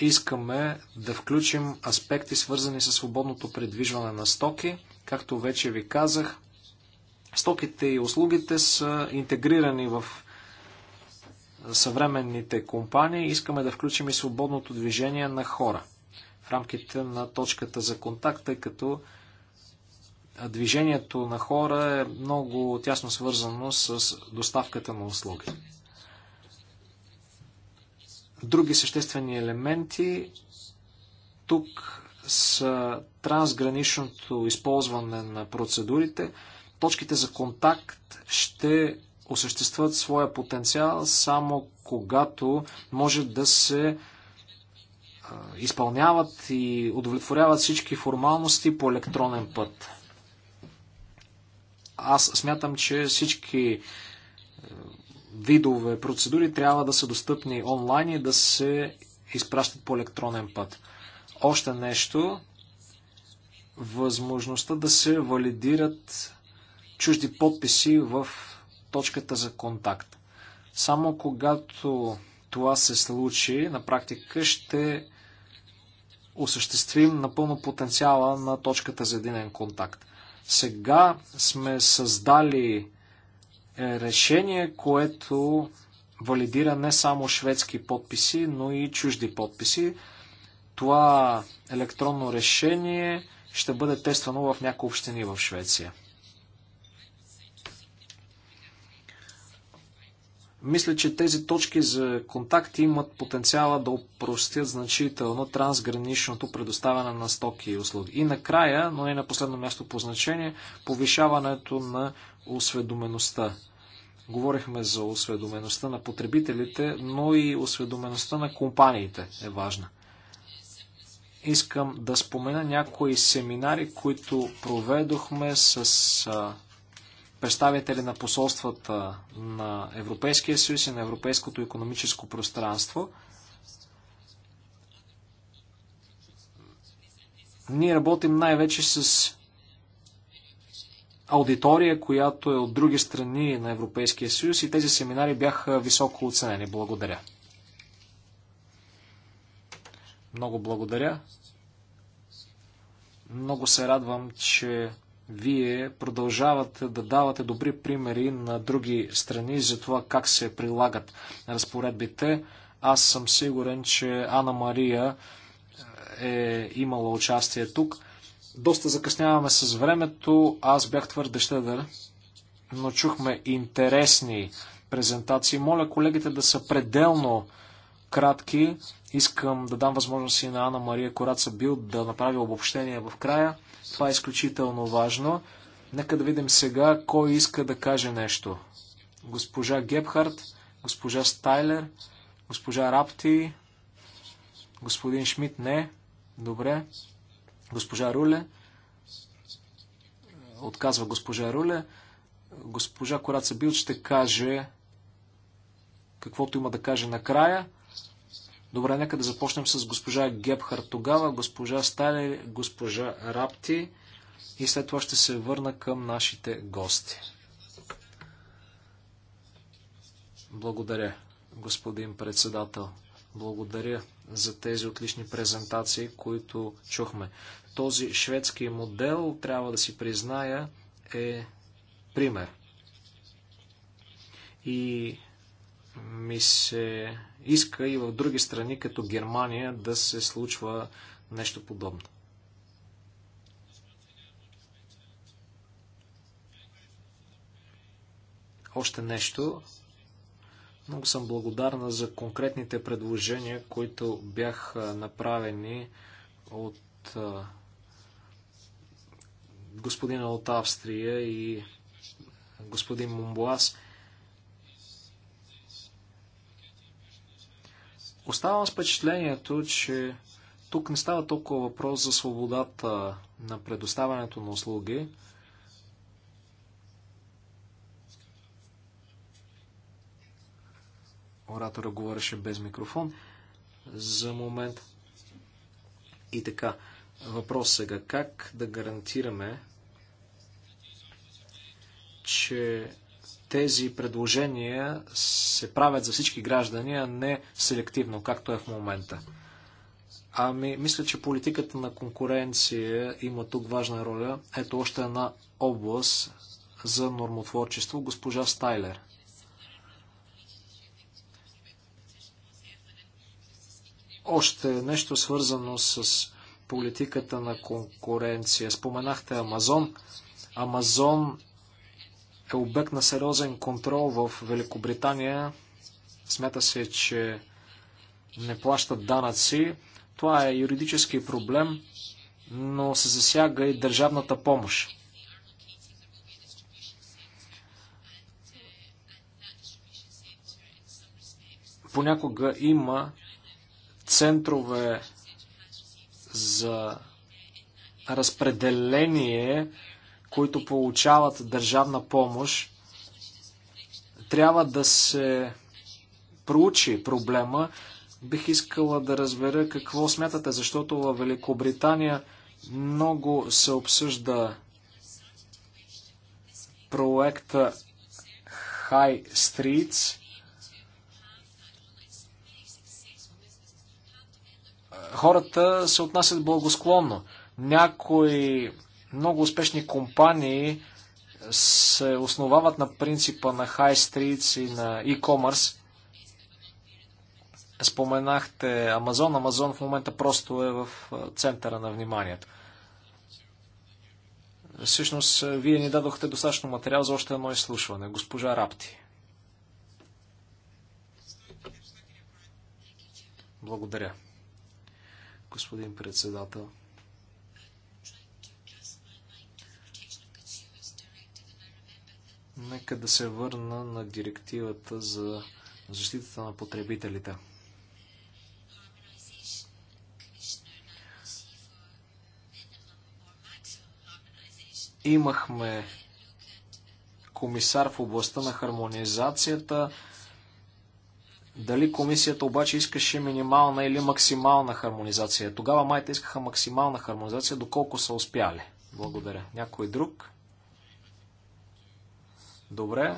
Искаме да включим аспекти, свързани с свободното предвижване на стоки. Както вече ви казах, стоките и услугите са интегрирани в съвременните компании. Искаме да включим и свободното движение на хора в рамките на точката за контакт, тъй като движението на хора е много тясно свързано с доставката на услуги. Други съществени елементи тук с трансграничното използване на процедурите, точките за контакт ще осъществят своя потенциал само когато може да се изпълняват и удовлетворяват всички формалности по електронен път. Аз смятам, че всички е, видове процедури трябва да са достъпни онлайн и да се изпращат по електронен път. Още нещо, възможността да се валидират чужди подписи в точката за контакт. Само когато това се случи, на практика ще осъществим напълно потенциала на точката за единен контакт. Сега сме създали е, решение, което валидира не само шведски подписи, но и чужди подписи. Това електронно решение ще бъде тествано в някои общини в Швеция. Мисля, че тези точки за контакт имат потенциала да упростят значително трансграничното предоставяне на стоки и услуги. И накрая, но и на последно място по значение, повишаването на осведомеността. Говорихме за осведомеността на потребителите, но и осведомеността на компаниите е важна. Искам да спомена някои семинари, които проведохме с представители на посолствата на Европейския съюз и на Европейското економическо пространство. Ние работим най-вече с аудитория, която е от други страни на Европейския съюз и тези семинари бяха високо оценени. Благодаря. Много благодаря. Много се радвам, че вие продължавате да давате добри примери на други страни за това как се прилагат разпоредбите. Аз съм сигурен, че Анна Мария е, е имала участие тук. Доста закъсняваме с времето. Аз бях твърде щедър, но чухме интересни презентации. Моля колегите да са пределно кратки. Искам да дам възможност и на Анна Мария Кораца Бил да направи обобщение в края. Това е изключително важно. Нека да видим сега кой иска да каже нещо. Госпожа Гепхарт, госпожа Стайлер, госпожа Рапти, господин Шмидт не. Добре. Госпожа Руле. Отказва госпожа Руле. Госпожа Кораца Бил ще каже каквото има да каже накрая. Добре, нека да започнем с госпожа Гебхар тогава, госпожа Стали, госпожа Рапти и след това ще се върна към нашите гости. Благодаря, господин председател. Благодаря за тези отлични презентации, които чухме. Този шведски модел, трябва да си призная, е пример. И ми се иска и в други страни, като Германия, да се случва нещо подобно. Още нещо. Много съм благодарна за конкретните предложения, които бяха направени от господина от Австрия и господин Момбуаз. Оставам с впечатлението, че тук не става толкова въпрос за свободата на предоставянето на услуги. Оратора говореше без микрофон за момент. И така, въпрос сега. Как да гарантираме, че тези предложения се правят за всички граждани, а не селективно, както е в момента. Ами, мисля, че политиката на конкуренция има тук важна роля. Ето още една област за нормотворчество, госпожа Стайлер. Още нещо свързано с политиката на конкуренция. Споменахте Амазон. Амазон е обект на сериозен контрол в Великобритания. Смята се, че не плащат данъци. Това е юридически проблем, но се засяга и държавната помощ. Понякога има центрове за разпределение които получават държавна помощ, трябва да се проучи проблема. Бих искала да разбера какво смятате, защото във Великобритания много се обсъжда проекта High Streets. Хората се отнасят благосклонно. Някои много успешни компании се основават на принципа на High Streets и на e-commerce. Споменахте Амазон. Амазон в момента просто е в центъра на вниманието. Всъщност, вие ни дадохте достатъчно материал за още едно изслушване. Госпожа Рапти. Благодаря. Господин председател. Нека да се върна на директивата за защитата на потребителите. Имахме комисар в областта на хармонизацията. Дали комисията обаче искаше минимална или максимална хармонизация? Тогава майта искаха максимална хармонизация, доколко са успяли. Благодаря. Някой друг? Добре.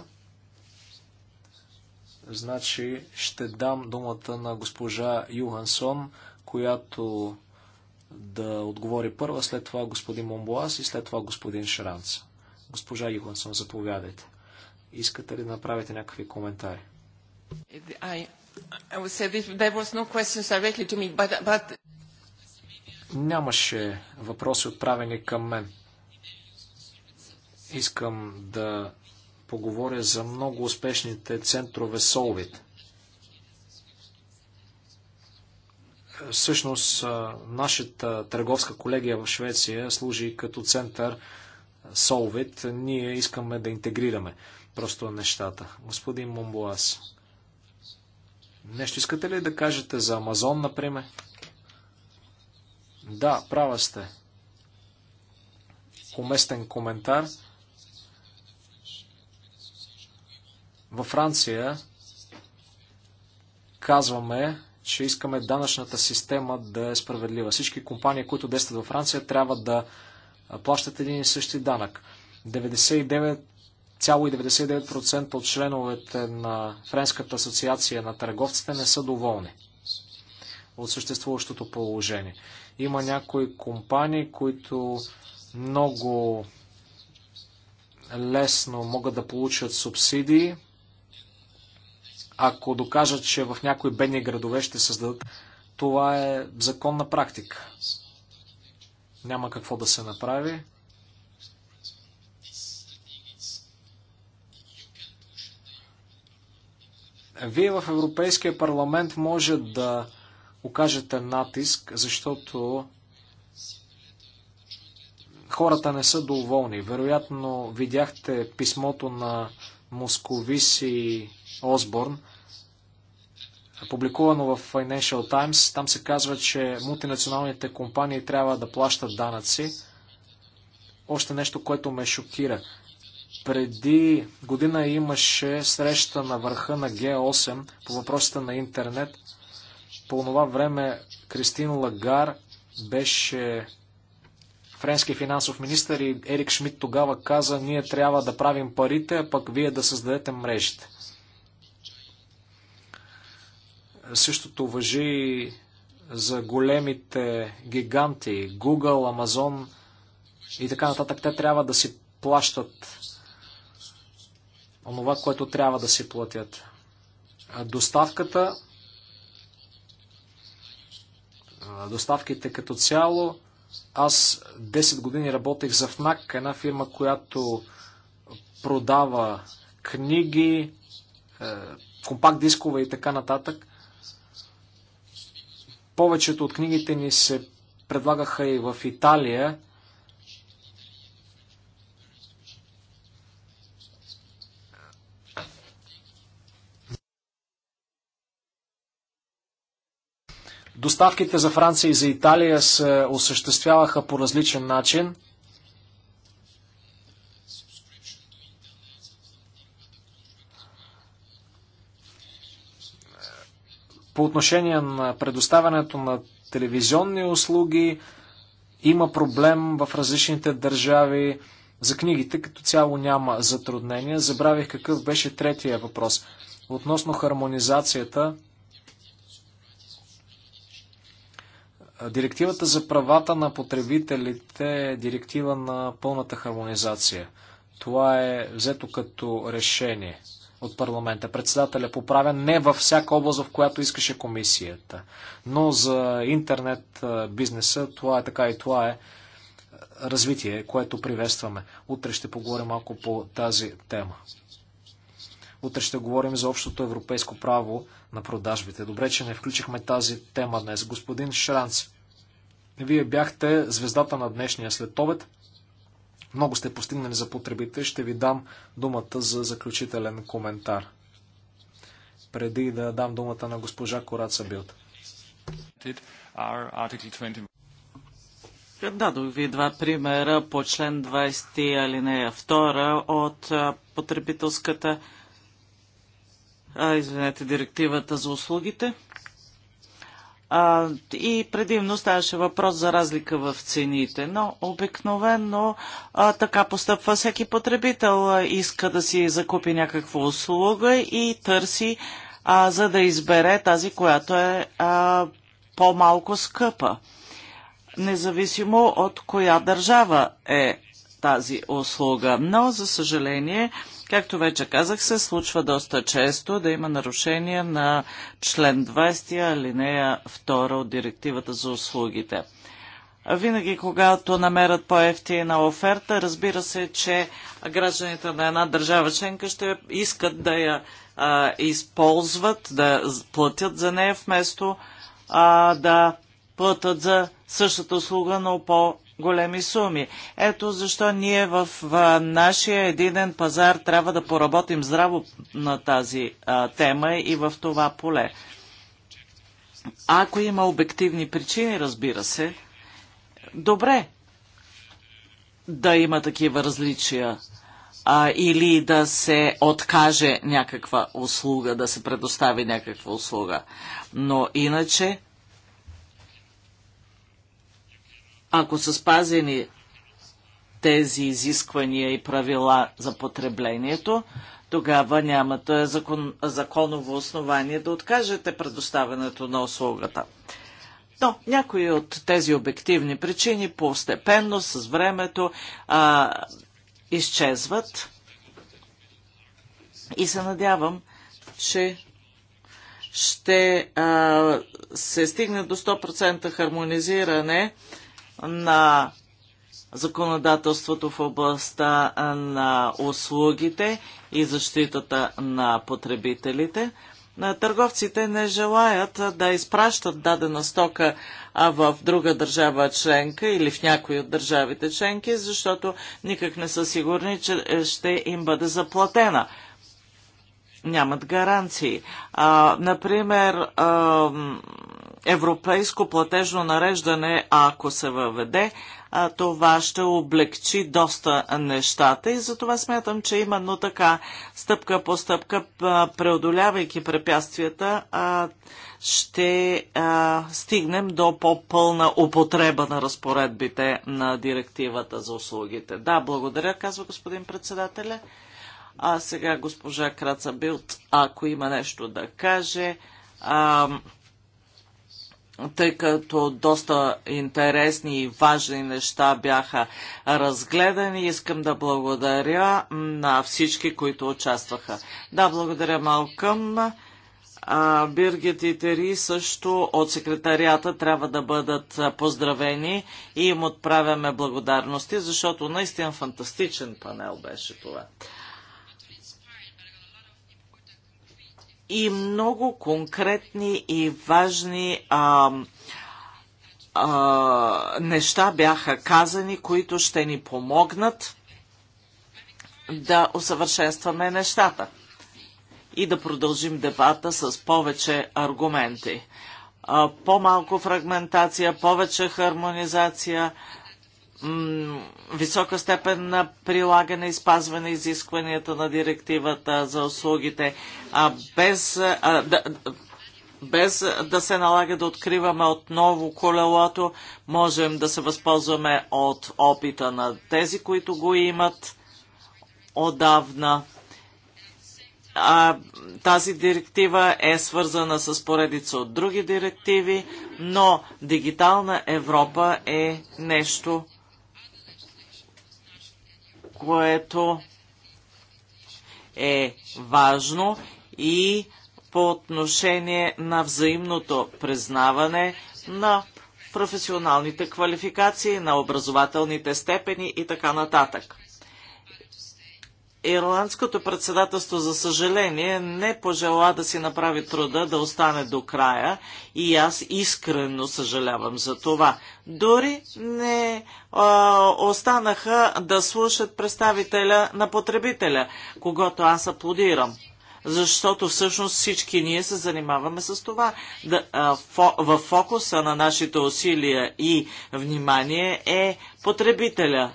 Значи ще дам думата на госпожа Юхансон, която да отговори първа, след това господин Момбоас и след това господин Шранц. Госпожа Юхансон, заповядайте. Искате ли да направите някакви коментари? I, I no me, but, but... Нямаше въпроси отправени към мен. Искам да поговоря за много успешните центрове Солвит. Всъщност, нашата търговска колегия в Швеция служи като център Solvit. Ние искаме да интегрираме просто нещата. Господин Момбуас, нещо искате ли да кажете за Амазон, например? Да, права сте. Уместен коментар – Във Франция казваме, че искаме данъчната система да е справедлива. Всички компании, които действат във Франция, трябва да плащат един и същи данък. 99,99% ,99 от членовете на Френската асоциация на търговците не са доволни от съществуващото положение. Има някои компании, които много лесно могат да получат субсидии ако докажат, че в някои бедни градове ще създадат, това е законна практика. Няма какво да се направи. Вие в Европейския парламент може да окажете натиск, защото хората не са доволни. Вероятно видяхте писмото на московиси Осборн, публикувано в Financial Times. Там се казва, че мултинационалните компании трябва да плащат данъци. Още нещо, което ме шокира. Преди година имаше среща на върха на Г8 по въпросите на интернет. По това време Кристин Лагар беше френски финансов министр и Ерик Шмидт тогава каза, ние трябва да правим парите, а пък вие да създадете мрежите. Същото въжи за големите гиганти, Google, Amazon и така нататък. Те трябва да си плащат онова, което трябва да си платят. Доставката, доставките като цяло, аз 10 години работех за ФНАК, една фирма, която продава книги, е, компакт дискове и така нататък. Повечето от книгите ни се предлагаха и в Италия. Доставките за Франция и за Италия се осъществяваха по различен начин – По отношение на предоставянето на телевизионни услуги, има проблем в различните държави. За книгите като цяло няма затруднения. Забравих какъв беше третия въпрос. Относно хармонизацията, Директивата за правата на потребителите е директива на пълната хармонизация. Това е взето като решение от парламента. Председателя поправя не във всяка област, в която искаше комисията. Но за интернет бизнеса това е така и това е развитие, което приветстваме. Утре ще поговорим малко по тази тема. Утре ще говорим за общото европейско право на продажбите. Добре, че не включихме тази тема днес. Господин Шранц, вие бяхте звездата на днешния следобед. Много сте постигнали за потребите. Ще ви дам думата за заключителен коментар. Преди да дам думата на госпожа Кораца Билт. Дадох ви два примера по член 20 алинея 2 от потребителската а, извинете, директивата за услугите и предимно ставаше въпрос за разлика в цените, но обикновено а, така постъпва всеки потребител. Иска да си закупи някаква услуга и търси, а, за да избере тази, която е а, по-малко скъпа. Независимо от коя държава е тази услуга. Но, за съжаление, Както вече казах, се случва доста често да има нарушение на член 20 алинея 2 от директивата за услугите. Винаги, когато намерят по-ефтина оферта, разбира се, че гражданите на една държава членка ще искат да я а, използват, да платят за нея, вместо а, да платят за същата услуга, но по големи суми. Ето защо ние в нашия единен пазар трябва да поработим здраво на тази тема и в това поле. Ако има обективни причини, разбира се, добре да има такива различия а, или да се откаже някаква услуга, да се предостави някаква услуга. Но иначе Ако са спазени тези изисквания и правила за потреблението, тогава нямате закон, законово основание да откажете предоставянето на услугата. Но някои от тези обективни причини постепенно с времето а, изчезват и се надявам, че ще а, се стигне до 100% хармонизиране на законодателството в областта на услугите и защитата на потребителите. Търговците не желаят да изпращат дадена стока в друга държава членка или в някои от държавите членки, защото никак не са сигурни, че е, ще им бъде заплатена. Нямат гаранции. например, европейско платежно нареждане, ако се въведе, това ще облегчи доста нещата и затова смятам, че именно така, стъпка по стъпка, преодолявайки препятствията, ще стигнем до по-пълна употреба на разпоредбите на директивата за услугите. Да, благодаря, казва господин председателя. А сега госпожа Краца Билт, ако има нещо да каже тъй като доста интересни и важни неща бяха разгледани. Искам да благодаря на всички, които участваха. Да, благодаря Малкъм. Биргет и Тери също от секретарията трябва да бъдат поздравени и им отправяме благодарности, защото наистина фантастичен панел беше това. и много конкретни и важни а, а, неща бяха казани, които ще ни помогнат да усъвършенстваме нещата и да продължим дебата с повече аргументи. По-малко фрагментация, повече хармонизация, висока степен на прилагане и спазване изискванията на директивата за услугите, а без, а, да, без да се налага да откриваме отново колелото, можем да се възползваме от опита на тези, които го имат отдавна. А, тази директива е свързана с поредица от други директиви, но дигитална Европа е нещо което е важно и по отношение на взаимното признаване на професионалните квалификации, на образователните степени и така нататък. Ирландското председателство, за съжаление, не пожела да си направи труда да остане до края и аз искрено съжалявам за това. Дори не а, останаха да слушат представителя на потребителя, когато аз аплодирам. Защото всъщност всички ние се занимаваме с това. Да, а, фо, в фокуса на нашите усилия и внимание е потребителя,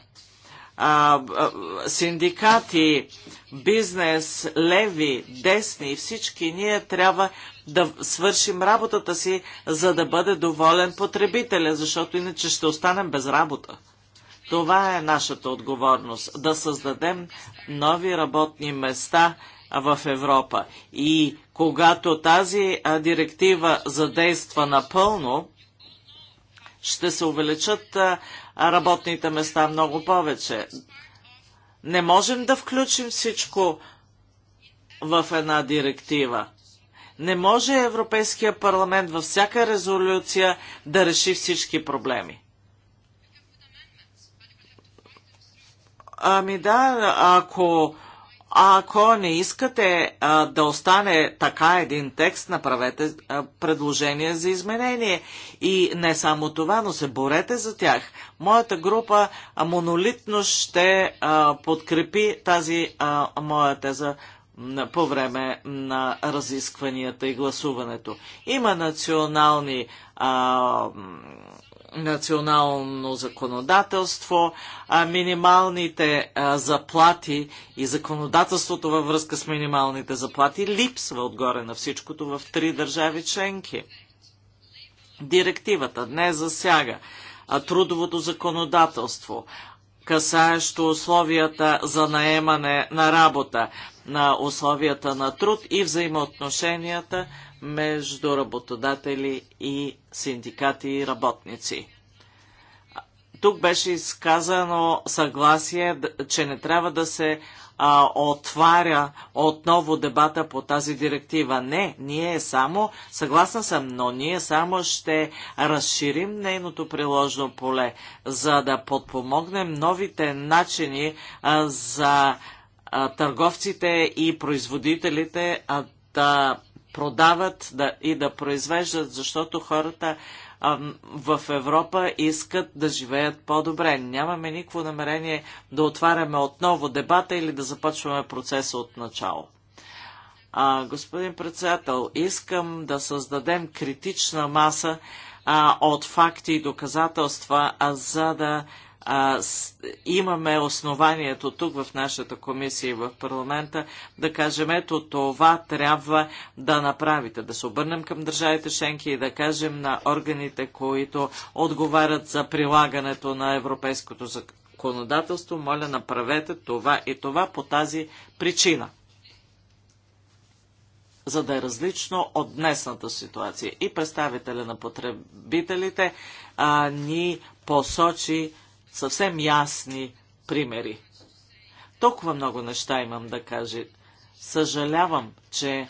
синдикати, бизнес, леви, десни, всички ние трябва да свършим работата си, за да бъде доволен потребителя, защото иначе ще останем без работа. Това е нашата отговорност да създадем нови работни места в Европа. И когато тази директива задейства напълно, ще се увеличат работните места много повече. Не можем да включим всичко в една директива. Не може Европейския парламент във всяка резолюция да реши всички проблеми. Ами да, ако ако не искате а, да остане така един текст, направете а, предложение за изменение. И не само това, но се борете за тях. Моята група а, монолитно ще а, подкрепи тази а, моя теза по време на разискванията и гласуването. Има национални а, национално законодателство, а минималните заплати и законодателството във връзка с минималните заплати липсва отгоре на всичкото в три държави членки. Директивата не засяга а трудовото законодателство, касаещо условията за наемане на работа, на условията на труд и взаимоотношенията между работодатели и синдикати и работници. Тук беше изказано съгласие, че не трябва да се а, отваря отново дебата по тази директива. Не, ние само, съгласна съм, но ние само ще разширим нейното приложно поле, за да подпомогнем новите начини а, за а, търговците и производителите а, да продават да, и да произвеждат, защото хората в Европа искат да живеят по-добре. Нямаме никакво намерение да отваряме отново дебата или да започваме процеса от начало. А, господин председател, искам да създадем критична маса а, от факти и доказателства, а, за да а, с, имаме основанието тук в нашата комисия и в парламента да кажем ето това трябва да направите. Да се обърнем към държавите Шенки и да кажем на органите, които отговарят за прилагането на европейското законодателство, моля направете това и това по тази причина за да е различно от днесната ситуация. И представителя на потребителите а, ни посочи съвсем ясни примери. Толкова много неща имам да кажа. Съжалявам, че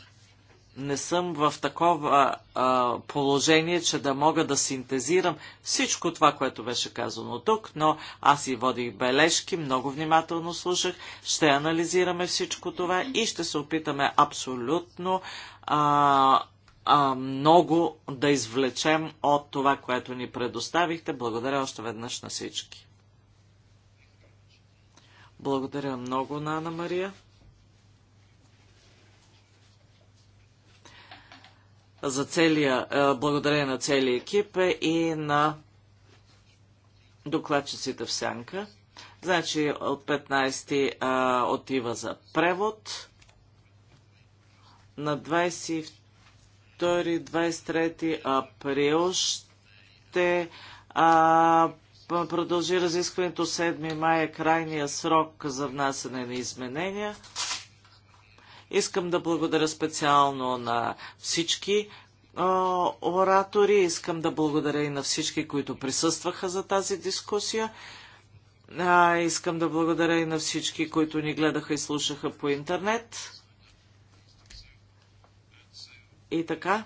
не съм в такова а, положение, че да мога да синтезирам всичко това, което беше казано тук, но аз и водих бележки, много внимателно слушах, ще анализираме всичко това и ще се опитаме абсолютно а, а, много да извлечем от това, което ни предоставихте. Благодаря още веднъж на всички. Благодаря много на Ана Мария. За целия, е, благодаря на целия екип е и на докладчиците в сянка. Значи от 15 а, е, отива за превод. На 22-23 април ще а, продължи разискването 7 май е крайния срок за внасяне на изменения. Искам да благодаря специално на всички о, оратори. Искам да благодаря и на всички, които присъстваха за тази дискусия. А, искам да благодаря и на всички, които ни гледаха и слушаха по интернет. И така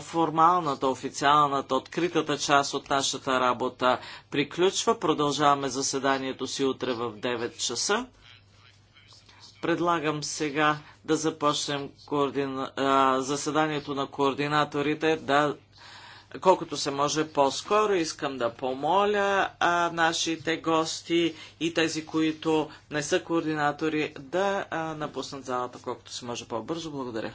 формалната, официалната, откритата част от нашата работа приключва. Продължаваме заседанието си утре в 9 часа. Предлагам сега да започнем координа... заседанието на координаторите да колкото се може по-скоро. Искам да помоля а, нашите гости и тези, които не са координатори, да а, напуснат залата колкото се може по-бързо. Благодаря.